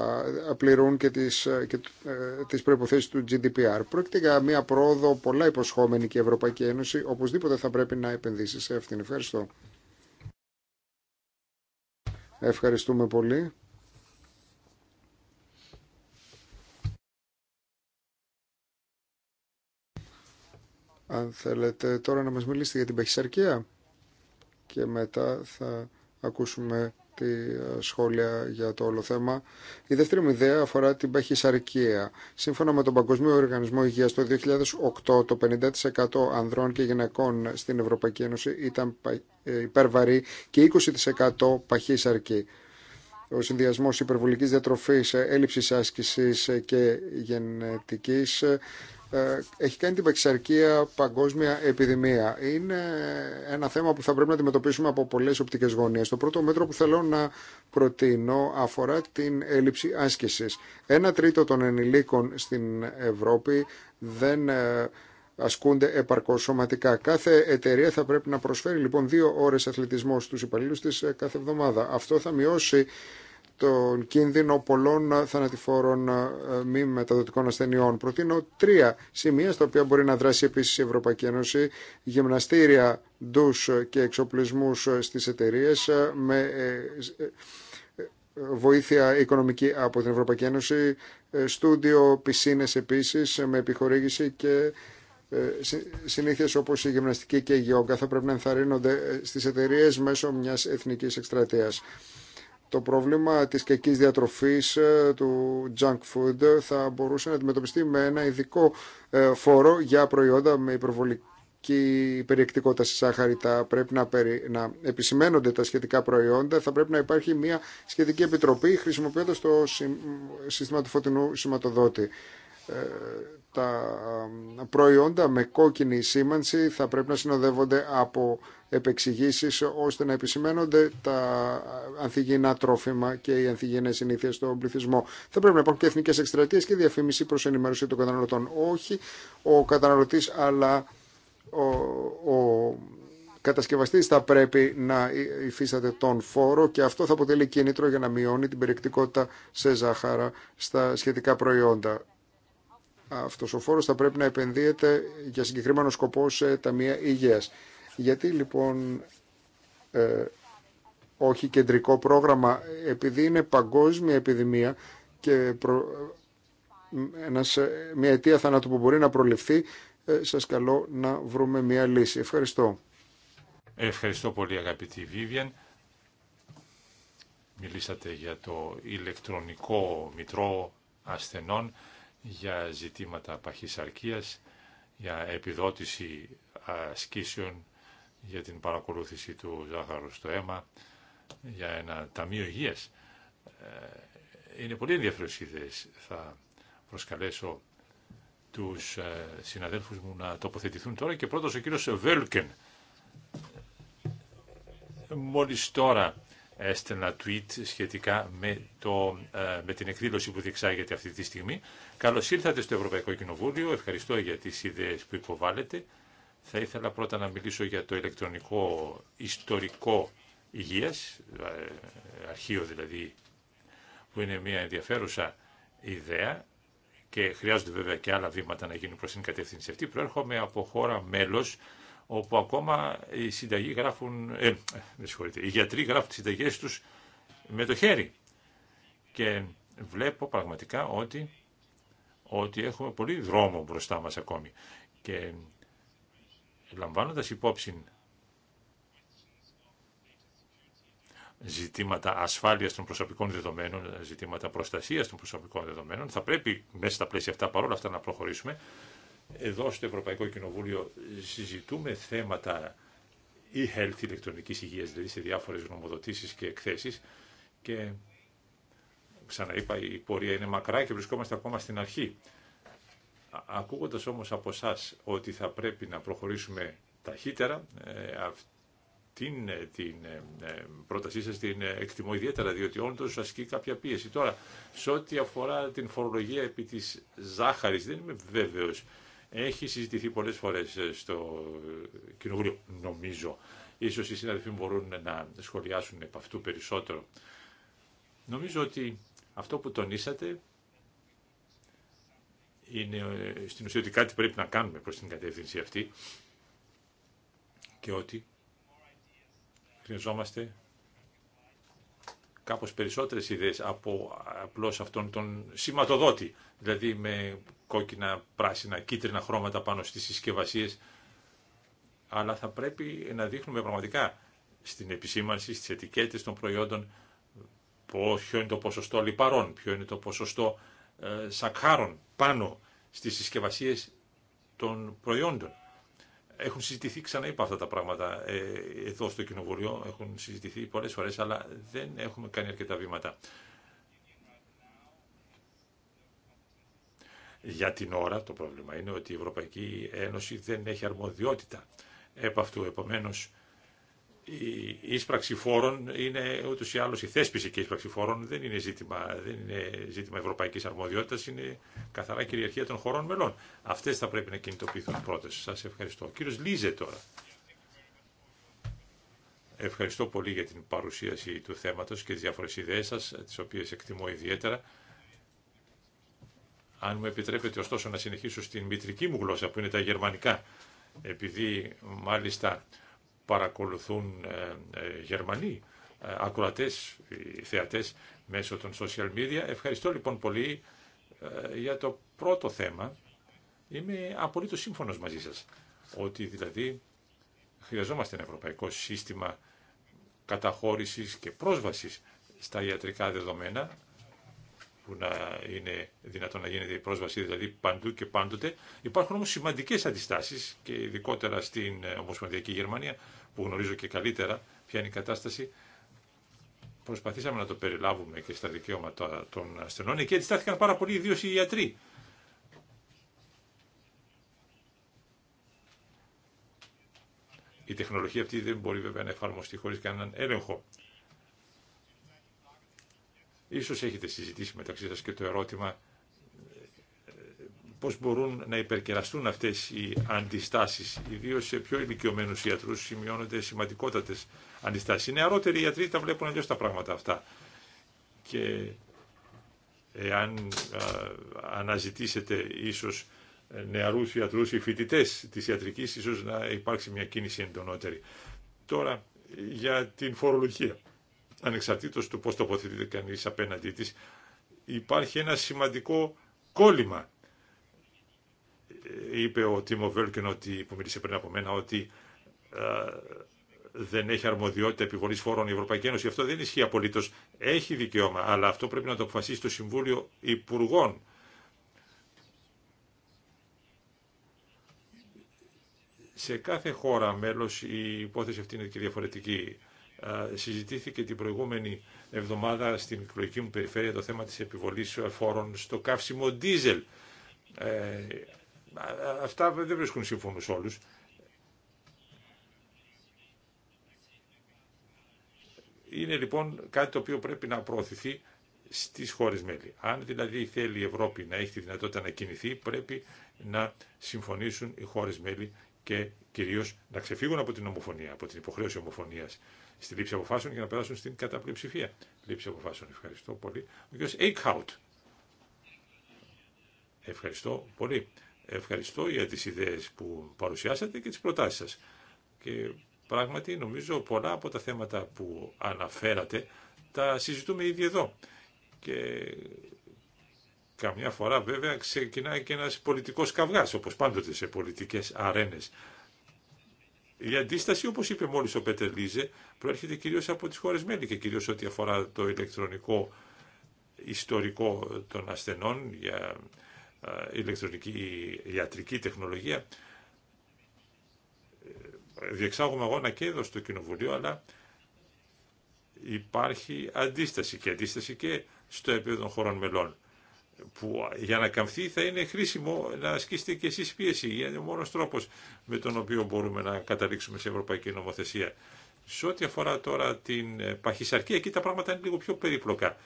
πληρούν και τις, και, ε, τις προϋποθέσεις του GDPR. Πρόκειται για μια πρόοδο πολλά υποσχόμενη και η Ευρωπαϊκή Ένωση οπωσδήποτε θα πρέπει να επενδύσει σε αυτήν. Ευχαριστώ. Ευχαριστούμε πολύ. Αν θέλετε τώρα να μας μιλήσετε για την παχυσαρκία και μετά θα ακούσουμε τη ε, σχόλια για το όλο θέμα. Η δεύτερη μου ιδέα αφορά την παχυσαρκία. Σύμφωνα με τον Παγκοσμίο Οργανισμό Υγείας το 2008 το 50% ανδρών και γυναικών στην Ευρωπαϊκή Ένωση ήταν ε, υπερβαροί και 20% παχύσαρκη ο συνδυασμό υπερβολική διατροφή, ε, έλλειψης άσκησης ε, και γενετική ε, έχει κάνει την παξαρκία παγκόσμια επιδημία. Είναι ένα θέμα που θα πρέπει να αντιμετωπίσουμε από πολλές οπτικέ γωνίες. Το πρώτο μέτρο που θέλω να προτείνω αφορά την έλλειψη άσκησης. Ένα τρίτο των ενηλίκων στην Ευρώπη δεν ασκούνται επαρκώς σωματικά. Κάθε εταιρεία θα πρέπει να προσφέρει λοιπόν δύο ώρες αθλητισμό στους υπαλλήλου τη ε, κάθε εβδομάδα. Αυτό θα μειώσει τον κίνδυνο πολλών θανατηφόρων ε, μη μεταδοτικών ασθενειών. Προτείνω τρία σημεία στα οποία μπορεί να δράσει επίση η Ευρωπαϊκή Ένωση. Γυμναστήρια, ντου και εξοπλισμού στι εταιρείε ε, με βοήθεια οικονομική από την Ευρωπαϊκή Ένωση, στούντιο, πισίνες επίσης με επιχορήγηση και ε, συνήθειες όπως η γυμναστική και η γιόγκα θα πρέπει να ενθαρρύνονται ε, στις εταιρείε μέσω μιας εθνικής εκστρατείας. Το πρόβλημα της κακής διατροφής, ε, του junk food, θα μπορούσε να αντιμετωπιστεί με ένα ειδικό φόρο για προϊόντα με υπερβολική περιεκτικότητα στη σάχαρη. Θα πρέπει να, περι... να επισημένονται τα σχετικά προϊόντα. Θα πρέπει να υπάρχει μια σχετική επιτροπή χρησιμοποιώντας το σύστημα του φωτεινού σηματοδότη τα ε, προϊόντα με κόκκινη σήμανση θα πρέπει να συνοδεύονται από επεξηγήσεις ώστε να επισημαίνονται τα ανθιγεινά τρόφιμα και οι ανθυγιεινές συνήθειες στον πληθυσμό. Θα πρέπει να υπάρχουν και εθνικές εκστρατείε και διαφήμιση προς ενημέρωση των καταναλωτών. Όχι ο καταναλωτής αλλά ο, ο κατασκευαστής θα πρέπει να υφίσταται τον φόρο και αυτό θα αποτελεί κίνητρο για να μειώνει την περιεκτικότητα σε ζάχαρα στα σχετικά προϊόντα αυτός ο φόρος θα πρέπει να επενδύεται για συγκεκριμένο σκοπό σε ταμεία υγείας. Γιατί λοιπόν ε, όχι κεντρικό πρόγραμμα, επειδή είναι παγκόσμια επιδημία και προ... ένας, μια αιτία θανάτου που μπορεί να προληφθεί, ε, σας καλώ να βρούμε μια λύση. Ευχαριστώ. Ευχαριστώ πολύ αγαπητή Βίβιαν. Μιλήσατε για το ηλεκτρονικό μητρό ασθενών για ζητήματα παχυσαρκίας, για επιδότηση ασκήσεων, για την παρακολούθηση του ζάχαρου στο αίμα, για ένα ταμείο υγείας. Ε, είναι πολύ ενδιαφέρουσες ιδέες. Θα προσκαλέσω τους ε, συναδέλφους μου να τοποθετηθούν τώρα και πρώτος ο κύριος Βέλκεν. Μόλις τώρα έστελνα tweet σχετικά με, το, ε, με την εκδήλωση που διεξάγεται αυτή τη στιγμή. Καλώ ήρθατε στο Ευρωπαϊκό Κοινοβούλιο. Ευχαριστώ για τις ιδέες που υποβάλλετε. Θα ήθελα πρώτα να μιλήσω για το ηλεκτρονικό ιστορικό υγείας, ε, αρχείο δηλαδή, που είναι μια ενδιαφέρουσα ιδέα και χρειάζονται βέβαια και άλλα βήματα να γίνουν προ την κατεύθυνση αυτή. Προέρχομαι από χώρα μέλο όπου ακόμα οι, συνταγοί γράφουν, ε, με οι γιατροί γράφουν τις συνταγέ τους με το χέρι. Και βλέπω πραγματικά ότι, ότι έχουμε πολύ δρόμο μπροστά μας ακόμη. Και λαμβάνοντας υπόψη ζητήματα ασφάλειας των προσωπικών δεδομένων, ζητήματα προστασίας των προσωπικών δεδομένων, θα πρέπει μέσα στα πλαίσια αυτά παρόλα αυτά να προχωρήσουμε εδώ στο Ευρωπαϊκό Κοινοβούλιο συζητούμε θέματα e-health, ηλεκτρονικής υγείας, δηλαδή σε διάφορες γνωμοδοτήσεις και εκθέσεις και ξαναείπα η πορεία είναι μακρά και βρισκόμαστε ακόμα στην αρχή. Ακούγοντας όμως από εσά ότι θα πρέπει να προχωρήσουμε ταχύτερα, ε, αυτή ε, την ε, πρότασή σας την εκτιμώ ιδιαίτερα, διότι όντως ασκεί κάποια πίεση. Τώρα, σε ό,τι αφορά την φορολογία επί της ζάχαρης, δεν είμαι βέβαιο έχει συζητηθεί πολλέ φορές ε, στο Κοινοβούλιο, νομίζω. Ίσως οι συναδελφοί μπορούν να σχολιάσουν επ' αυτού περισσότερο. Νομίζω ότι αυτό που τονίσατε είναι ε, στην ουσία ότι κάτι πρέπει να κάνουμε προς την κατεύθυνση αυτή και ότι χρειαζόμαστε κάπως περισσότερες ιδέες από απλώς αυτόν τον σηματοδότη, δηλαδή με κόκκινα, πράσινα, κίτρινα χρώματα πάνω στις συσκευασίες αλλά θα πρέπει να δείχνουμε πραγματικά στην επισήμανση, στις ετικέτες των προϊόντων, ποιο είναι το ποσοστό λιπαρών, ποιο είναι το ποσοστό ε, σακχάρων πάνω στις συσκευασίες των προϊόντων. Έχουν συζητηθεί, είπα αυτά τα πράγματα ε, εδώ στο Κοινοβουλίο, έχουν συζητηθεί πολλές φορές, αλλά δεν έχουμε κάνει αρκετά βήματα. Για την ώρα το πρόβλημα είναι ότι η Ευρωπαϊκή Ένωση δεν έχει αρμοδιότητα επ' αυτού. Επομένως, η ίσπραξη φόρων είναι ούτως ή άλλως η η θεσπιση και η ίσπραξη φόρων δεν είναι ζήτημα, δεν είναι ζήτημα ευρωπαϊκής αρμοδιότητας, είναι καθαρά κυριαρχία των χωρών μελών. Αυτές θα πρέπει να κινητοποιηθούν πρώτες. Σας ευχαριστώ. Ο κύριος Λίζε τώρα. Ευχαριστώ πολύ για την παρουσίαση του θέματος και τις διάφορες ιδέες σας, τις οποίες εκτιμώ ιδιαίτερα. Αν μου επιτρέπετε ωστόσο να συνεχίσω στην μητρική μου γλώσσα που είναι τα γερμανικά, επειδή μάλιστα παρακολουθούν ε, ε, Γερμανοί ε, ακροατές, θεατές μέσω των social media. Ευχαριστώ λοιπόν πολύ για το πρώτο θέμα. Είμαι απολύτως σύμφωνος μαζί σας ότι δηλαδή χρειαζόμαστε ένα ευρωπαϊκό σύστημα καταχώρησης και πρόσβασης στα ιατρικά δεδομένα που να είναι δυνατόν να γίνεται η πρόσβαση δηλαδή παντού και πάντοτε. Υπάρχουν όμως σημαντικές αντιστάσεις και ειδικότερα στην Ομοσπονδιακή Γερμανία που γνωρίζω και καλύτερα ποια είναι η κατάσταση. Προσπαθήσαμε να το περιλάβουμε και στα δικαιώματα των ασθενών και αντιστάθηκαν πάρα πολύ ιδίως οι ιατροί. Η τεχνολογία αυτή δεν μπορεί βέβαια να εφαρμοστεί χωρίς κανέναν έλεγχο. Ίσως έχετε συζητήσει μεταξύ σας και το ερώτημα ε, πώς μπορούν να υπερκεραστούν αυτές οι αντιστάσεις, ιδίως σε πιο ηλικιωμένους ιατρούς σημειώνονται σημαντικότατες αντιστάσεις. Οι νεαρότεροι ιατροί τα βλέπουν αλλιώς τα πράγματα αυτά. Και εάν αναζητήσετε ίσως νεαρούς ιατρούς ή φοιτητέ της ιατρικής, ίσως να υπάρξει μια κίνηση εντονότερη. Τώρα για την φορολογία ανεξαρτήτως του πώς τοποθετείται κανείς απέναντί της, υπάρχει ένα σημαντικό κόλλημα. Ε, είπε ο Τίμο Βέλκεν ότι, που μίλησε πριν από μένα ότι ε, δεν έχει αρμοδιότητα επιβολής φόρων η Ευρωπαϊκή Ένωση. Αυτό δεν ισχύει απολύτω. Έχει δικαίωμα, αλλά αυτό πρέπει να το αποφασίσει το Συμβούλιο Υπουργών. Σε κάθε χώρα μέλος η υπόθεση αυτή είναι και διαφορετική συζητήθηκε την προηγούμενη εβδομάδα στην εκλογική μου περιφέρεια το θέμα της επιβολής φόρων στο καύσιμο ντίζελ. Ε, αυτά δεν βρίσκουν σε όλους. Είναι λοιπόν κάτι το οποίο πρέπει να προωθηθεί στις χώρες μέλη. Αν δηλαδή θέλει η Ευρώπη να έχει τη δυνατότητα να κινηθεί, πρέπει να συμφωνήσουν οι χώρες μέλη και κυρίως να ξεφύγουν από την ομοφωνία, από την υποχρέωση ομοφωνίας στη λήψη αποφάσεων για να περάσουν στην καταπληψηφία. λήψη αποφάσεων. Ευχαριστώ πολύ. Ο κ. Eichhout. Ευχαριστώ πολύ. Ευχαριστώ για τις ιδέες που παρουσιάσατε και τις προτάσεις σας. Και πράγματι νομίζω πολλά από τα θέματα που αναφέρατε τα συζητούμε ήδη εδώ. Και καμιά φορά βέβαια ξεκινάει και ένας πολιτικός καυγάς, όπως πάντοτε σε πολιτικές αρένες. Η αντίσταση, όπω είπε μόλι ο Πέτερ Λίζε, προέρχεται κυρίω από τι χώρε μέλη και κυρίω ό,τι αφορά το ηλεκτρονικό ιστορικό των ασθενών για ηλεκτρονική ιατρική τεχνολογία. Διεξάγουμε αγώνα και εδώ στο Κοινοβουλίο, αλλά υπάρχει αντίσταση και αντίσταση και στο επίπεδο των χωρών μελών που για να καμφθεί θα είναι χρήσιμο να ασκήσετε και εσείς πίεση. Είναι ο μόνος τρόπος με τον οποίο μπορούμε να καταλήξουμε σε ευρωπαϊκή νομοθεσία. Σε ό,τι αφορά τώρα την ε, παχυσαρκία, εκεί τα πράγματα είναι λίγο πιο περίπλοκα.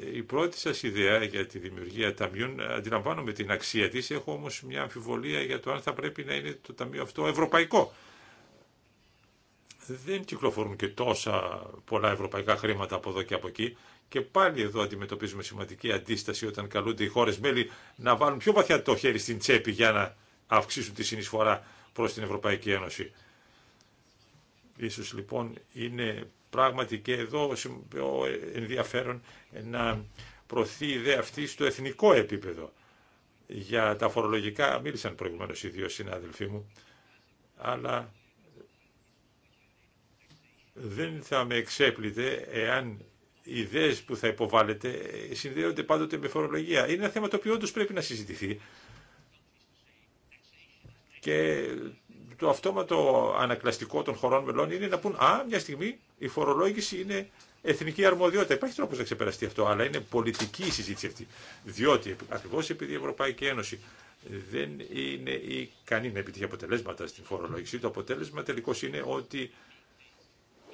Ε, η πρώτη σας ιδέα για τη δημιουργία ταμείων, ε, αντιλαμβάνομαι την αξία της, έχω όμως μια αμφιβολία για το αν θα πρέπει να είναι το ταμείο αυτό ευρωπαϊκό. Δεν κυκλοφορούν και τόσα πολλά ευρωπαϊκά χρήματα από εδώ και από εκεί. Και πάλι εδώ αντιμετωπίζουμε σημαντική αντίσταση όταν καλούνται οι χώρε μέλη να βάλουν πιο βαθιά το χέρι στην τσέπη για να αυξήσουν τη συνεισφορά προ την Ευρωπαϊκή Ένωση. Ίσως λοιπόν είναι πράγματι και εδώ ενδιαφέρον να προωθεί η ιδέα αυτή στο εθνικό επίπεδο. Για τα φορολογικά μίλησαν προηγουμένως οι δύο συνάδελφοί μου, αλλά δεν θα με εξέπλητε εάν οι ιδέε που θα υποβάλλετε ε, συνδέονται πάντοτε με φορολογία. Είναι ένα θέμα το οποίο όντω πρέπει να συζητηθεί. Και το αυτόματο ανακλαστικό των χωρών μελών είναι να πούν «Α, μια στιγμή η φορολόγηση είναι εθνική αρμοδιότητα». Υπάρχει τρόπο να ξεπεραστεί αυτό, αλλά είναι πολιτική η συζήτηση αυτή. Διότι ακριβώ επειδή η Ευρωπαϊκή Ένωση δεν είναι ικανή να επιτύχει αποτελέσματα στην φορολόγηση, το αποτέλεσμα τελικώ είναι ότι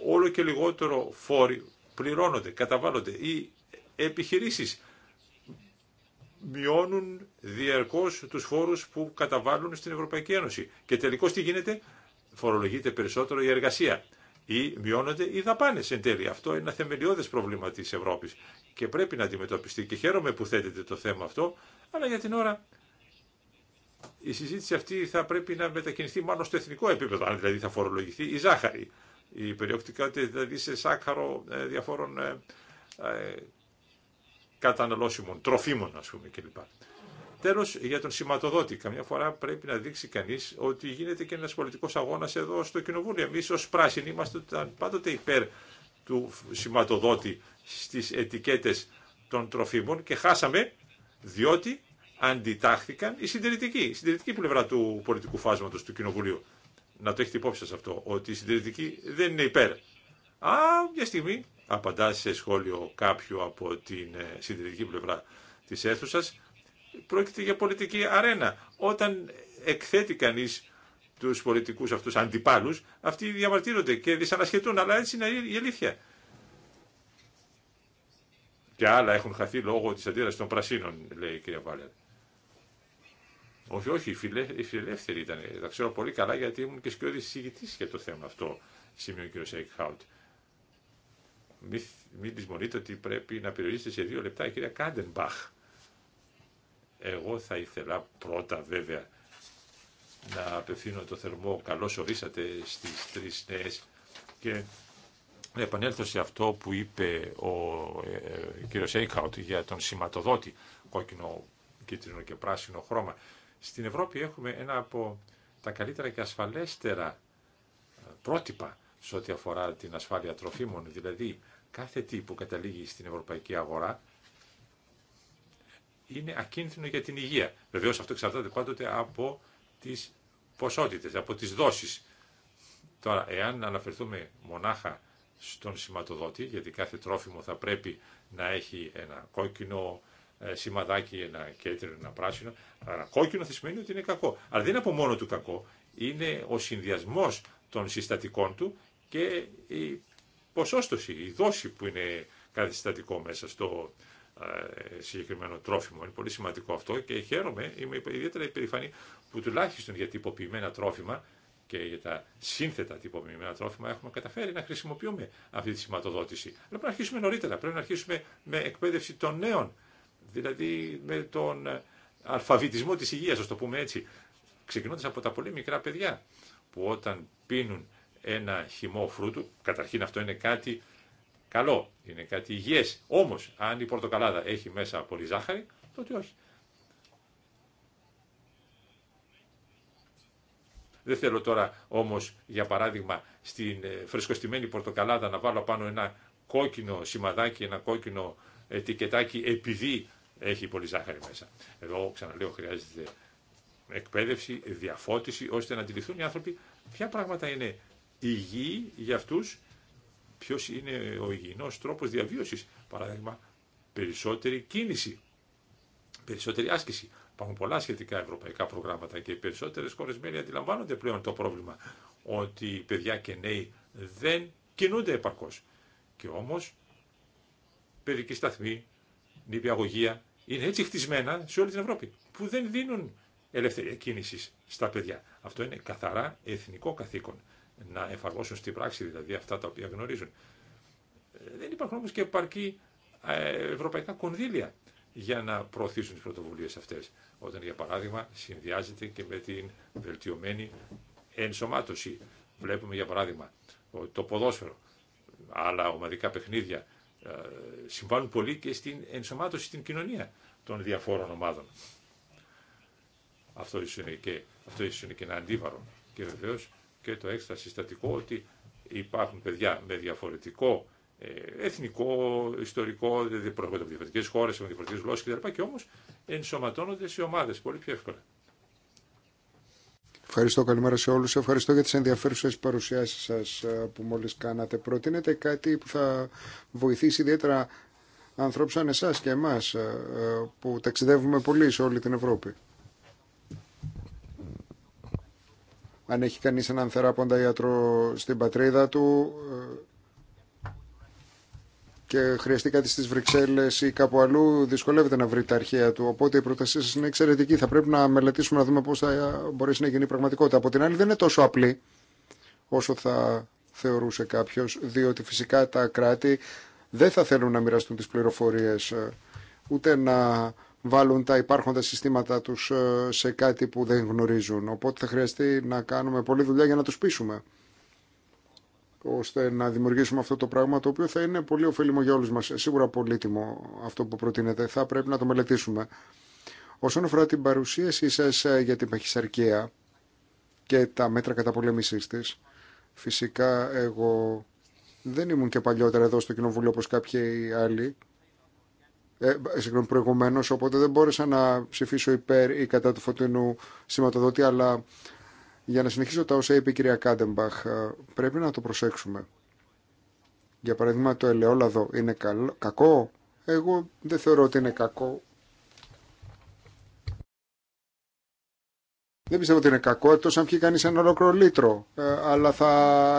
όλο και λιγότερο φόροι πληρώνονται, καταβάλλονται. Οι επιχειρήσεις μειώνουν διαρκώς τους φόρους που καταβάλουν στην Ευρωπαϊκή Ένωση. Και τελικώς τι γίνεται, φορολογείται περισσότερο η εργασία ή μειώνονται οι δαπάνε εν τέλει. Αυτό είναι ένα θεμελιώδε πρόβλημα τη Ευρώπη και πρέπει να αντιμετωπιστεί. Και χαίρομαι που θέτεται το θέμα αυτό, αλλά για την ώρα η συζήτηση αυτή θα πρέπει να μετακινηθεί μάλλον στο εθνικό επίπεδο, αν δηλαδή θα φορολογηθεί η ζάχαρη η περιοκτικότητα δηλαδή σε σάκαρο ε, διαφόρων ε, ε, καταναλώσιμων, τροφίμων ας πούμε κλπ. Τέλος, για τον σηματοδότη. Καμιά φορά πρέπει να δείξει κανείς ότι γίνεται και ένας πολιτικός αγώνας εδώ στο Κοινοβούλιο. Εμείς ως πράσινοι είμαστε πάντοτε υπέρ του σηματοδότη στις ετικέτες των τροφίμων και χάσαμε διότι αντιτάχθηκαν οι συντηρητικοί, η συντηρητική πλευρά του πολιτικού φάσματος του Κοινοβουλίου να το έχετε υπόψη σας αυτό, ότι η συντηρητική δεν είναι υπέρ. Α, μια στιγμή απαντά σε σχόλιο κάποιο από την ε, συντηρητική πλευρά της αίθουσα. Πρόκειται για πολιτική αρένα. Όταν εκθέτει κανείς τους πολιτικούς αυτούς αντιπάλους, αυτοί διαμαρτύρονται και δυσανασχετούν, αλλά έτσι είναι η αλήθεια. Και άλλα έχουν χαθεί λόγω της αντίδρασης των πρασίνων, λέει η κυρία Βάλερ. Όχι, όχι, οι φιλελεύθεροι ήταν. Τα ξέρω πολύ καλά γιατί ήμουν και σκιώδη συζητητή για το θέμα αυτό, σημείο ο κ. Σέικχαουτ. Μην δυσμονείτε ότι πρέπει να περιορίσετε σε δύο λεπτά η κυρία Κάντεμπαχ. Εγώ θα ήθελα πρώτα βέβαια να απευθύνω το θερμό καλό ορίσατε στις τρεις νέες και να επανέλθω σε αυτό που είπε ο ε, ε, κ. Σέικχαουτ για τον σηματοδότη κόκκινο, κίτρινο και πράσινο χρώμα. Στην Ευρώπη έχουμε ένα από τα καλύτερα και ασφαλέστερα ε, πρότυπα σε ό,τι αφορά την ασφάλεια τροφίμων, δηλαδή κάθε τι που καταλήγει στην ευρωπαϊκή αγορά είναι ακίνδυνο για την υγεία. Βεβαίω αυτό εξαρτάται πάντοτε από τις ποσότητες, από τις δόσεις. Τώρα, εάν αναφερθούμε μονάχα στον σηματοδότη, γιατί κάθε τρόφιμο θα πρέπει να έχει ένα κόκκινο, ε, σημαδάκι, ένα κέντρο, ένα πράσινο, ένα κόκκινο θα σημαίνει ότι είναι κακό. Αλλά δεν είναι από μόνο του κακό, είναι ο συνδυασμό των συστατικών του και η ποσόστοση, η δόση που είναι κάθε συστατικό μέσα στο ε, συγκεκριμένο τρόφιμο. Είναι πολύ σημαντικό αυτό και χαίρομαι, είμαι ιδιαίτερα υπερηφανή που τουλάχιστον για τυποποιημένα τρόφιμα και για τα σύνθετα τυποποιημένα τρόφιμα έχουμε καταφέρει να χρησιμοποιούμε αυτή τη σηματοδότηση. Αλλά πρέπει να αρχίσουμε νωρίτερα, πρέπει να αρχίσουμε με εκπαίδευση των νέων δηλαδή με τον ε, αλφαβητισμό της υγείας, α το πούμε έτσι, ξεκινώντας από τα πολύ μικρά παιδιά, που όταν πίνουν ένα χυμό φρούτου, καταρχήν αυτό είναι κάτι καλό, είναι κάτι υγιές. Όμως, αν η πορτοκαλάδα έχει μέσα πολύ ζάχαρη, τότε όχι. Δεν θέλω τώρα όμως, για παράδειγμα, στην ε, φρεσκοστημένη πορτοκαλάδα να βάλω πάνω ένα κόκκινο σημαδάκι, ένα κόκκινο ετικετάκι, επειδή έχει πολύ ζάχαρη μέσα. Εδώ, ξαναλέω, χρειάζεται εκπαίδευση, διαφώτιση, ώστε να αντιληφθούν οι άνθρωποι ποια πράγματα είναι υγιή για αυτού. Ποιο είναι ο υγιεινό τρόπο διαβίωση. Παράδειγμα, περισσότερη κίνηση, περισσότερη άσκηση. Υπάρχουν πολλά σχετικά ευρωπαϊκά προγράμματα και οι περισσότερε χώρε μέλη αντιλαμβάνονται πλέον το πρόβλημα ότι οι παιδιά και νέοι δεν κινούνται επαρκώ. Και όμω, παιδική σταθμή, νηπιαγωγία, είναι έτσι χτισμένα σε όλη την Ευρώπη, που δεν δίνουν ελευθερία κίνηση στα παιδιά. Αυτό είναι καθαρά εθνικό καθήκον να εφαρμόσουν στην πράξη δηλαδή αυτά τα οποία γνωρίζουν. Ε, δεν υπάρχουν όμω και επαρκή ε, ευρωπαϊκά κονδύλια για να προωθήσουν τι πρωτοβουλίε αυτέ. Όταν, για παράδειγμα, συνδυάζεται και με την βελτιωμένη ενσωμάτωση. Βλέπουμε, για παράδειγμα, το ποδόσφαιρο, άλλα ομαδικά παιχνίδια ε, συμβάλλουν πολύ και στην ενσωμάτωση στην κοινωνία των διαφόρων ομάδων. Αυτό ίσως είναι και, αυτό ίσως είναι και ένα αντίβαρο. Και βεβαίω και το έξτρα συστατικό ότι υπάρχουν παιδιά με διαφορετικό ε, εθνικό, ιστορικό, δηλαδή προέρχονται από διαφορετικέ χώρε, με διαφορετικέ γλώσσε κτλ. Και όμω ενσωματώνονται σε ομάδε πολύ πιο εύκολα. Ευχαριστώ, καλημέρα σε όλους. Ευχαριστώ για τις ενδιαφέρουσες παρουσιάσεις σας ε, που μόλις κάνατε. Προτείνετε κάτι που θα βοηθήσει ιδιαίτερα ανθρώπους σαν εσάς και εμάς ε, ε, που ταξιδεύουμε πολύ σε όλη την Ευρώπη. Αν έχει κανείς έναν θεράποντα ιατρό στην πατρίδα του, και χρειαστεί κάτι στις Βρυξέλλες ή κάπου αλλού, δυσκολεύεται να βρει τα αρχαία του. Οπότε η πρότασή σα είναι εξαιρετική. Θα πρέπει να μελετήσουμε να δούμε πώ θα μπορέσει να γίνει πραγματικότητα. Από την άλλη δεν είναι τόσο απλή όσο θα θεωρούσε κάποιο, διότι φυσικά τα κράτη δεν θα θέλουν να μοιραστούν τι πληροφορίε ε, ούτε να βάλουν τα υπάρχοντα συστήματα τους ε, σε κάτι που δεν γνωρίζουν. Οπότε θα χρειαστεί να κάνουμε πολλή δουλειά για να τους πείσουμε ώστε να δημιουργήσουμε αυτό το πράγμα το οποίο θα είναι πολύ ωφέλιμο για όλους μας. Σίγουρα πολύτιμο αυτό που προτείνετε. Θα πρέπει να το μελετήσουμε. Όσον αφορά την παρουσίασή σας ε, για την παχυσαρκία και τα μέτρα καταπολέμησής της, φυσικά εγώ δεν ήμουν και παλιότερα εδώ στο Κοινοβούλιο όπως κάποιοι άλλοι, ε, ε συγγνώμη, προηγουμένως, οπότε δεν μπόρεσα να ψηφίσω υπέρ ή κατά του φωτεινού σηματοδότη, αλλά για να συνεχίσω τα όσα είπε η κυρία Κάντεμπαχ, ε, πρέπει να το προσέξουμε. Για παράδειγμα, το ελαιόλαδο είναι κακό. Εγώ δεν θεωρώ ότι είναι κακό. Δεν πιστεύω ότι είναι κακό, εκτό αν πιει κανείς ένα ολόκληρο λίτρο. Ε, αλλά θα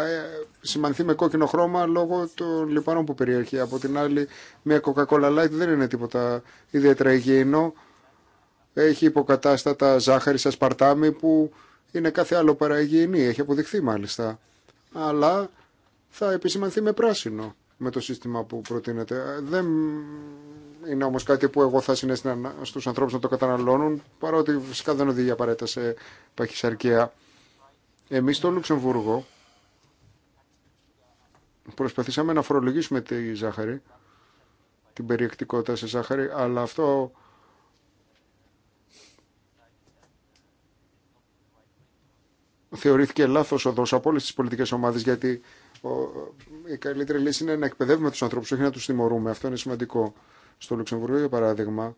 ε, σημανθεί με κόκκινο χρώμα λόγω των λιπαρών που περιέχει. Από την άλλη, μια coca Light δεν είναι τίποτα ιδιαίτερα υγιεινό. Έχει υποκατάστατα ζάχαρη, σπαρτάμι που είναι κάθε άλλο παρά υγιεινή, έχει αποδειχθεί μάλιστα. Αλλά θα επισημανθεί με πράσινο με το σύστημα που προτείνεται. Δεν είναι όμως κάτι που εγώ θα συνέστηνα στους ανθρώπους να το καταναλώνουν, παρότι φυσικά δεν οδηγεί απαραίτητα σε παχυσαρκία. Εμείς στο Λουξεμβούργο προσπαθήσαμε να φορολογήσουμε τη ζάχαρη, την περιεκτικότητα σε ζάχαρη, αλλά αυτό θεωρήθηκε λάθος οδό από όλε τι πολιτικέ ομάδε γιατί η καλύτερη λύση είναι να εκπαιδεύουμε τους ανθρώπους, όχι να τους τιμωρούμε. Αυτό είναι σημαντικό. Στο Λουξεμβούργο, για παράδειγμα,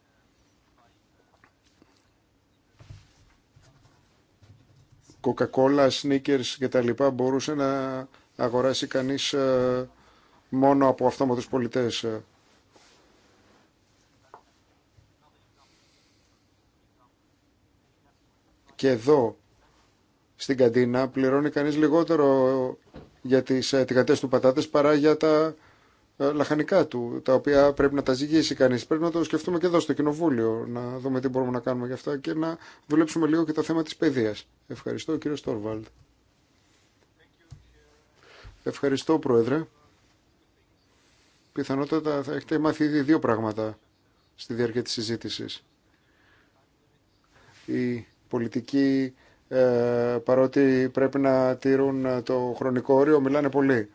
Coca-Cola, Snickers και τα λοιπά μπορούσε να αγοράσει κανείς ε, μόνο από αυτόματους πολιτές. Και εδώ στην καντίνα πληρώνει κανείς λιγότερο για τις ε, τηγατές του πατάτες παρά για τα ε, λαχανικά του, τα οποία πρέπει να τα ζυγίσει κανείς. Πρέπει να το σκεφτούμε και εδώ στο Κοινοβούλιο, να δούμε τι μπορούμε να κάνουμε για αυτά και να δουλέψουμε λίγο και το θέμα της παιδείας. Ευχαριστώ κύριο Στόρβαλτ. Ευχαριστώ Πρόεδρε. Πιθανότατα θα έχετε μάθει ήδη δύο πράγματα στη διάρκεια της συζήτησης. Η πολιτική ε, παρότι πρέπει να τηρούν το χρονικό όριο, μιλάνε πολύ.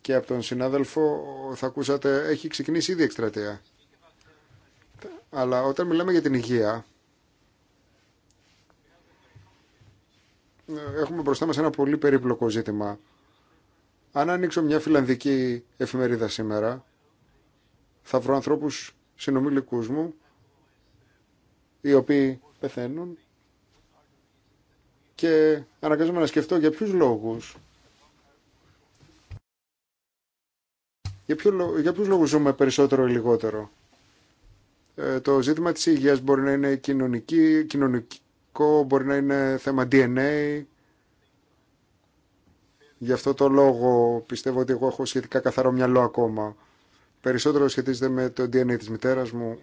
Και από τον συνάδελφο θα ακούσατε, έχει ξεκινήσει ήδη εκστρατεία. Αλλά όταν μιλάμε για την υγεία, ε, έχουμε μπροστά μας ένα πολύ περίπλοκο ζήτημα. Αν ανοίξω μια φιλανδική εφημερίδα σήμερα, θα βρω ανθρώπους συνομιλικούς μου, οι οποίοι πεθαίνουν και αναγκάζομαι να σκεφτώ για ποιους λόγους. Για, ποιο, για ποιους λόγους ζούμε περισσότερο ή λιγότερο. Ε, το ζήτημα της υγείας μπορεί να είναι κοινωνική, κοινωνικό, μπορεί να είναι θέμα DNA. Γι' αυτό το λόγο πιστεύω ότι εγώ έχω σχετικά καθαρό μυαλό ακόμα. Περισσότερο σχετίζεται με το DNA της μητέρας μου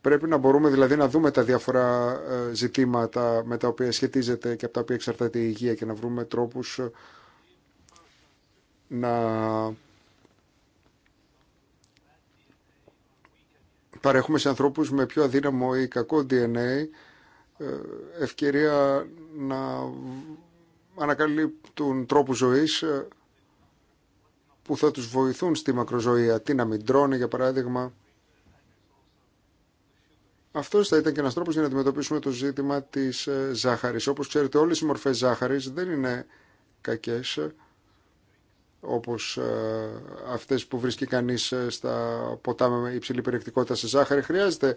Πρέπει να μπορούμε δηλαδή να δούμε τα διάφορα ε, ζητήματα με τα οποία σχετίζεται και από τα οποία εξαρτάται η υγεία και να βρούμε τρόπους ε, να παρέχουμε σε ανθρώπους με πιο αδύναμο ή κακό DNA ε, ευκαιρία να ανακαλύπτουν τρόπους ζωής που θα τους βοηθούν στη μακροζωία. Τι να μην τρώνε για παράδειγμα αυτό θα ήταν και ένα τρόπο για να αντιμετωπίσουμε το ζήτημα τη ε, ζάχαρη. Όπω ξέρετε, όλε οι μορφέ ζάχαρη δεν είναι κακέ ε, όπω ε, αυτέ που βρίσκει κανεί στα ποτά με υψηλή περιεκτικότητα σε ζάχαρη. Χρειάζεται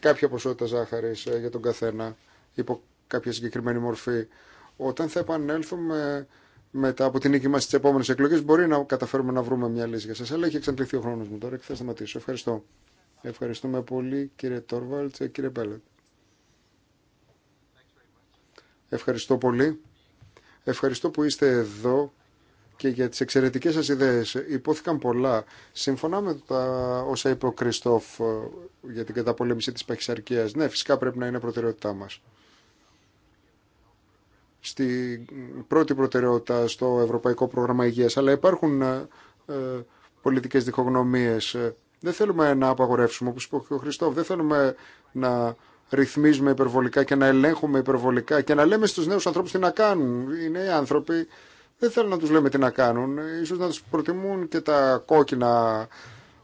κάποια ποσότητα ζάχαρη για τον καθένα υπό κάποια συγκεκριμένη μορφή. Όταν θα επανέλθουμε μετά από την νίκη μα στι επόμενε εκλογέ, μπορεί να καταφέρουμε να βρούμε μια λύση για σα. Αλλά έχει εξαντληθεί ο χρόνο μου τώρα και θα σταματήσω. Ευχαριστώ. Ευχαριστούμε πολύ κύριε Τόρβαλτς και ε, κύριε Μπέλετ. Ευχαριστώ πολύ. Ευχαριστώ που είστε εδώ και για τις εξαιρετικές σας ιδέες. Υπόθηκαν πολλά. Συμφωνά με όσα είπε ο Κριστόφ ε, για την καταπολέμηση της παχυσαρκίας. Ναι, φυσικά πρέπει να είναι προτεραιότητά μας. Στη πρώτη προτεραιότητα στο Ευρωπαϊκό Πρόγραμμα Υγείας. Αλλά υπάρχουν ε, πολιτικές διχογνωμίες δεν θέλουμε να απαγορεύσουμε, όπως είπε ο Χριστόφ, δεν θέλουμε να ρυθμίζουμε υπερβολικά και να ελέγχουμε υπερβολικά και να λέμε στους νέους ανθρώπους τι να κάνουν. Οι νέοι άνθρωποι δεν θέλουν να τους λέμε τι να κάνουν. Ίσως να τους προτιμούν και τα κόκκινα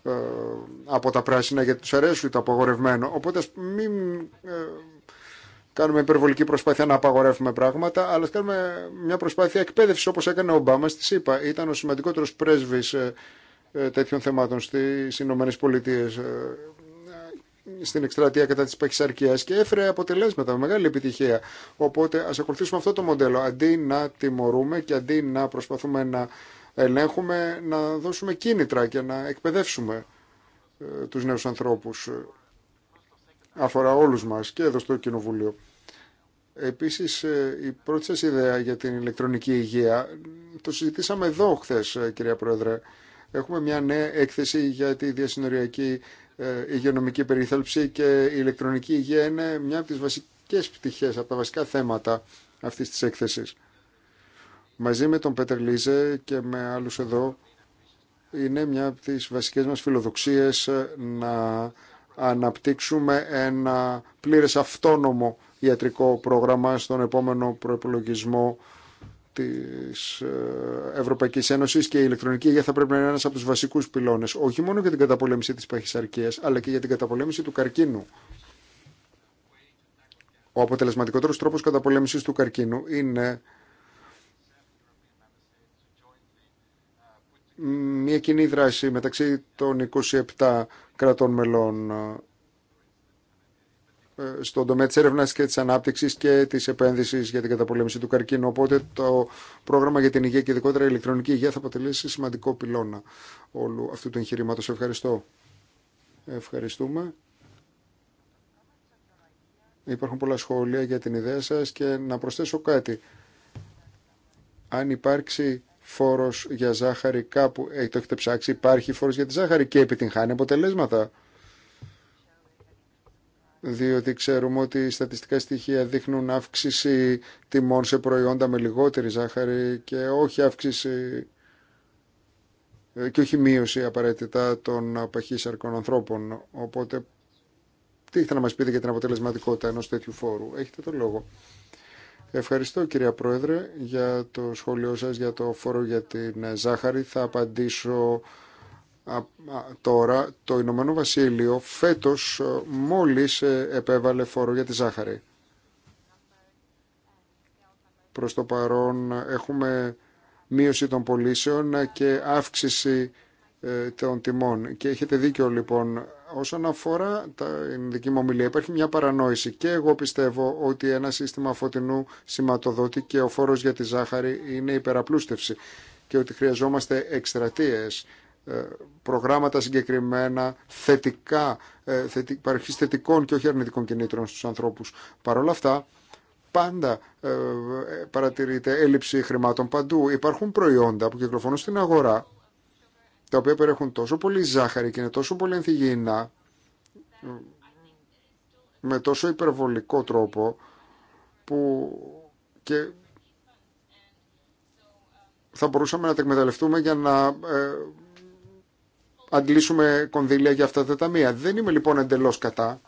ε, από τα πράσινα γιατί τους αρέσουν το απαγορευμένο. Οπότε μην ε, κάνουμε υπερβολική προσπάθεια να απαγορεύουμε πράγματα, αλλά κάνουμε μια προσπάθεια εκπαίδευση όπως έκανε ο Ομπάμα στη ΣΥΠΑ. Ήταν ο σημαντικότερος πρέσβης ε, ε, τέτοιων θεμάτων στις Ηνωμένες Πολιτείες ε, στην εκστρατεία κατά της παχυσαρκίας και έφερε αποτελέσματα με μεγάλη επιτυχία. Οπότε ας ακολουθήσουμε αυτό το μοντέλο. Αντί να τιμωρούμε και αντί να προσπαθούμε να ελέγχουμε, να δώσουμε κίνητρα και να εκπαιδεύσουμε ε, τους νέους ανθρώπους. Αφορά όλους μας και εδώ στο Κοινοβούλιο. Επίσης, η πρώτη σας ιδέα για την ηλεκτρονική υγεία, το συζητήσαμε εδώ χθες, κυρία Πρόεδρε, Έχουμε μια νέα έκθεση για τη διασυνοριακή ε, υγειονομική περιθέλψη και η ηλεκτρονική υγεία είναι μια από τις βασικές πτυχές, από τα βασικά θέματα αυτής της έκθεσης. Μαζί με τον Πέτερ Λίζε και με άλλους εδώ είναι μια από τις βασικές μας φιλοδοξίες ε, να αναπτύξουμε ένα πλήρες αυτόνομο ιατρικό πρόγραμμα στον επόμενο προεπολογισμό της ε, Ευρωπαϊκής Ένωσης και η ηλεκτρονική υγεία θα πρέπει να είναι ένας από του βασικούς πυλώνες, όχι μόνο για την καταπολέμηση της παχυσαρκία, αλλά και για την καταπολέμηση του καρκίνου. Ο αποτελεσματικότερος τρόπος καταπολέμησης του καρκίνου είναι μια κοινή δράση μεταξύ των 27 κρατών μελών ε, στον τομέα τη έρευνα και τη ανάπτυξη και τη επένδυση για την καταπολέμηση του καρκίνου. Οπότε το πρόγραμμα για την υγεία και ειδικότερα η ηλεκτρονική υγεία θα αποτελέσει σημαντικό πυλώνα όλου αυτού του εγχειρήματο. Ευχαριστώ. Ευχαριστούμε. Υπάρχουν πολλά σχόλια για την ιδέα σας και να προσθέσω κάτι. Αν υπάρξει φόρος για ζάχαρη κάπου, ε, το έχετε ψάξει, υπάρχει φόρος για τη ζάχαρη και επιτυγχάνει αποτελέσματα διότι ξέρουμε ότι οι στατιστικά στοιχεία δείχνουν αύξηση τιμών σε προϊόντα με λιγότερη ζάχαρη και όχι αύξηση ε, και όχι μείωση απαραίτητα των παχύσαρκων ανθρώπων. Οπότε, τι ήθελα να μας πείτε για την αποτελεσματικότητα ενός τέτοιου φόρου. Έχετε το λόγο. Ευχαριστώ κυρία Πρόεδρε για το σχόλιο σας για το φόρο για την ζάχαρη. Θα απαντήσω τώρα το Ηνωμένο Βασίλειο φέτος ε, μόλις ε, επέβαλε φόρο για τη ζάχαρη. Προς το παρόν ε, έχουμε μείωση των πωλήσεων και αύξηση των τιμών. Και έχετε δίκιο λοιπόν όσον αφορά τα δική μου ομιλία υπάρχει μια παρανόηση και εγώ πιστεύω ότι ένα σύστημα φωτεινού σηματοδότη και ο φόρος για τη ζάχαρη είναι υπεραπλούστευση και ότι χρειαζόμαστε εκστρατείες ε, προγράμματα συγκεκριμένα θετικά, ε, θετικών και όχι αρνητικών κινήτρων στους ανθρώπους. Παρ' όλα αυτά, πάντα ε, παρατηρείται έλλειψη χρημάτων παντού. Υπάρχουν προϊόντα που κυκλοφορούν στην αγορά, τα οποία περιέχουν τόσο πολύ ζάχαρη και είναι τόσο πολύ ενθυγιεινά, με τόσο υπερβολικό τρόπο, που και θα μπορούσαμε να τα εκμεταλλευτούμε για να αντλήσουμε κονδύλια για αυτά τα ταμεία. Δεν είμαι λοιπόν εντελώς κατά.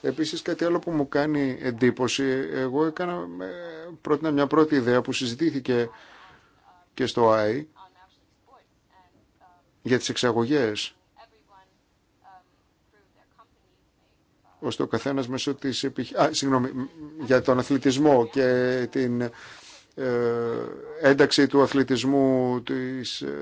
Επίσης κάτι άλλο που μου κάνει εντύπωση, εγώ έκανα, ε, πρότεινα μια πρώτη ιδέα που συζητήθηκε και στο ΆΗ για τις εξαγωγέ. ώστε ο καθένα μέσω τη Α, συγγνώμη, για τον αθλητισμό και την ε, ένταξη του αθλητισμού της, ε,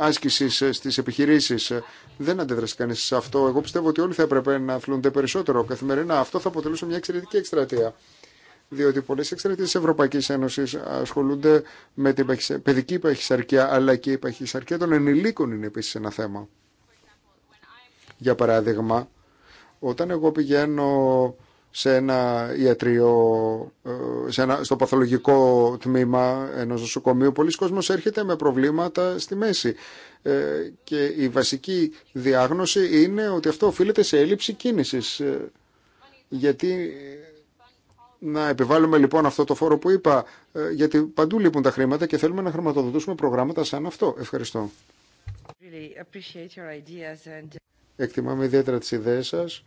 άσκηση ε, στι επιχειρήσει. Ε, δεν αντέδρασε κανεί σε αυτό. Εγώ πιστεύω ότι όλοι θα έπρεπε να αθλούνται περισσότερο καθημερινά. Αυτό θα αποτελούσε μια εξαιρετική εκστρατεία. Διότι πολλέ εκστρατείε τη Ευρωπαϊκή Ένωση ασχολούνται με την παιδική υπαχυσαρκία, αλλά και η υπαχυσαρκία των ενηλίκων είναι επίση ένα θέμα. Για παράδειγμα, όταν εγώ πηγαίνω σε ένα ιατρείο, ε, σε ένα, στο παθολογικό τμήμα ενός νοσοκομείου. Πολλοί κόσμος έρχεται με προβλήματα στη μέση ε, και η βασική διάγνωση είναι ότι αυτό οφείλεται σε έλλειψη κίνησης. Ε, γιατί να επιβάλλουμε λοιπόν αυτό το φόρο που είπα, γιατί παντού λείπουν τα χρήματα και θέλουμε να χρηματοδοτούσουμε προγράμματα σαν αυτό. Ευχαριστώ. Really Εκτιμάμε ιδιαίτερα τις ιδέες σας.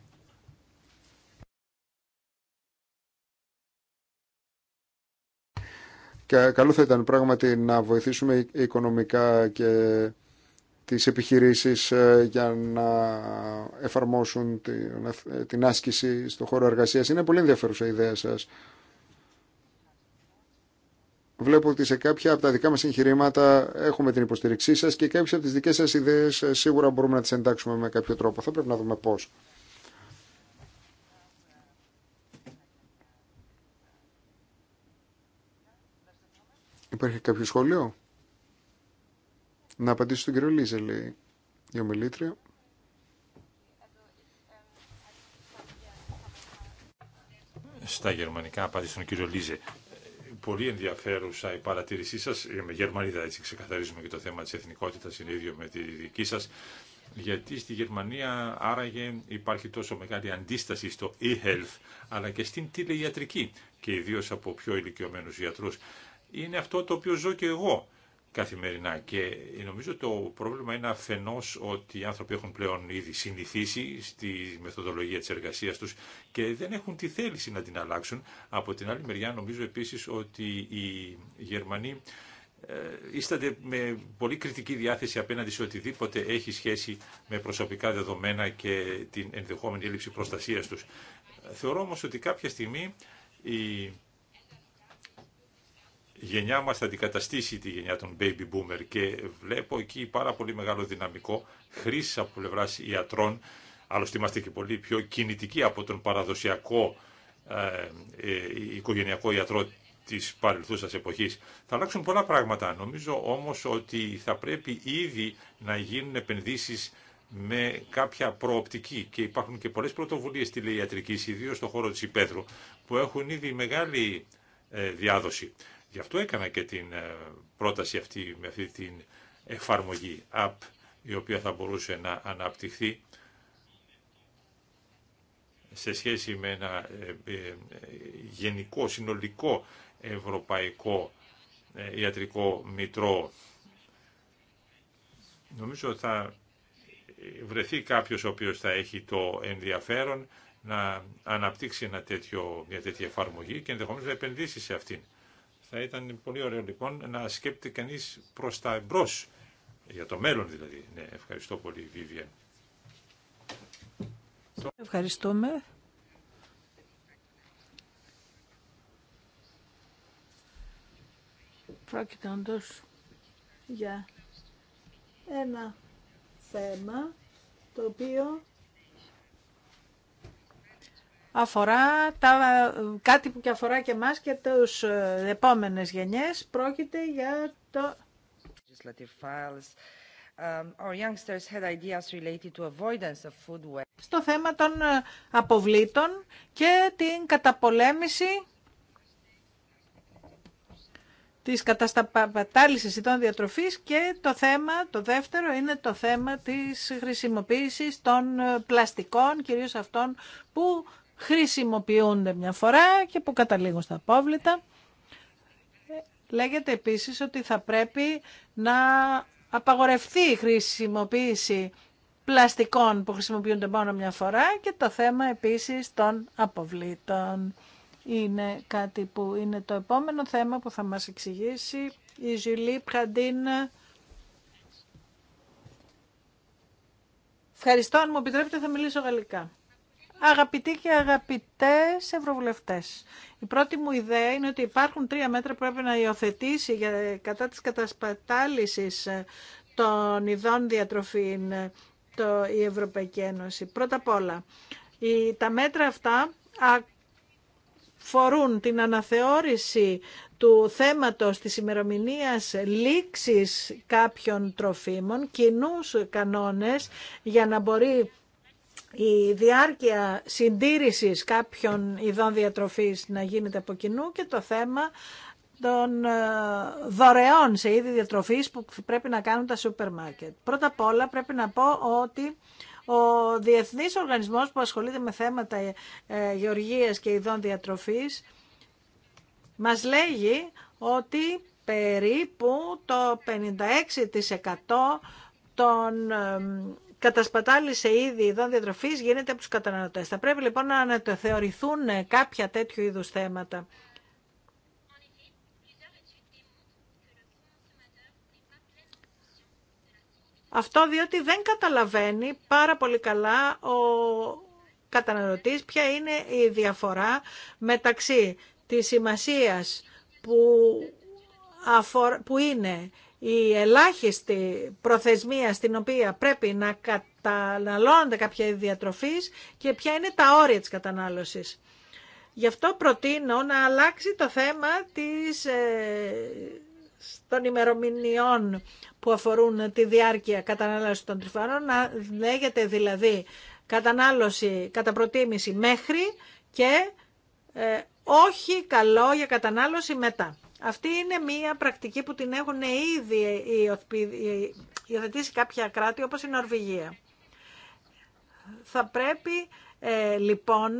καλό θα ήταν πράγματι να βοηθήσουμε οικονομικά και τις επιχειρήσεις ε, για να εφαρμόσουν ε, την άσκηση στο χώρο εργασίας. Είναι πολύ ενδιαφέρουσα η ιδέα σας. Βλέπω ότι σε κάποια από τα δικά μας εγχειρήματα έχουμε την υποστήριξή σας και κάποιες από τις δικές σας ιδέες ε, σίγουρα μπορούμε να τις εντάξουμε με κάποιο τρόπο. Θα πρέπει να δούμε πώς. Υπάρχει κάποιο σχόλιο. Να απαντήσω στον κύριο Λίζα, λέει η ομιλήτρια. Στα γερμανικά απάντησε στον κύριο Λίζε. Πολύ ενδιαφέρουσα η παρατήρησή σας. Είμαι Γερμανίδα, έτσι ξεκαθαρίζουμε και το θέμα της εθνικότητας, είναι ίδιο με τη δική σα, Γιατί στη Γερμανία άραγε υπάρχει τόσο μεγάλη αντίσταση στο e-health, αλλά και στην τηλεϊατρική και ιδίω από πιο ηλικιωμένου γιατρού είναι αυτό το οποίο ζω και εγώ καθημερινά και νομίζω το πρόβλημα είναι αφενό ότι οι άνθρωποι έχουν πλέον ήδη συνηθίσει στη μεθοδολογία τη εργασία του και δεν έχουν τη θέληση να την αλλάξουν. Από την άλλη μεριά νομίζω επίση ότι οι Γερμανοί ε, ίστανται με πολύ κριτική διάθεση απέναντι σε οτιδήποτε έχει σχέση με προσωπικά δεδομένα και την ενδεχόμενη έλλειψη προστασίας τους. Θεωρώ όμως ότι κάποια στιγμή η γενιά μας θα αντικαταστήσει τη γενιά των baby boomer και βλέπω εκεί πάρα πολύ μεγάλο δυναμικό χρήση από πλευρά ιατρών, άλλωστε είμαστε και πολύ πιο κινητικοί από τον παραδοσιακό ε, ε, οικογενειακό ιατρό της παρελθούσας εποχής. Θα αλλάξουν πολλά πράγματα. Νομίζω όμως ότι θα πρέπει ήδη να γίνουν επενδύσεις με κάποια προοπτική και υπάρχουν και πολλές πρωτοβουλίες τηλεϊατρικής, ιδίως στον χώρο της Υπέδρου, που έχουν ήδη μεγάλη ε, διάδοση. Γι' αυτό έκανα και την ε, πρόταση αυτή με αυτή την εφαρμογή app η οποία θα μπορούσε να αναπτυχθεί σε σχέση με ένα ε, ε, γενικό, συνολικό ευρωπαϊκό ιατρικό μητρό. Νομίζω θα βρεθεί κάποιος ο οποίος θα έχει το ενδιαφέρον να αναπτύξει ένα μια τέτοια εφαρμογή και ενδεχομένως να επενδύσει σε αυτήν. Θα ήταν πολύ ωραίο λοιπόν να σκέπτεται κανείς προς τα εμπρός, για το μέλλον δηλαδή. Ναι, ευχαριστώ πολύ Βίβια. Ευχαριστούμε. Πρόκειται όντως για ένα θέμα το οποίο αφορά τα, κάτι που και αφορά και μας και τους ε, επόμενες γενιές. Πρόκειται για το... Um, στο θέμα των ε, αποβλήτων και την καταπολέμηση της κατασταπατάλησης των διατροφής και το θέμα, το δεύτερο, είναι το θέμα της χρησιμοποίησης των ε, πλαστικών, κυρίως αυτών που χρησιμοποιούνται μια φορά και που καταλήγουν στα απόβλητα. Λέγεται επίσης ότι θα πρέπει να απαγορευτεί η χρησιμοποίηση πλαστικών που χρησιμοποιούνται μόνο μια φορά και το θέμα επίσης των αποβλήτων. Είναι κάτι που είναι το επόμενο θέμα που θα μας εξηγήσει η Ζουλή Πραντίν. Ευχαριστώ, αν μου επιτρέπετε θα μιλήσω γαλλικά. Αγαπητοί και αγαπητές ευρωβουλευτές, η πρώτη μου ιδέα είναι ότι υπάρχουν τρία μέτρα που πρέπει να υιοθετήσει για, κατά τη κατασπατάληση ε, των ειδών διατροφήν ε, το, η Ευρωπαϊκή Ένωση. Πρώτα απ' όλα, η, τα μέτρα αυτά φορούν την αναθεώρηση του θέματος της ημερομηνία λήξης κάποιων τροφίμων, κοινού κανόνες για να μπορεί η διάρκεια συντήρησης κάποιων ειδών διατροφής να γίνεται από κοινού και το θέμα των ε, δωρεών σε είδη διατροφής που πρέπει να κάνουν τα σούπερ μάρκετ. Πρώτα απ' όλα πρέπει να πω ότι ο Διεθνής Οργανισμός που ασχολείται με θέματα ε, γεωργίας και ειδών διατροφής μας λέγει ότι περίπου το 56% των ε, Κατασπατάλησε ήδη ειδών διατροφή, γίνεται από του καταναλωτέ. Θα πρέπει λοιπόν να αναθεωρηθούν κάποια τέτοιου είδου θέματα. Αυτό διότι δεν καταλαβαίνει πάρα πολύ καλά ο καταναλωτής ποια είναι η διαφορά μεταξύ της σημασίας που, αφορ που είναι η ελάχιστη προθεσμία στην οποία πρέπει να καταναλώνονται κάποια είδη διατροφής και ποια είναι τα όρια της κατανάλωσης. Γι' αυτό προτείνω να αλλάξει το θέμα της, ε, των ημερομηνιών που αφορούν τη διάρκεια κατανάλωση των τρυφάνων, να λέγεται δηλαδή κατανάλωση κατά προτίμηση μέχρι και ε, όχι καλό για κατανάλωση μετά. Αυτή είναι μια πρακτική που την έχουν ήδη υιοθετήσει κάποια κράτη όπως η Νορβηγία. Θα πρέπει ε, λοιπόν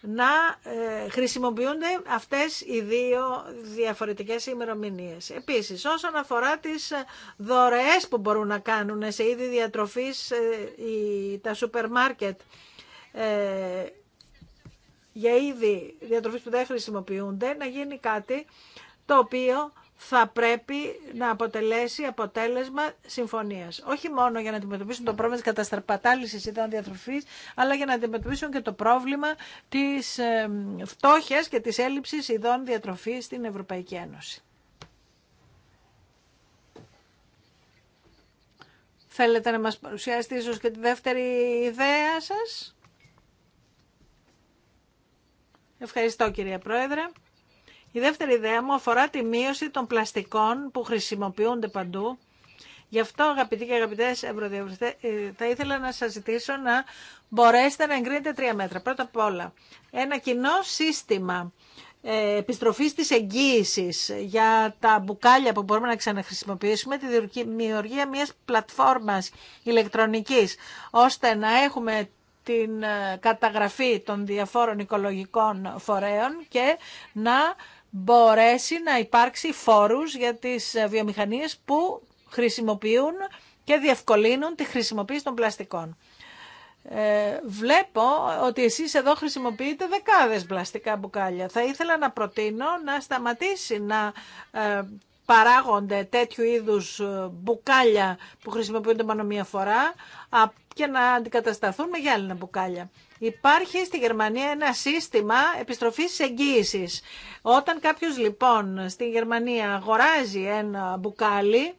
να ε, χρησιμοποιούνται αυτές οι δύο διαφορετικές ημερομηνίες. Επίσης, όσον αφορά τις δωρεές που μπορούν να κάνουν σε είδη διατροφής ε, τα σούπερ μάρκετ για είδη διατροφής που δεν χρησιμοποιούνται, να γίνει κάτι το οποίο θα πρέπει να αποτελέσει αποτέλεσμα συμφωνία. Όχι μόνο για να αντιμετωπίσουν το πρόβλημα τη καταστραπατάληση των διατροφή, αλλά για να αντιμετωπίσουν και το πρόβλημα τη ε, φτώχεια και τη έλλειψη ειδών διατροφή στην Ευρωπαϊκή Ένωση. Θέλετε να μας παρουσιάσετε ίσως και τη δεύτερη ιδέα σας. Ευχαριστώ κυρία Πρόεδρε. Η δεύτερη ιδέα μου αφορά τη μείωση των πλαστικών που χρησιμοποιούνται παντού. Γι' αυτό, αγαπητοί και αγαπητέ ευρωδιαβουλευτέ, ε, θα ήθελα να σα ζητήσω να μπορέσετε να εγκρίνετε τρία μέτρα. Πρώτα απ' όλα, ένα κοινό σύστημα ε, επιστροφής της εγγύησης για τα μπουκάλια που μπορούμε να ξαναχρησιμοποιήσουμε, τη δημιουργία μιας πλατφόρμας ηλεκτρονικής, ώστε να έχουμε την ε, καταγραφή των διαφόρων οικολογικών φορέων και να μπορέσει να υπάρξει φόρους για τις ε, βιομηχανίες που χρησιμοποιούν και διευκολύνουν τη χρησιμοποίηση των πλαστικών. Ε, βλέπω ότι εσείς εδώ χρησιμοποιείτε δεκάδες πλαστικά μπουκάλια. Θα ήθελα να προτείνω να σταματήσει να ε, παράγονται τέτοιου είδους ε, μπουκάλια που χρησιμοποιούνται μόνο μία φορά και να αντικατασταθούν με γυάλινα μπουκάλια. Υπάρχει στη Γερμανία ένα σύστημα επιστροφής εγγύησης. Όταν κάποιος λοιπόν στη Γερμανία αγοράζει ένα μπουκάλι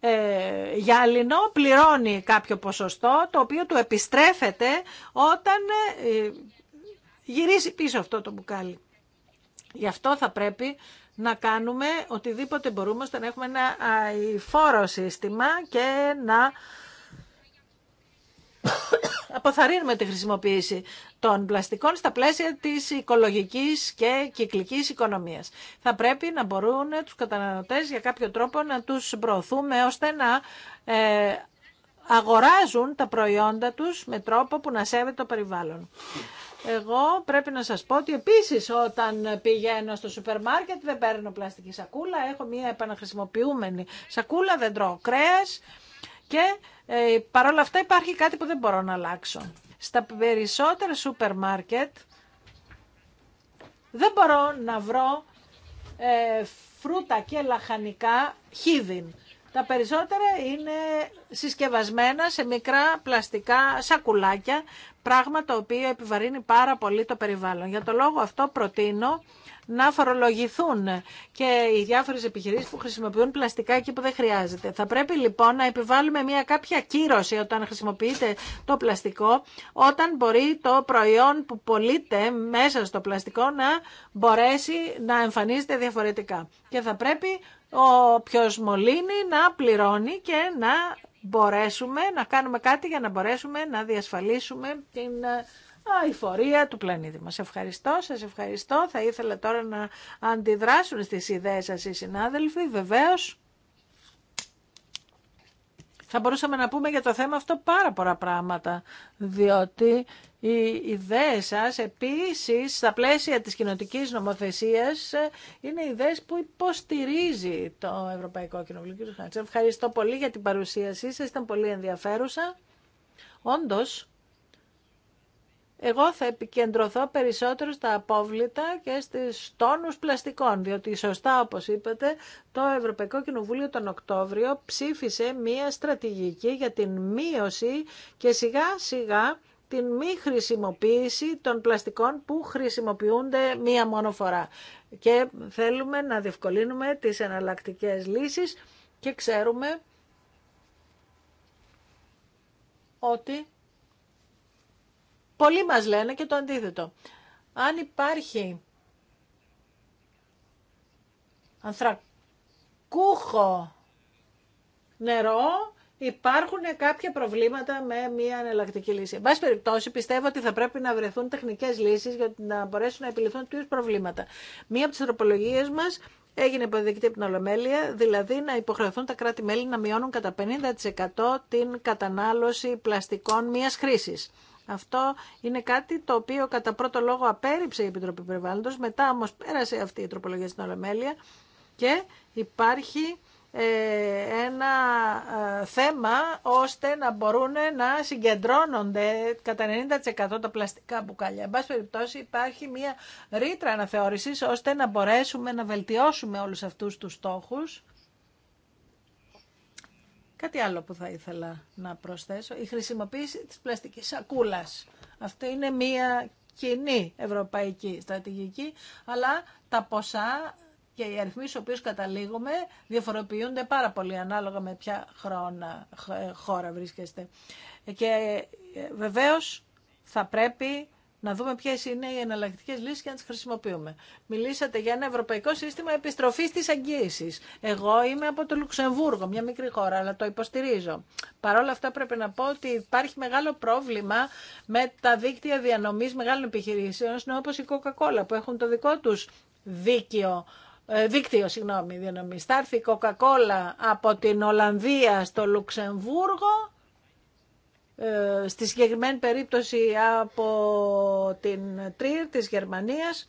ε, γυάλινο, πληρώνει κάποιο ποσοστό το οποίο του επιστρέφεται όταν γυρίζει γυρίσει πίσω αυτό το μπουκάλι. Γι' αυτό θα πρέπει να κάνουμε οτιδήποτε μπορούμε ώστε να έχουμε ένα αηφόρο σύστημα και να αποθαρρύνουμε τη χρησιμοποίηση των πλαστικών στα πλαίσια της οικολογικής και κυκλικής οικονομίας. Θα πρέπει να μπορούν τους καταναλωτές για κάποιο τρόπο να τους προωθούμε ώστε να ε, αγοράζουν τα προϊόντα τους με τρόπο που να σέβεται το περιβάλλον. Εγώ πρέπει να σας πω ότι επίσης όταν πηγαίνω στο σούπερ μάρκετ δεν παίρνω πλαστική σακούλα, έχω μια επαναχρησιμοποιούμενη σακούλα, δεν τρώω κρέας, και ε, παρόλα αυτά υπάρχει κάτι που δεν μπορώ να αλλάξω. Στα περισσότερα σούπερ μάρκετ δεν μπορώ να βρω ε, φρούτα και λαχανικά χίδιν. Τα περισσότερα είναι συσκευασμένα σε μικρά πλαστικά σακουλάκια, πράγμα το οποίο επιβαρύνει πάρα πολύ το περιβάλλον. Για το λόγο αυτό προτείνω να φορολογηθούν και οι διάφορες επιχειρήσεις που χρησιμοποιούν πλαστικά εκεί που δεν χρειάζεται. Θα πρέπει λοιπόν να επιβάλλουμε μια κάποια κύρωση όταν χρησιμοποιείται το πλαστικό, όταν μπορεί το προϊόν που πωλείται μέσα στο πλαστικό να μπορέσει να εμφανίζεται διαφορετικά. Και θα πρέπει ο ποιος μολύνει να πληρώνει και να μπορέσουμε να κάνουμε κάτι για να μπορέσουμε να διασφαλίσουμε την η φορεία του πλανήτη μας. Ευχαριστώ, σας ευχαριστώ. Θα ήθελα τώρα να αντιδράσουν στις ιδέες σας οι συνάδελφοι, βεβαίως. Θα μπορούσαμε να πούμε για το θέμα αυτό πάρα πολλά πράγματα, διότι οι ιδέες σας επίσης στα πλαίσια της κοινοτικής νομοθεσίας είναι ιδέες που υποστηρίζει το Ευρωπαϊκό Κοινοβουλίο. Ευχαριστώ πολύ για την παρουσίασή σας, ήταν πολύ ενδιαφέρουσα. Όντως, εγώ θα επικεντρωθώ περισσότερο στα απόβλητα και στις τόνους πλαστικών, διότι σωστά όπως είπατε το Ευρωπαϊκό Κοινοβούλιο τον Οκτώβριο ψήφισε μία στρατηγική για την μείωση και σιγά σιγά την μη χρησιμοποίηση των πλαστικών που χρησιμοποιούνται μία μόνο φορά. Και θέλουμε να διευκολύνουμε τις εναλλακτικέ λύσεις και ξέρουμε ότι Πολλοί μας λένε και το αντίθετο. Αν υπάρχει ανθρακούχο νερό, υπάρχουν κάποια προβλήματα με μια εναλλακτική λύση. Εν πάση περιπτώσει, πιστεύω ότι θα πρέπει να βρεθούν τεχνικέ λύσει για να μπορέσουν να επιληθούν τέτοιου προβλήματα. Μία από τι τροπολογίε μα έγινε υποδεικτή από την Ολομέλεια, δηλαδή να υποχρεωθούν τα κράτη-μέλη να μειώνουν κατά 50% την κατανάλωση πλαστικών μία χρήση. Αυτό είναι κάτι το οποίο κατά πρώτο λόγο απέρριψε η Επιτροπή Περιβάλλοντος, μετά όμως πέρασε αυτή η τροπολογία στην Ολομέλεια και υπάρχει ε, ένα ε, θέμα ώστε να μπορούν να συγκεντρώνονται κατά 90% τα πλαστικά μπουκάλια. Εν πάση περιπτώσει υπάρχει μια ρήτρα αναθεώρησης ώστε να μπορέσουμε να βελτιώσουμε όλους αυτούς τους στόχους Κάτι άλλο που θα ήθελα να προσθέσω, η χρησιμοποίηση της πλαστικής σακούλας. Αυτή είναι μία κοινή ευρωπαϊκή στρατηγική, αλλά τα ποσά και οι αριθμοί στους οποίους καταλήγουμε διαφοροποιούνται πάρα πολύ ανάλογα με ποια χώρα βρίσκεστε. Και ε, βεβαίως θα πρέπει να δούμε ποιε είναι οι εναλλακτικέ λύσεις και να τι χρησιμοποιούμε. Μιλήσατε για ένα ευρωπαϊκό σύστημα επιστροφής τη Αγγίση. Εγώ είμαι από το Λουξεμβούργο, μια μικρή χώρα, αλλά το υποστηρίζω. Παρ' όλα αυτά πρέπει να πω ότι υπάρχει μεγάλο πρόβλημα με τα δίκτυα διανομής μεγάλων επιχειρήσεων, όπω η Coca-Cola που έχουν το δικό του δίκαιο ε, δίκτυο συγγνώμη, διανομής. Θα έρθει η Coca-Cola από την Ολλανδία στο Λουξεμβούργο ε, στη συγκεκριμένη περίπτωση από την Τρίρ της Γερμανίας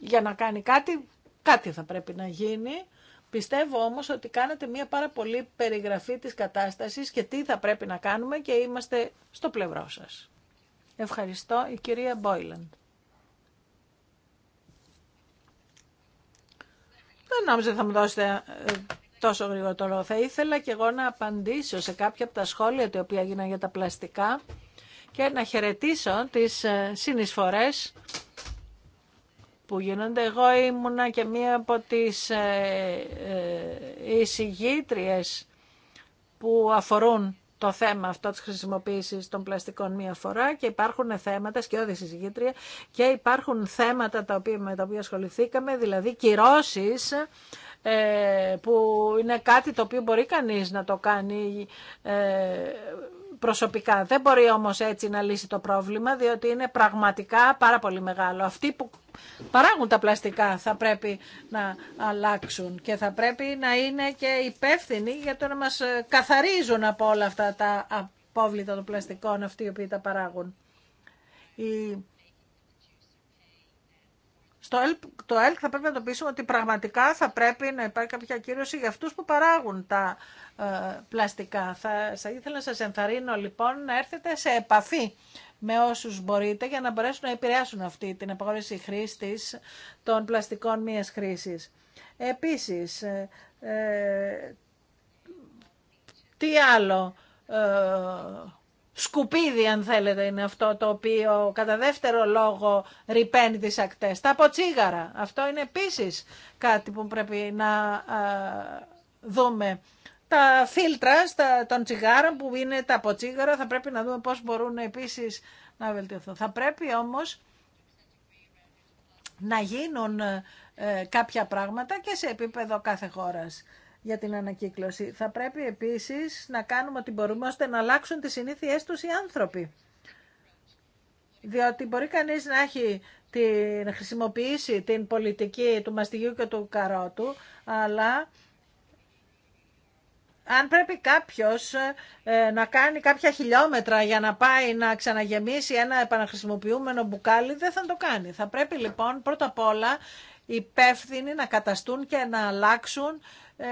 για να κάνει κάτι, κάτι θα πρέπει να γίνει. Πιστεύω όμως ότι κάνατε μια πάρα πολύ περιγραφή της κατάστασης και τι θα πρέπει να κάνουμε και είμαστε στο πλευρό σας. Ευχαριστώ η κυρία Μπόιλαντ. Δεν νόμιζα θα μου δώσετε ε, τόσο γρήγορα Θα ήθελα και εγώ να απαντήσω σε κάποια από τα σχόλια τα οποία γίνανε για τα πλαστικά και να χαιρετήσω τις ε, συνεισφορές που γίνονται. Εγώ ήμουνα και μία από τις ε, ε, εισηγήτριες που αφορούν το θέμα αυτό της χρησιμοποίησης των πλαστικών μία φορά και υπάρχουν θέματα, σκιώδη εισηγήτρια, και υπάρχουν θέματα τα οποία, με τα οποία ασχοληθήκαμε, δηλαδή κυρώσεις ε, που είναι κάτι το οποίο μπορεί κανείς να το κάνει ε, προσωπικά. Δεν μπορεί όμως έτσι να λύσει το πρόβλημα, διότι είναι πραγματικά πάρα πολύ μεγάλο. Αυτοί που παράγουν τα πλαστικά θα πρέπει να αλλάξουν και θα πρέπει να είναι και υπεύθυνοι για το να μας καθαρίζουν από όλα αυτά τα απόβλητα των πλαστικών αυτοί οι οποίοι τα παράγουν. Στο ΕΛΚ, το ΕΛΚ θα πρέπει να το πείσουμε ότι πραγματικά θα πρέπει να υπάρχει κάποια κύρωση για αυτούς που παράγουν τα ε, πλαστικά. Θα, θα ήθελα να σας ενθαρρύνω λοιπόν να έρθετε σε επαφή με όσους μπορείτε για να μπορέσουν να επηρεάσουν αυτή την απαγόρευση χρήστης των πλαστικών μίας χρήσης. Επίσης, ε, ε τι άλλο... Ε, σκουπίδι αν θέλετε είναι αυτό το οποίο κατά δεύτερο λόγο ρηπαίνει τις ακτές. Τα ποτσίγαρα. Αυτό είναι επίσης κάτι που πρέπει να δούμε. Τα φίλτρα στα, των τσιγάρων που είναι τα ποτσίγαρα θα πρέπει να δούμε πώς μπορούν επίσης να βελτιωθούν. Θα πρέπει όμως να γίνουν ε, κάποια πράγματα και σε επίπεδο κάθε χώρας για την ανακύκλωση. Θα πρέπει επίσης να κάνουμε ό,τι μπορούμε ώστε να αλλάξουν τις συνήθειές τους οι άνθρωποι. Διότι μπορεί κανείς να έχει την, χρησιμοποιήσει την πολιτική του μαστιγιού και του καρότου, αλλά αν πρέπει κάποιος ε, να κάνει κάποια χιλιόμετρα για να πάει να ξαναγεμίσει ένα επαναχρησιμοποιούμενο μπουκάλι, δεν θα το κάνει. Θα πρέπει λοιπόν πρώτα απ' όλα υπεύθυνοι να καταστούν και να αλλάξουν ε,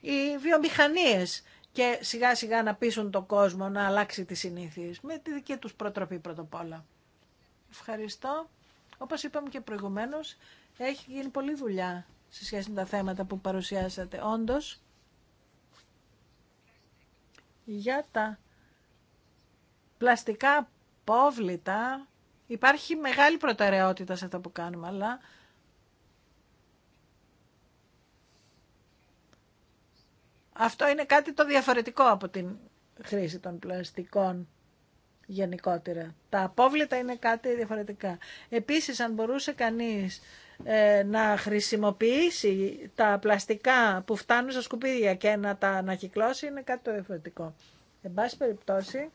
οι βιομηχανίες και σιγά σιγά να πείσουν τον κόσμο να αλλάξει τις συνήθειες με τη δική τους προτροπή πρώτα απ' όλα. Ευχαριστώ. Όπως είπαμε και προηγουμένως, έχει γίνει πολλή δουλειά σε σχέση με τα θέματα που παρουσιάσατε. Όντως, για τα πλαστικά πόβλητα υπάρχει μεγάλη προτεραιότητα σε αυτά που κάνουμε, αλλά Αυτό είναι κάτι το διαφορετικό από την χρήση των πλαστικών γενικότερα. Τα απόβλητα είναι κάτι διαφορετικά. Επίσης, αν μπορούσε κανείς ε, να χρησιμοποιήσει τα πλαστικά που φτάνουν στα σκουπίδια και να τα ανακυκλώσει, είναι κάτι το διαφορετικό. Εν πάση περιπτώσει,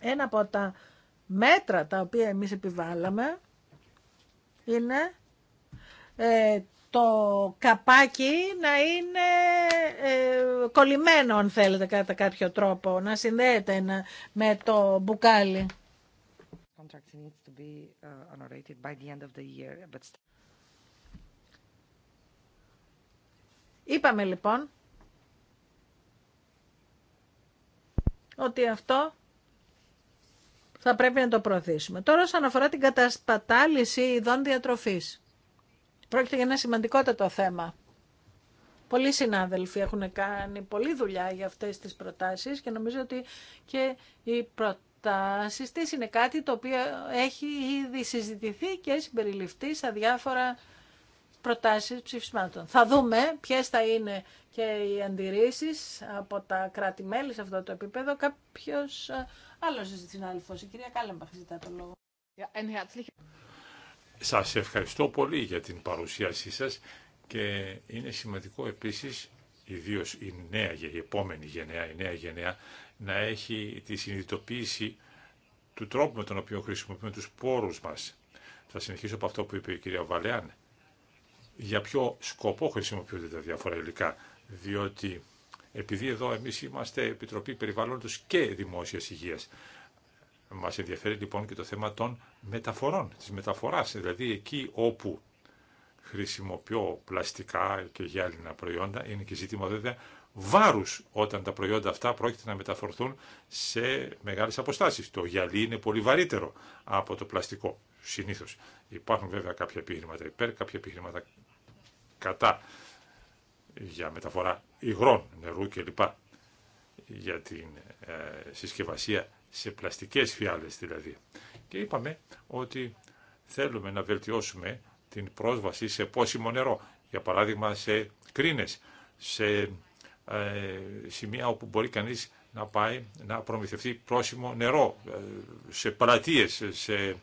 ένα από τα μέτρα τα οποία εμείς επιβάλαμε είναι ε, το καπάκι να είναι ε, κολλημένο αν θέλετε κατά κάποιο τρόπο, να συνδέεται με το μπουκάλι. Uh, Είπαμε λοιπόν ότι αυτό θα πρέπει να το προωθήσουμε. Τώρα όσον αφορά την κατασπατάληση ειδών διατροφής. Πρόκειται για ένα σημαντικότατο θέμα. Πολλοί συνάδελφοι έχουν κάνει πολλή δουλειά για αυτές τις προτάσεις και νομίζω ότι και οι προτάσεις της είναι κάτι το οποίο έχει ήδη συζητηθεί και συμπεριληφθεί στα διάφορα προτάσεις ψηφισμάτων. Θα δούμε ποιες θα είναι και οι αντιρρήσεις από τα κράτη-μέλη σε αυτό το επίπεδο. Κάποιος άλλος συνάδελφος, η κυρία Κάλεμπαχ ζητά το λόγο. Σας ευχαριστώ πολύ για την παρουσίασή σας και είναι σημαντικό επίσης, ιδίω η νέα, η επόμενη γενέα, η νέα γενέα, να έχει τη συνειδητοποίηση του τρόπου με τον οποίο χρησιμοποιούμε τους πόρους μας. Θα συνεχίσω από αυτό που είπε η κυρία Βαλεάν. Για ποιο σκοπό χρησιμοποιούνται τα διάφορα υλικά, διότι επειδή εδώ εμείς είμαστε Επιτροπή Περιβάλλοντος και Δημόσιας Υγείας, μας ενδιαφέρει λοιπόν και το θέμα των μεταφορών, της μεταφοράς, δηλαδή εκεί όπου χρησιμοποιώ πλαστικά και γυάλινα προϊόντα, είναι και ζήτημα βέβαια βάρους όταν τα προϊόντα αυτά πρόκειται να μεταφορθούν σε μεγάλες αποστάσεις. Το γυαλί είναι πολύ βαρύτερο από το πλαστικό, συνήθως. Υπάρχουν βέβαια κάποια επιχειρήματα υπέρ, κάποια επιχειρήματα κατά για μεταφορά υγρών, νερού κλπ. για την ε, συσκευασία σε πλαστικές φιάλες δηλαδή. Και είπαμε ότι θέλουμε να βελτιώσουμε την πρόσβαση σε πόσιμο νερό, για παράδειγμα σε κρίνες, σε ε, σημεία όπου μπορεί κανείς να πάει να προμηθευτεί πρόσιμο νερό, ε, σε παρατίες, σε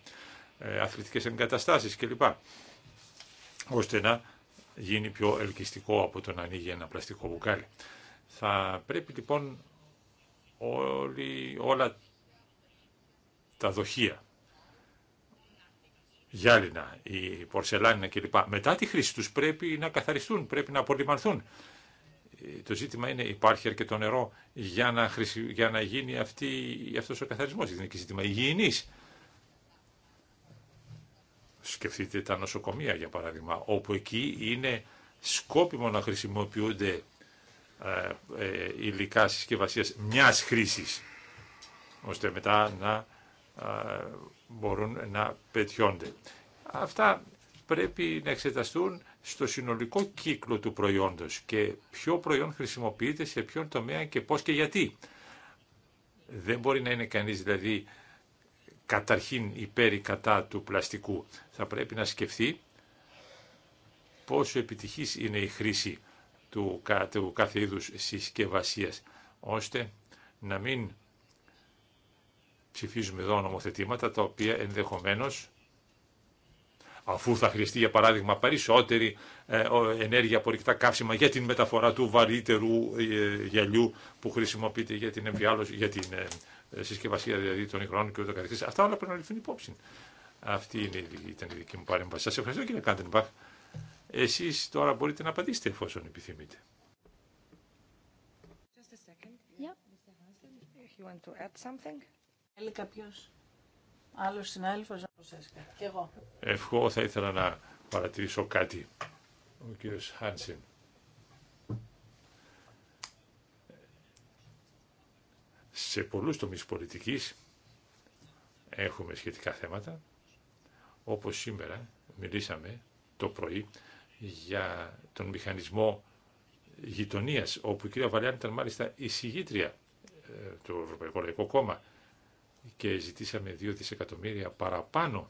ε, αθλητικές εγκαταστάσεις κλπ. Ώστε να γίνει πιο ελκυστικό από το να ανοίγει ένα πλαστικό μπουκάλι. Θα πρέπει λοιπόν όλοι, όλα τα δοχεία, γυάλινα, η πορσελάνινα κλπ. Μετά τη χρήση τους πρέπει να καθαριστούν, πρέπει να απολυμανθούν. Το ζήτημα είναι υπάρχει αρκετό νερό για να, για γίνει αυτή... αυτός ο καθαρισμός. Είναι και ζήτημα υγιεινής. Σκεφτείτε τα νοσοκομεία για παράδειγμα, όπου εκεί είναι σκόπιμο να χρησιμοποιούνται ε, ε, υλικά συσκευασία μιας χρήσης, ώστε μετά να μπορούν να πετιώνται. Αυτά πρέπει να εξεταστούν στο συνολικό κύκλο του προϊόντος και ποιο προϊόν χρησιμοποιείται σε ποιον τομέα και πώς και γιατί. Δεν μπορεί να είναι κανείς δηλαδή καταρχήν υπέρ ή κατά του πλαστικού. Θα πρέπει να σκεφτεί πόσο επιτυχής είναι η χρήση του κάθε είδους συσκευασίας, ώστε να μην ψηφίζουμε εδώ νομοθετήματα τα οποία ενδεχομένω, αφού θα χρειαστεί για παράδειγμα περισσότερη ε, ενέργεια από ρηκτά καύσιμα για την μεταφορά του βαρύτερου ε, γυαλιού που χρησιμοποιείται για την εμβιάλωση, για την ε, συσκευασία δηλαδή των υγρών και ούτω καθεξής. Αυτά όλα πρέπει να ληφθούν υπόψη. Αυτή είναι, ήταν η δική μου παρέμβαση. Σα ευχαριστώ κύριε Κάντενμπαχ. Εσεί τώρα μπορείτε να απαντήσετε εφόσον επιθυμείτε. Just a second. want to add something. Θέλει κάποιο άλλο συνάδελφο να προσθέσει κάτι. Και εγώ. Ευχώ, θα ήθελα να παρατηρήσω κάτι. Ο κύριο Χάνσεν. Σε πολλούς τομείς πολιτικής έχουμε σχετικά θέματα. Όπως σήμερα μιλήσαμε το πρωί για τον μηχανισμό γειτονίας, όπου η κυρία Βαριάν ήταν μάλιστα εισηγήτρια ε, του Ευρωπαϊκού Λαϊκού Κόμμα και ζητήσαμε 2 δισεκατομμύρια παραπάνω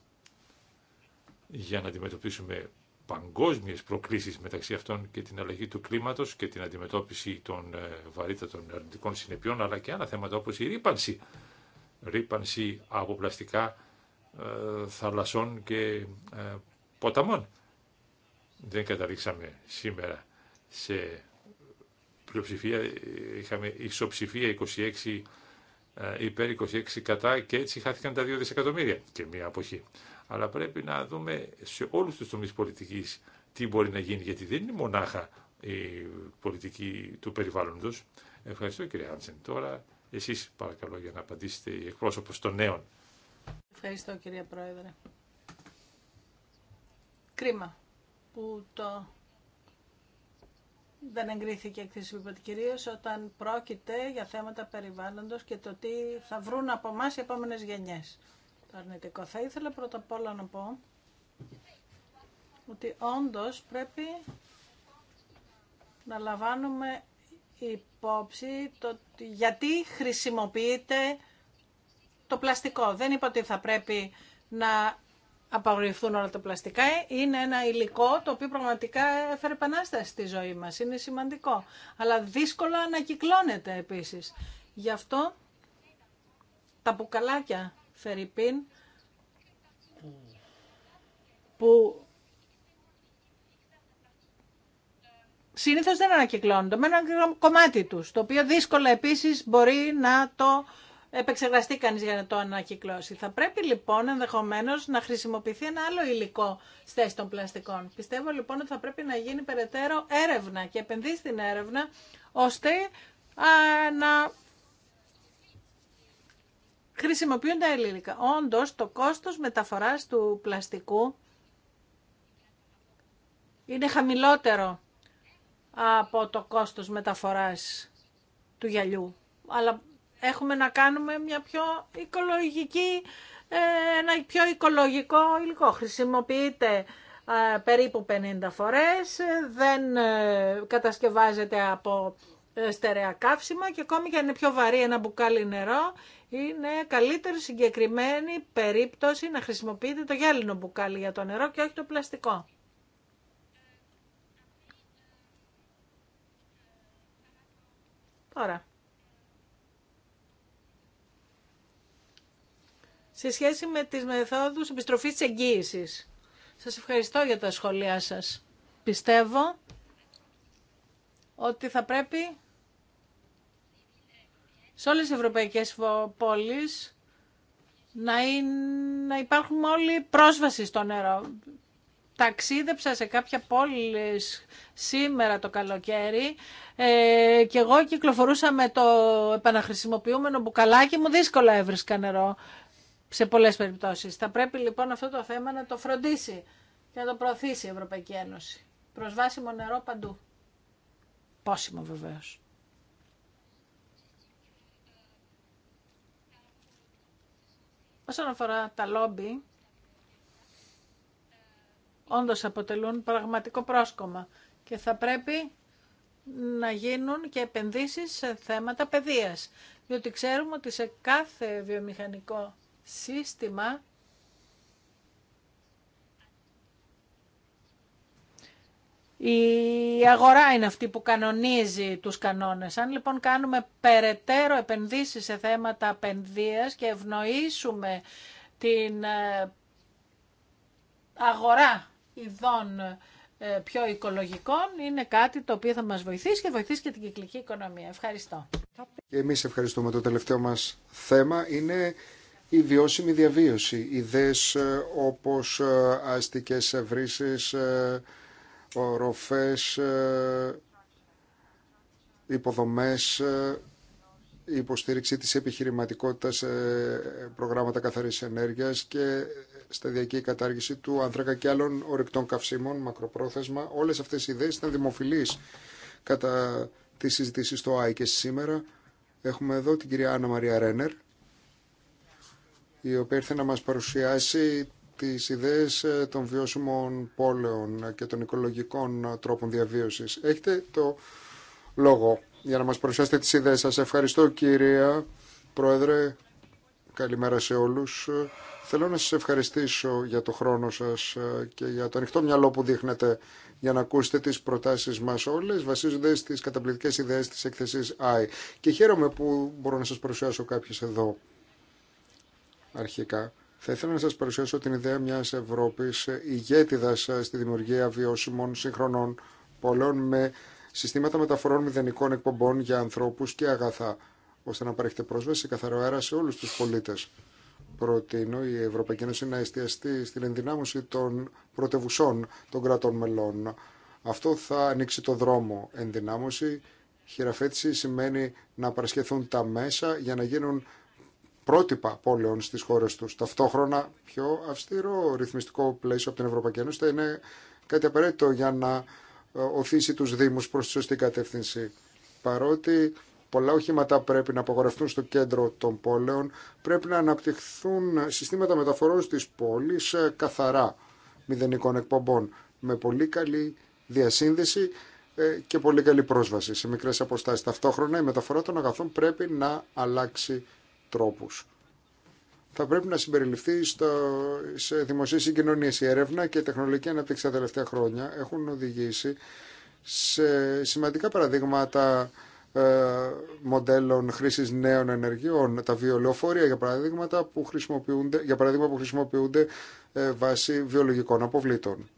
για να αντιμετωπίσουμε παγκόσμιες προκλήσεις μεταξύ αυτών και την αλλαγή του κλίματος και την αντιμετώπιση των ε, βαρύτατων αρνητικών συνεπειών αλλά και άλλα θέματα όπως η ρήπανση, ρήπανση από πλαστικά ε, θαλασσών και ε, ποταμών. Δεν καταλήξαμε σήμερα σε πλειοψηφία, είχαμε ισοψηφία 26 ε, υπέρ 26 κατά και έτσι χάθηκαν τα 2 δισεκατομμύρια και μία αποχή. Αλλά πρέπει να δούμε σε όλου του τομείς πολιτική τι μπορεί να γίνει, γιατί δεν είναι μονάχα η πολιτική του περιβάλλοντος. Ευχαριστώ κύριε Άντσεν. Τώρα εσείς παρακαλώ για να απαντήσετε η εκπρόσωπος των νέων. Ευχαριστώ κύριε Πρόεδρε. Κρίμα που το δεν εγκρίθηκε η εκθέση όταν πρόκειται για θέματα περιβάλλοντος και το τι θα βρουν από εμά οι επόμενες γενιές. Το αρνητικό. Θα ήθελα πρώτα απ' όλα να πω ότι όντως πρέπει να λαμβάνουμε υπόψη το γιατί χρησιμοποιείται το πλαστικό. Δεν είπα ότι θα πρέπει να απαγορευτούν όλα τα πλαστικά. Ε, είναι ένα υλικό το οποίο πραγματικά έφερε επανάσταση στη ζωή μας. Είναι σημαντικό. Αλλά δύσκολα ανακυκλώνεται επίσης. Γι' αυτό τα μπουκαλάκια Φερρυπίν που συνήθως δεν ανακυκλώνονται με ένα κομμάτι τους, το οποίο δύσκολα επίσης μπορεί να το επεξεργαστεί κανείς για να το ανακυκλώσει. Θα πρέπει λοιπόν ενδεχομένως να χρησιμοποιηθεί ένα άλλο υλικό στέση των πλαστικών. Πιστεύω λοιπόν ότι θα πρέπει να γίνει περαιτέρω έρευνα και επενδύσει στην έρευνα ώστε α, να χρησιμοποιούν τα ελληνικά. Όντως το κόστος μεταφοράς του πλαστικού είναι χαμηλότερο από το κόστος μεταφοράς του γυαλιού. Αλλά έχουμε να κάνουμε μια πιο οικολογική, ε, ένα πιο οικολογικό υλικό. Χρησιμοποιείται ε, περίπου 50 φορές, ε, δεν κατασκευάζεται από στερεά καύσιμα και ακόμη και αν είναι πιο βαρύ ένα μπουκάλι νερό, είναι καλύτερη συγκεκριμένη περίπτωση να χρησιμοποιείτε το γυάλινο μπουκάλι για το νερό και όχι το πλαστικό. Τώρα, σε σχέση με τις μεθόδους επιστροφής της εγγύησης. Σας ευχαριστώ για τα σχόλιά σας. Πιστεύω ότι θα πρέπει σε όλες τις ευρωπαϊκές πόλεις να, είναι, υπάρχουν όλοι πρόσβαση στο νερό. Ταξίδεψα σε κάποια πόλη σήμερα το καλοκαίρι ε, και εγώ κυκλοφορούσα με το επαναχρησιμοποιούμενο μπουκαλάκι μου, δύσκολα έβρισκα νερό σε πολλές περιπτώσει. Θα πρέπει λοιπόν αυτό το θέμα να το φροντίσει και να το προωθήσει η Ευρωπαϊκή Ένωση. Προσβάσιμο νερό παντού. Πόσιμο βεβαίω. Όσον αφορά τα λόμπι, όντως αποτελούν πραγματικό πρόσκομα και θα πρέπει να γίνουν και επενδύσεις σε θέματα παιδείας. Διότι ξέρουμε ότι σε κάθε βιομηχανικό σύστημα Η αγορά είναι αυτή που κανονίζει τους κανόνες. Αν λοιπόν κάνουμε περαιτέρω επενδύσεις σε θέματα απενδίας και ευνοήσουμε την ε, αγορά ειδών ε, πιο οικολογικών, είναι κάτι το οποίο θα μας βοηθήσει και βοηθήσει και την κυκλική οικονομία. Ευχαριστώ. Εμείς ευχαριστούμε. Το τελευταίο μας θέμα είναι η βιώσιμη διαβίωση, ιδέες ε, όπως ε, αστικές ευρύσεις, ε, οροφές, υποδομές, υποστήριξη της επιχειρηματικότητας, προγράμματα καθαρής ενέργειας και σταδιακή κατάργηση του άνθρακα και άλλων ορυκτών καυσίμων, μακροπρόθεσμα. Όλες αυτές οι ιδέες ήταν δημοφιλείς κατά τη συζήτηση στο ΆΙΚΕΣ σήμερα. Έχουμε εδώ την κυρία Άννα Μαρία Ρένερ, η οποία ήρθε να μας παρουσιάσει τις ιδέες ε, των βιώσιμων πόλεων και των οικολογικών ε, τρόπων διαβίωσης. Έχετε το λόγο για να μας παρουσιάσετε τις ιδέες σας. Ευχαριστώ κυρία Πρόεδρε. Καλημέρα σε όλους. Θέλω να σας ευχαριστήσω για το χρόνο σας ε, και για το ανοιχτό μυαλό που δείχνετε για να ακούσετε τις προτάσεις μας όλες βασίζονται στις καταπληκτικές ιδέες της έκθεσης I. Και χαίρομαι που μπορώ να σας παρουσιάσω κάποιες εδώ αρχικά. Θα ήθελα να σας παρουσιάσω την ιδέα μιας Ευρώπης ηγέτιδας στη δημιουργία βιώσιμων συγχρονών πολλών με συστήματα μεταφορών μηδενικών εκπομπών για ανθρώπους και αγαθά, ώστε να παρέχεται πρόσβαση σε καθαρό αέρα σε όλους τους πολίτες. Προτείνω η Ευρωπαϊκή Ένωση να εστιαστεί στην ενδυνάμωση των πρωτευουσών των κρατών μελών. Αυτό θα ανοίξει το δρόμο. Ενδυνάμωση, χειραφέτηση σημαίνει να παρασχεθούν τα μέσα για να γίνουν πρότυπα πόλεων στις χώρες τους. Ταυτόχρονα πιο αυστηρό ρυθμιστικό πλαίσιο από την Ευρωπαϊκή Ένωση θα είναι κάτι απαραίτητο για να ε, οθήσει τους Δήμους προς τη σωστή κατεύθυνση. Παρότι πολλά οχήματα πρέπει να απογορευτούν στο κέντρο των πόλεων, πρέπει να αναπτυχθούν συστήματα μεταφορών της πόλης ε, καθαρά μηδενικών εκπομπών με πολύ καλή διασύνδεση ε, και πολύ καλή πρόσβαση σε μικρές αποστάσεις. Ταυτόχρονα η μεταφορά των αγαθών πρέπει να αλλάξει θα πρέπει να συμπεριληφθεί στο, σε δημοσίες συγκοινωνίες. Η έρευνα και η τεχνολογική ανάπτυξη τα τελευταία χρόνια έχουν οδηγήσει σε σημαντικά παραδείγματα ε, μοντέλων χρήσης νέων ενεργειών. Τα βιολεοφορία για, παραδείγματα που χρησιμοποιούνται, για παραδείγμα που χρησιμοποιούνται ε, βάσει βιολογικών αποβλήτων.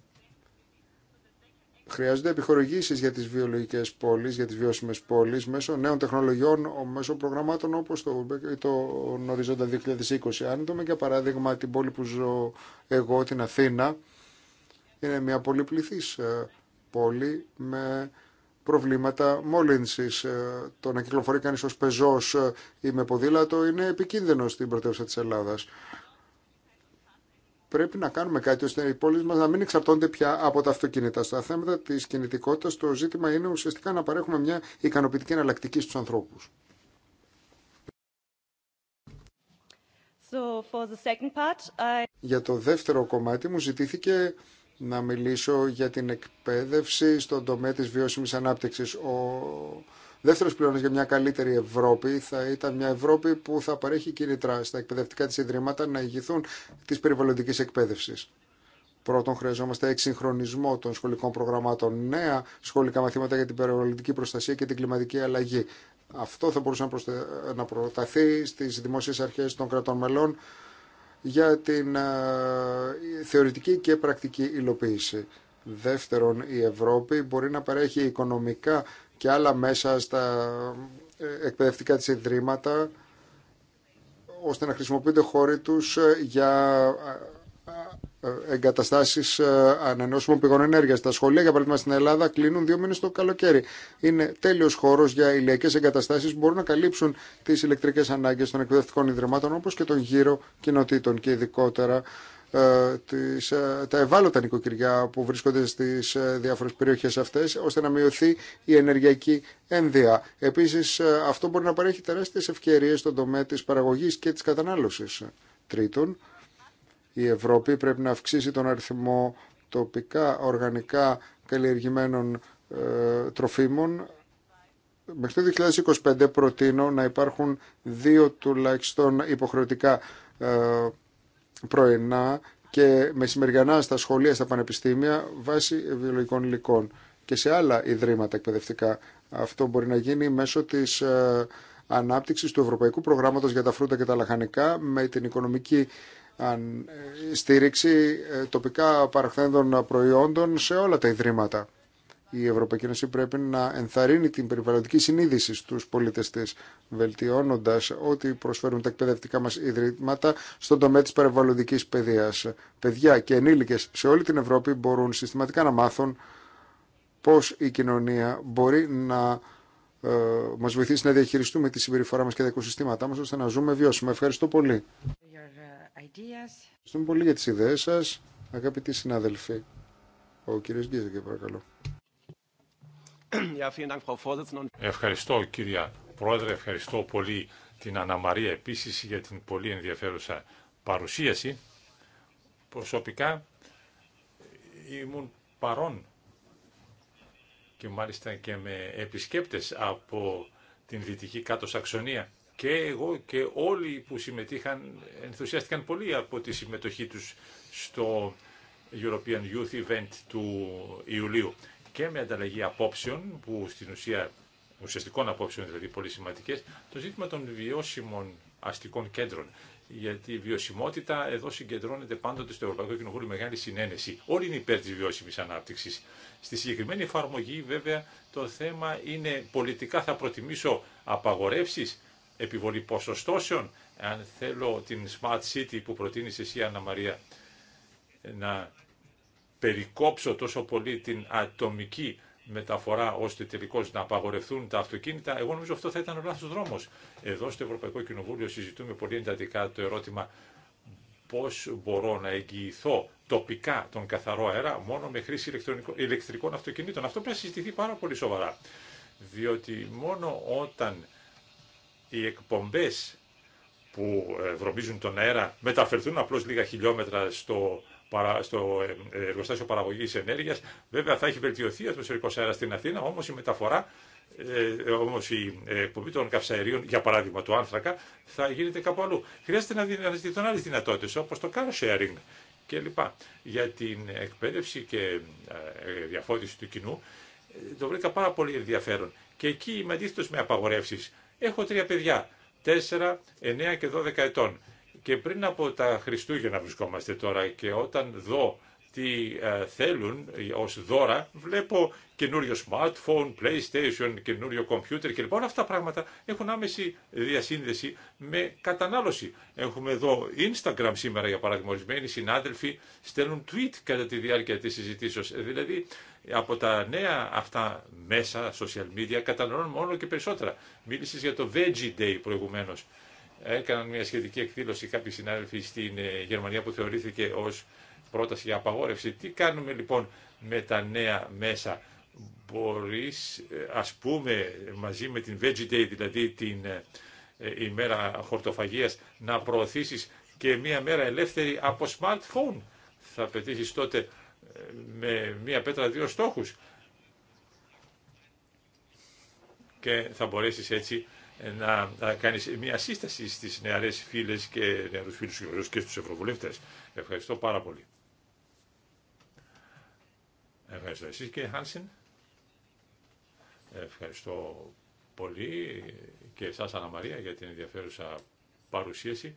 Χρειάζονται επιχορηγήσει για τι βιολογικέ πόλει, για τι βιώσιμε πόλει, μέσω νέων τεχνολογιών, μέσω προγραμμάτων όπω το, το Ορίζοντα 2020. Αν δούμε για παράδειγμα την πόλη που ζω εγώ, την Αθήνα, είναι μια πολυπληθή ε, πόλη με προβλήματα μόλυνσης. Ε, το να κυκλοφορεί κανεί ω πεζό ε, ή με ποδήλατο είναι επικίνδυνο στην πρωτεύουσα τη Ελλάδα πρέπει να κάνουμε κάτι ώστε οι πόλεις μας να μην εξαρτώνται πια από τα αυτοκίνητα. Στα θέματα της κινητικότητας το ζήτημα είναι ουσιαστικά να παρέχουμε μια ικανοποιητική εναλλακτική στους ανθρώπους. So for the second part, Για το δεύτερο κομμάτι μου ζητήθηκε να μιλήσω για την εκπαίδευση στον τομέα της βιώσιμης ανάπτυξης. Ο Δεύτερο πυλώνα για μια καλύτερη Ευρώπη θα ήταν μια Ευρώπη που θα παρέχει κίνητρα στα εκπαιδευτικά τη Ιδρύματα να ηγηθούν τη περιβαλλοντική εκπαίδευση. Πρώτον, χρειαζόμαστε εξυγχρονισμό των σχολικών προγραμμάτων, νέα σχολικά μαθήματα για την περιβαλλοντική προστασία και την κλιματική αλλαγή. Αυτό θα μπορούσε να προταθεί στι δημόσιε αρχέ των κρατών μελών για την ε, θεωρητική και πρακτική υλοποίηση. Δεύτερον, η Ευρώπη μπορεί να παρέχει οικονομικά και άλλα μέσα στα ε, εκπαιδευτικά της ιδρύματα ώστε να χρησιμοποιούνται χώροι τους ε, για ε, εγκαταστάσεις ανανεώσιμων πηγών ενέργειας. Τα σχολεία, για παράδειγμα, στην Ελλάδα κλείνουν δύο μήνες το καλοκαίρι. Είναι τέλειος χώρος για ηλιακές εγκαταστάσεις που μπορούν να καλύψουν τις ηλεκτρικές ανάγκες των εκπαιδευτικών ιδρυμάτων όπως και των γύρω κοινοτήτων και ειδικότερα ε, ε, τα ευάλωτα νοικοκυριά που βρίσκονται στις ε, διάφορες περιοχές αυτές ώστε να μειωθεί η ενεργειακή ένδυα. Επίσης αυτό μπορεί να παρέχει τεράστιες ευκαιρίες στον τομέα της παραγωγής και της κατανάλωσης. Τρίτον, η Ευρώπη πρέπει να αυξήσει τον αριθμό τοπικά οργανικά καλλιεργημένων τροφίμων μέχρι το 2025 προτείνω να υπάρχουν δύο τουλάχιστον υποχρεωτικά πρωινά και μεσημεριανά στα σχολεία, στα πανεπιστήμια βάσει βιολογικών υλικών και σε άλλα ιδρύματα εκπαιδευτικά. Αυτό μπορεί να γίνει μέσω της ε, ανάπτυξης του Ευρωπαϊκού Προγράμματος για τα φρούτα και τα λαχανικά με την οικονομική ε, στήριξη ε, τοπικά παραχθέντων προϊόντων σε όλα τα ιδρύματα η Ευρωπαϊκή Ένωση πρέπει να ενθαρρύνει την περιβαλλοντική συνείδηση στους πολίτες της, βελτιώνοντας ό,τι προσφέρουν τα εκπαιδευτικά μας ιδρύματα στον τομέα της περιβαλλοντικής παιδείας. Παιδιά και ενήλικες σε όλη την Ευρώπη μπορούν συστηματικά να μάθουν πώς η κοινωνία μπορεί να ε, μας βοηθήσει να διαχειριστούμε τη συμπεριφορά μας και τα οικοσυστήματά μας ώστε να ζούμε βιώσιμα. Ευχαριστώ πολύ. Ευχαριστούμε πολύ για τις ιδέες σας, αγαπητοί συνάδελφοι. Ο κύριος Γκίζεκε, παρακαλώ. Ευχαριστώ κύριε Πρόεδρε, ευχαριστώ πολύ την Αναμαρία επίσης για την πολύ ενδιαφέρουσα παρουσίαση. Προσωπικά ήμουν παρόν και μάλιστα και με επισκέπτες από την Δυτική Κάτω Σαξονία και εγώ και όλοι που συμμετείχαν ενθουσιάστηκαν πολύ από τη συμμετοχή τους στο European Youth Event του Ιουλίου και με ανταλλαγή απόψεων, που στην ουσία ουσιαστικών απόψεων δηλαδή πολύ σημαντικέ, το ζήτημα των βιώσιμων αστικών κέντρων. Γιατί η βιωσιμότητα εδώ συγκεντρώνεται πάντοτε στο Ευρωπαϊκό Κοινοβούλιο μεγάλη συνένεση. Όλοι είναι υπέρ τη βιώσιμη ανάπτυξη. Στη συγκεκριμένη εφαρμογή, βέβαια, το θέμα είναι πολιτικά θα προτιμήσω απαγορεύσει, επιβολή ποσοστώσεων, αν θέλω την Smart City που προτείνει εσύ, Άννα Μαρία, να περικόψω τόσο πολύ την ατομική μεταφορά ώστε τελικώ να απαγορευτούν τα αυτοκίνητα, εγώ νομίζω αυτό θα ήταν ο λάθο δρόμο. Εδώ στο Ευρωπαϊκό Κοινοβούλιο συζητούμε πολύ εντατικά το ερώτημα πώ μπορώ να εγγυηθώ τοπικά τον καθαρό αέρα μόνο με χρήση ηλεκτρικών αυτοκινήτων. Αυτό πρέπει να συζητηθεί πάρα πολύ σοβαρά. Διότι μόνο όταν οι εκπομπές που βρωμίζουν τον αέρα μεταφερθούν απλώς λίγα χιλιόμετρα στο στο ε, εργοστάσιο παραγωγή ενέργεια. Βέβαια θα έχει βελτιωθεί ο ατμοσφαιρικό αέρα στην Αθήνα, όμω η μεταφορά, ε, ε όμω η ε, εκπομπή των καυσαερίων, για παράδειγμα του άνθρακα, θα γίνεται κάπου αλλού. Χρειάζεται να αναζητηθούν άλλε δυνατότητε, όπω το car sharing κλπ. Για την εκπαίδευση και διαφώτιση του κοινού, το βρήκα πάρα πολύ ενδιαφέρον. Και εκεί είμαι αντίθετο με απαγορεύσει. Έχω τρία παιδιά, 4, 9 και 12 ετών. Και πριν από τα Χριστούγεννα βρισκόμαστε τώρα και όταν δω τι ε, θέλουν ε, ως δώρα, βλέπω καινούριο smartphone, PlayStation, καινούριο computer και λοιπόν αυτά τα πράγματα έχουν άμεση διασύνδεση με κατανάλωση. Έχουμε εδώ Instagram σήμερα για παράδειγμα. συνάδελφοι στέλνουν tweet κατά τη διάρκεια της συζητήσεως. Ε, δηλαδή από τα νέα αυτά μέσα, social media, καταναλώνουν μόνο και περισσότερα. Μίλησες για το Veggie Day προηγουμένως. Έκαναν μια σχετική εκδήλωση κάποιοι συνάδελφοι στην ε, Γερμανία που θεωρήθηκε ως πρόταση για απαγόρευση. Τι κάνουμε λοιπόν με τα νέα μέσα. Μπορείς ε, ας πούμε μαζί με την Veggie Day, δηλαδή την ε, ημέρα χορτοφαγίας, να προωθήσεις και μια μέρα ελεύθερη από smartphone. Θα πετύχεις τότε με μια πέτρα δύο στόχους. Και θα μπορέσεις έτσι ε, να κάνει μια σύσταση στις νεαρές φίλες και νεαρούς φίλους και στους ευρωβουλευτές. Ευχαριστώ πάρα πολύ. Ευχαριστώ εσείς και Χάνσιν. Ευχαριστώ πολύ και εσάς Αναμαρία, για την ενδιαφέρουσα παρουσίαση.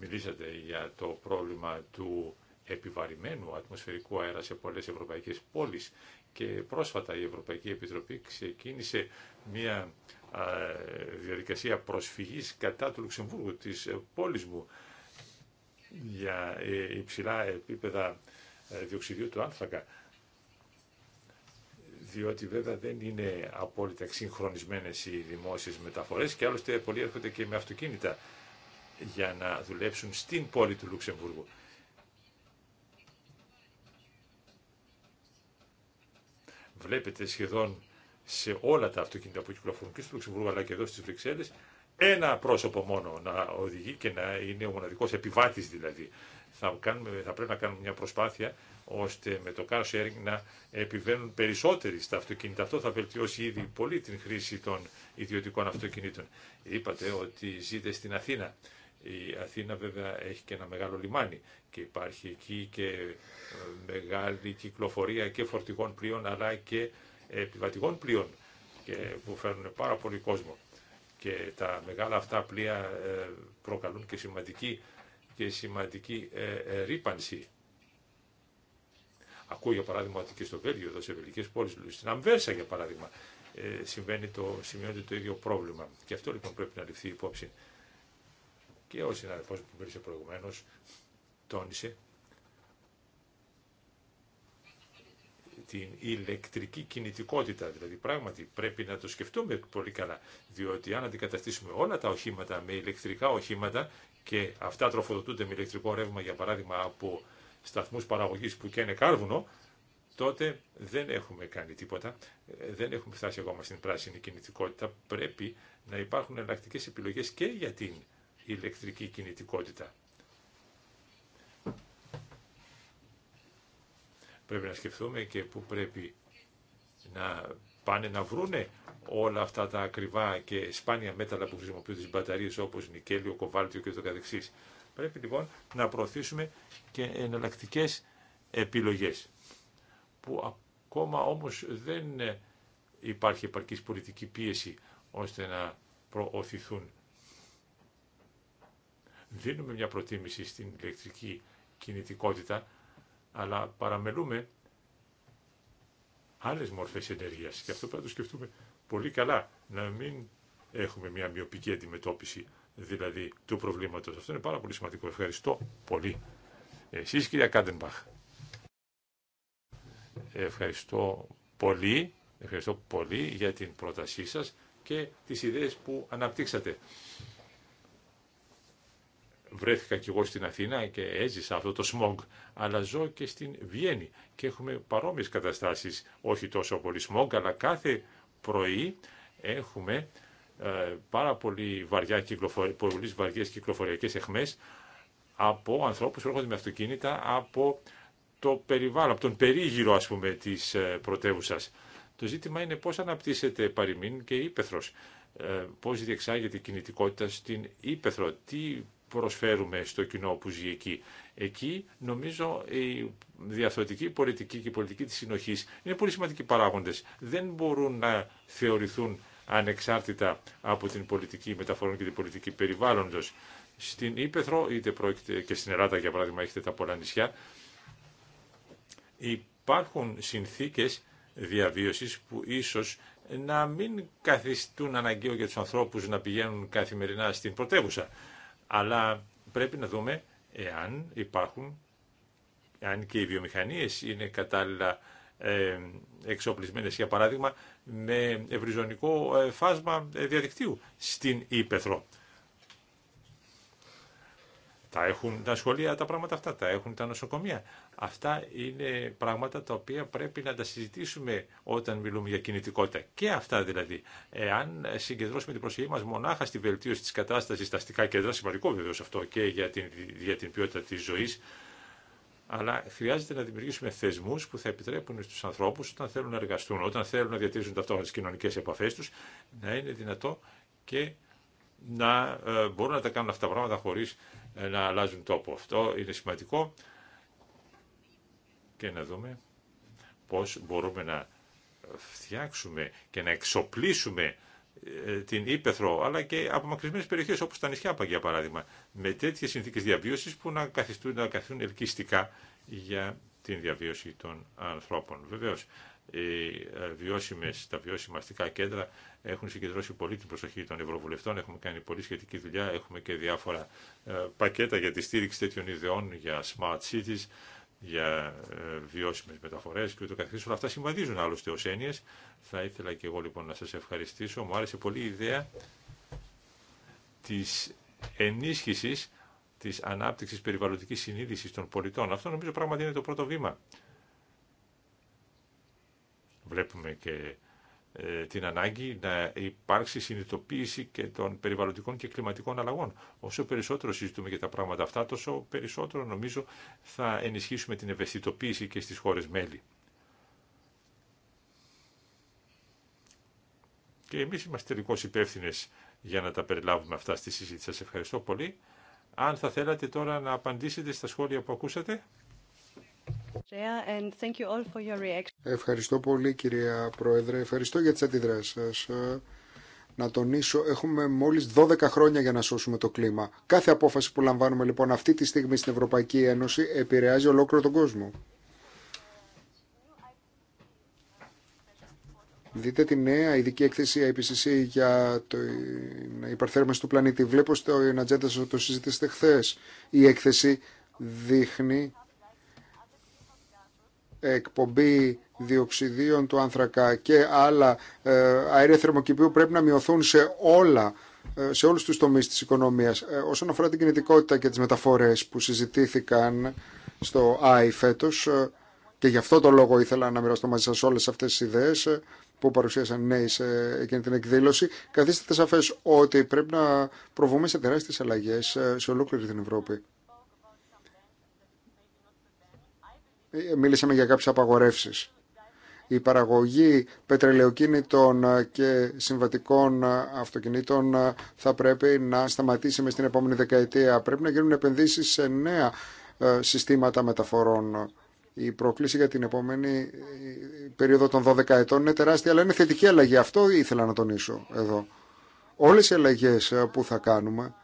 Μιλήσατε για το πρόβλημα του επιβαρημένου ατμοσφαιρικού αέρα σε πολλές ευρωπαϊκές πόλεις. Και πρόσφατα η Ευρωπαϊκή Επιτροπή ξεκίνησε μια διαδικασία προσφυγής κατά του Λουξεμβούργου, της ε, πόλης μου, για ε, υψηλά επίπεδα ε, διοξιδίου του άνθρακα. Διότι βέβαια δεν είναι απόλυτα συγχρονισμένες οι δημόσιες μεταφορές και άλλωστε πολλοί έρχονται και με αυτοκίνητα για να δουλέψουν στην πόλη του Λουξεμβούργου. βλέπετε σχεδόν σε όλα τα αυτοκίνητα που κυκλοφορούν και στο Λουξεμβούργο αλλά και εδώ στι Βρυξέλλε, ένα πρόσωπο μόνο να οδηγεί και να είναι ο μοναδικό επιβάτη δηλαδή. Θα, κάνουμε, θα πρέπει να κάνουμε μια προσπάθεια ώστε με το car sharing να επιβαίνουν περισσότεροι στα αυτοκίνητα. Αυτό θα βελτιώσει ήδη πολύ την χρήση των ιδιωτικών αυτοκινήτων. Είπατε ότι ζείτε στην Αθήνα. Η Αθήνα βέβαια έχει και ένα μεγάλο λιμάνι και υπάρχει εκεί και ε, μεγάλη κυκλοφορία και φορτηγών πλοίων αλλά και ε, επιβατηγών πλοίων και που φέρνουν πάρα πολύ κόσμο. Και τα μεγάλα αυτά πλοία ε, προκαλούν και σημαντική, και σημαντική ρήπανση. Ακούω για παράδειγμα ότι και στο Βέλγιο, εδώ σε βελικές πόλεις, στην Αμβέρσα για παράδειγμα, συμβαίνει το, σημειώνεται το ίδιο πρόβλημα. Και αυτό λοιπόν πρέπει να ληφθεί υπόψη. Και ο συναδελφός που μίλησε προηγουμένως τόνισε την ηλεκτρική κινητικότητα. Δηλαδή πράγματι πρέπει να το σκεφτούμε πολύ καλά, διότι αν αντικαταστήσουμε όλα τα οχήματα με ηλεκτρικά οχήματα και αυτά τροφοδοτούνται με ηλεκτρικό ρεύμα για παράδειγμα από σταθμούς παραγωγής που καίνε κάρβουνο, τότε δεν έχουμε κάνει τίποτα, δεν έχουμε φτάσει ακόμα στην πράσινη κινητικότητα. Πρέπει να υπάρχουν εναλλακτικέ επιλογές και για την ηλεκτρική κινητικότητα. Πρέπει να σκεφτούμε και πού πρέπει να πάνε να βρούνε όλα αυτά τα ακριβά και σπάνια μέταλλα που χρησιμοποιούν τις μπαταρίες όπως νικέλιο, κοβάλτιο και το καθεξής. Πρέπει λοιπόν να προωθήσουμε και εναλλακτικέ επιλογές που ακόμα όμως δεν υπάρχει επαρκής πολιτική πίεση ώστε να προωθηθούν. Δίνουμε μια προτίμηση στην ηλεκτρική κινητικότητα αλλά παραμελούμε άλλες μορφές ενέργειας. Και αυτό πρέπει να το σκεφτούμε πολύ καλά, να μην έχουμε μια μειοπική αντιμετώπιση δηλαδή του προβλήματος. Αυτό είναι πάρα πολύ σημαντικό. Ευχαριστώ πολύ. Εσείς κυρία Κάντεμπαχ. Ευχαριστώ πολύ, ευχαριστώ πολύ για την πρότασή σας και τις ιδέες που αναπτύξατε βρέθηκα κι εγώ στην Αθήνα και έζησα αυτό το σμόγγ, αλλά ζω και στην Βιέννη και έχουμε παρόμοιες καταστάσεις, όχι τόσο πολύ σμόγγ, αλλά κάθε πρωί έχουμε ε, πάρα πολύ, βαριά κυκλοφορία, πολύ βαριές κυκλοφοριακές εχμές από ανθρώπους που έρχονται με αυτοκίνητα από το περιβάλλον, από τον περίγυρο ας πούμε της ε, πρωτεύουσα. Το ζήτημα είναι πώς αναπτύσσεται παροιμήν και ύπεθρος, ε, πώς διεξάγεται η κινητικότητα στην ύπεθρο, τι προσφέρουμε στο κοινό που ζει εκεί. Εκεί νομίζω η διαθωτική πολιτική και η πολιτική της συνοχής είναι πολύ σημαντικοί παράγοντες. Δεν μπορούν να θεωρηθούν ανεξάρτητα από την πολιτική μεταφορών και την πολιτική περιβάλλοντος. Στην Ήπεθρο, είτε πρόκειται και στην Ελλάδα για παράδειγμα έχετε τα πολλά νησιά, υπάρχουν συνθήκες διαβίωσης που ίσως να μην καθιστούν αναγκαίο για τους ανθρώπους να πηγαίνουν καθημερινά στην πρωτεύουσα αλλά πρέπει να δούμε εάν υπάρχουν, εάν και οι βιομηχανίες είναι κατάλληλα ε, εξοπλισμένες, για παράδειγμα, με ευρυζωνικό ε, φάσμα ε, διαδικτύου στην Ήπεθρο. Τα έχουν τα σχολεία τα πράγματα αυτά, τα έχουν τα νοσοκομεία. Αυτά είναι πράγματα τα οποία πρέπει να τα συζητήσουμε όταν μιλούμε για κινητικότητα. Και αυτά δηλαδή. Εάν συγκεντρώσουμε την προσοχή μα μονάχα στη βελτίωση τη κατάσταση στα αστικά κέντρα, σημαντικό βεβαίω αυτό και για την, για την ποιότητα τη ζωή, αλλά χρειάζεται να δημιουργήσουμε θεσμού που θα επιτρέπουν στου ανθρώπου όταν θέλουν να εργαστούν, όταν θέλουν να διατηρήσουν ταυτόχρονα τι κοινωνικέ επαφέ του, να είναι δυνατό και να ε, μπορούν να τα κάνουν αυτά τα πράγματα χωρί ε, να αλλάζουν τόπο. Αυτό είναι σημαντικό και να δούμε πώς μπορούμε να φτιάξουμε και να εξοπλίσουμε ε, την Ήπεθρο, αλλά και απομακρυσμένες περιοχές όπως τα νησιά για παράδειγμα, με τέτοιες συνθήκες διαβίωσης που να καθιστούν, να καθιστούν ελκυστικά για την διαβίωση των ανθρώπων. Βεβαίως, ε, βιώσιμες, τα βιώσιμα αστικά κέντρα έχουν συγκεντρώσει πολύ την προσοχή των Ευρωβουλευτών, έχουμε κάνει πολύ σχετική δουλειά, έχουμε και διάφορα ε, πακέτα για τη στήριξη τέτοιων ιδεών, για smart cities, για ε, βιώσιμες μεταφορές και ούτω Όλα αυτά συμβαδίζουν άλλωστε ως έννοιες. Θα ήθελα και εγώ λοιπόν να σας ευχαριστήσω. Μου άρεσε πολύ η ιδέα της ενίσχυσης της ανάπτυξης περιβαλλοντικής συνείδησης των πολιτών. Αυτό νομίζω πράγματι είναι το πρώτο βήμα Βλέπουμε και ε, την ανάγκη να υπάρξει συνειδητοποίηση και των περιβαλλοντικών και κλιματικών αλλαγών. Όσο περισσότερο συζητούμε για τα πράγματα αυτά, τόσο περισσότερο νομίζω θα ενισχύσουμε την ευαισθητοποίηση και στις χώρες μέλη. Και εμείς είμαστε τελικώς υπεύθυνε για να τα περιλάβουμε αυτά στη συζήτηση. Σας ευχαριστώ πολύ. Αν θα θέλατε τώρα να απαντήσετε στα σχόλια που ακούσατε. Ευχαριστώ πολύ κυρία Πρόεδρε, ευχαριστώ για τις αντιδράσεις σας. Ε, να τονίσω, έχουμε μόλις 12 χρόνια για να σώσουμε το κλίμα. Κάθε απόφαση που λαμβάνουμε λοιπόν αυτή τη στιγμή στην Ευρωπαϊκή Ένωση επηρεάζει ολόκληρο τον κόσμο. Δείτε τη νέα ειδική έκθεση IPCC για την υπερθέρμανση του πλανήτη. Βλέπω στην ατζέντα σας το συζητήσετε χθε. Η έκθεση δείχνει εκπομπή διοξιδίων του άνθρακα και άλλα ε, αέρια θερμοκηπίου πρέπει να μειωθούν σε όλα ε, σε όλους τους τομείς της οικονομίας. Ε, όσον αφορά την κινητικότητα και τις μεταφορές που συζητήθηκαν στο ΆΗ φέτος και γι' αυτό το λόγο ήθελα να μοιραστώ μαζί σας όλες αυτές τις ιδέες που παρουσίασαν νέοι σε εκείνη την εκδήλωση, καθίσταται σαφές ότι πρέπει να προβούμε σε τεράστιες αλλαγές σε ολόκληρη την Ευρώπη. Ε, μίλησαμε για κάποιες απαγορεύσεις. Η παραγωγή πετρελαιοκίνητων ε, και συμβατικών ε, αυτοκινήτων θα πρέπει να σταματήσει μες στην επόμενη δεκαετία. Πρέπει να γίνουν επενδύσεις σε νέα συστήματα μεταφορών. Η πρόκληση για την επόμενη περίοδο των 12 ετών είναι τεράστια, αλλά είναι θετική αλλαγή. Αυτό ήθελα να τονίσω εδώ. Όλες οι αλλαγές που θα κάνουμε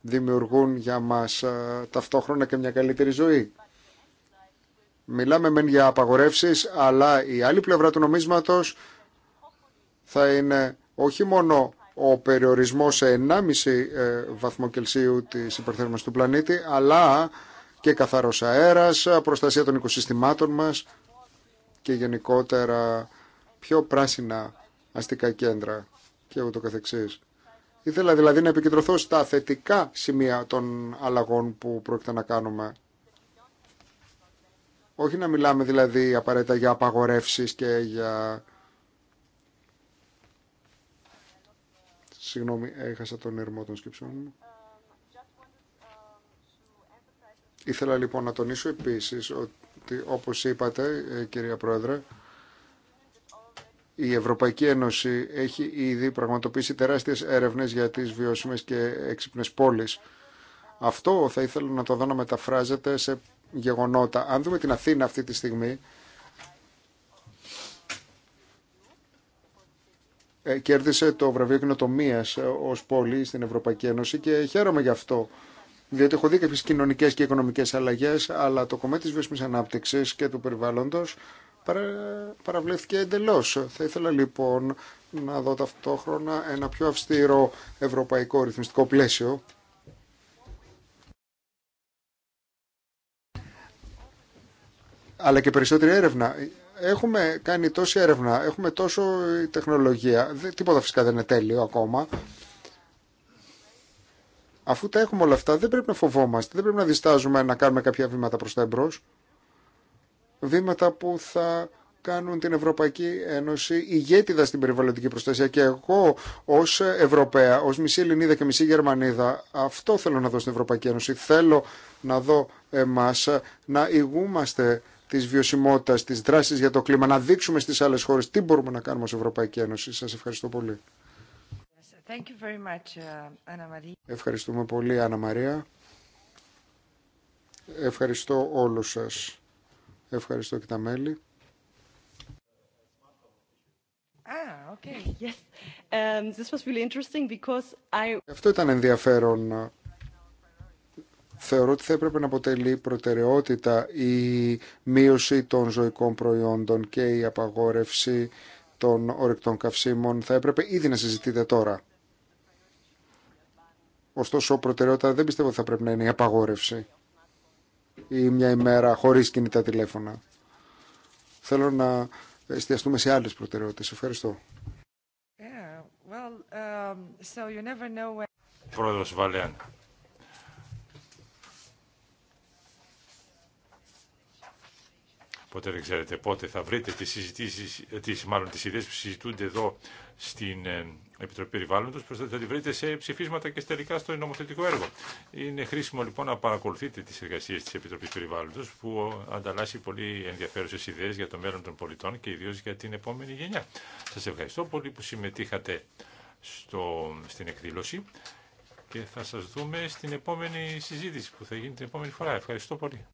δημιουργούν για μας ταυτόχρονα και μια καλύτερη ζωή. Μιλάμε μεν για απαγορεύσεις, αλλά η άλλη πλευρά του νομίσματος θα είναι όχι μόνο ο περιορισμός σε 1,5 ε, βαθμό Κελσίου της υπερθέρμανσης του πλανήτη, αλλά και καθαρός αέρας, προστασία των οικοσυστημάτων μας και γενικότερα πιο πράσινα αστικά κέντρα και ούτω καθεξής. Ήθελα δηλαδή να επικεντρωθώ στα θετικά σημεία των αλλαγών που πρόκειται να κάνουμε όχι να μιλάμε δηλαδή απαραίτητα για απαγορεύσεις και για... Συγγνώμη, έχασα τον ερμό των σκέψεων μου. Ήθελα λοιπόν να τονίσω επίσης ότι όπως είπατε ε, κυρία Πρόεδρε η Ευρωπαϊκή Ένωση έχει ήδη πραγματοποιήσει τεράστιες έρευνες για τις βιώσιμες και έξυπνες πόλεις. Αυτό θα ήθελα να το δω να μεταφράζεται σε γεγονότα. Αν δούμε την Αθήνα αυτή τη στιγμή, ε, κέρδισε το βραβείο κοινοτομία ε, ω πόλη στην Ευρωπαϊκή Ένωση και χαίρομαι γι' αυτό. Διότι έχω δει κάποιε κοινωνικέ και οικονομικέ αλλαγέ, αλλά το κομμάτι τη βιώσιμη ανάπτυξη και του περιβάλλοντο παρα... παραβλέφθηκε εντελώ. Θα ήθελα λοιπόν να δω ταυτόχρονα ένα πιο αυστηρό ευρωπαϊκό ρυθμιστικό πλαίσιο αλλά και περισσότερη έρευνα. Έχουμε κάνει τόση έρευνα, έχουμε τόσο ε, τεχνολογία, τίποτα φυσικά δεν είναι τέλειο ακόμα. Αφού τα έχουμε όλα αυτά, δεν πρέπει να φοβόμαστε, δεν πρέπει να διστάζουμε να κάνουμε κάποια βήματα προς τα εμπρός. Βήματα που θα κάνουν την Ευρωπαϊκή Ένωση ηγέτιδα στην περιβαλλοντική προστασία. Και εγώ ω Ευρωπαία, ω μισή Ελληνίδα και μισή Γερμανίδα, αυτό θέλω να δω στην Ευρωπαϊκή Ένωση. Θέλω να δω εμά να ηγούμαστε Τη βιωσιμότητα, τη δράση για το κλίμα, να δείξουμε στις άλλε χώρες τι μπορούμε να κάνουμε ως Ευρωπαϊκή Ένωση. Σας ευχαριστώ πολύ. Uh, Ευχαριστούμε πολύ, Άννα Μαρία. Ευχαριστώ όλους σας. Ευχαριστώ και τα μέλη. Ah, okay. yes. um, this was really interesting because I... Αυτό ήταν ενδιαφέρον θεωρώ ότι θα έπρεπε να αποτελεί προτεραιότητα η μείωση των ζωικών προϊόντων και η απαγόρευση των ορεκτών καυσίμων. Θα έπρεπε ήδη να συζητείτε τώρα. Ωστόσο, προτεραιότητα δεν πιστεύω ότι θα πρέπει να είναι η απαγόρευση ή μια ημέρα χωρίς κινητά τηλέφωνα. Θέλω να εστιαστούμε σε άλλες προτεραιότητες. Ευχαριστώ. Yeah, well, um, so you never know Πρόεδρος Βαλέαν, Ποτέ δεν ξέρετε πότε θα βρείτε τις συζητήσεις, ε, τις, μάλλον τις ιδέες που συζητούνται εδώ στην ε, Επιτροπή Περιβάλλοντος, θα τη βρείτε σε ψηφίσματα και τελικά στο νομοθετικό έργο. Είναι χρήσιμο λοιπόν να παρακολουθείτε τις εργασίες της Επιτροπής Περιβάλλοντος που ανταλλάσσει πολύ ενδιαφέρουσες ιδέες για το μέλλον των πολιτών και ιδίως για την επόμενη γενιά. Σας ευχαριστώ πολύ που συμμετείχατε στο, στην εκδήλωση και θα σας δούμε στην επόμενη συζήτηση που θα γίνει την επόμενη φορά. Ευχαριστώ πολύ.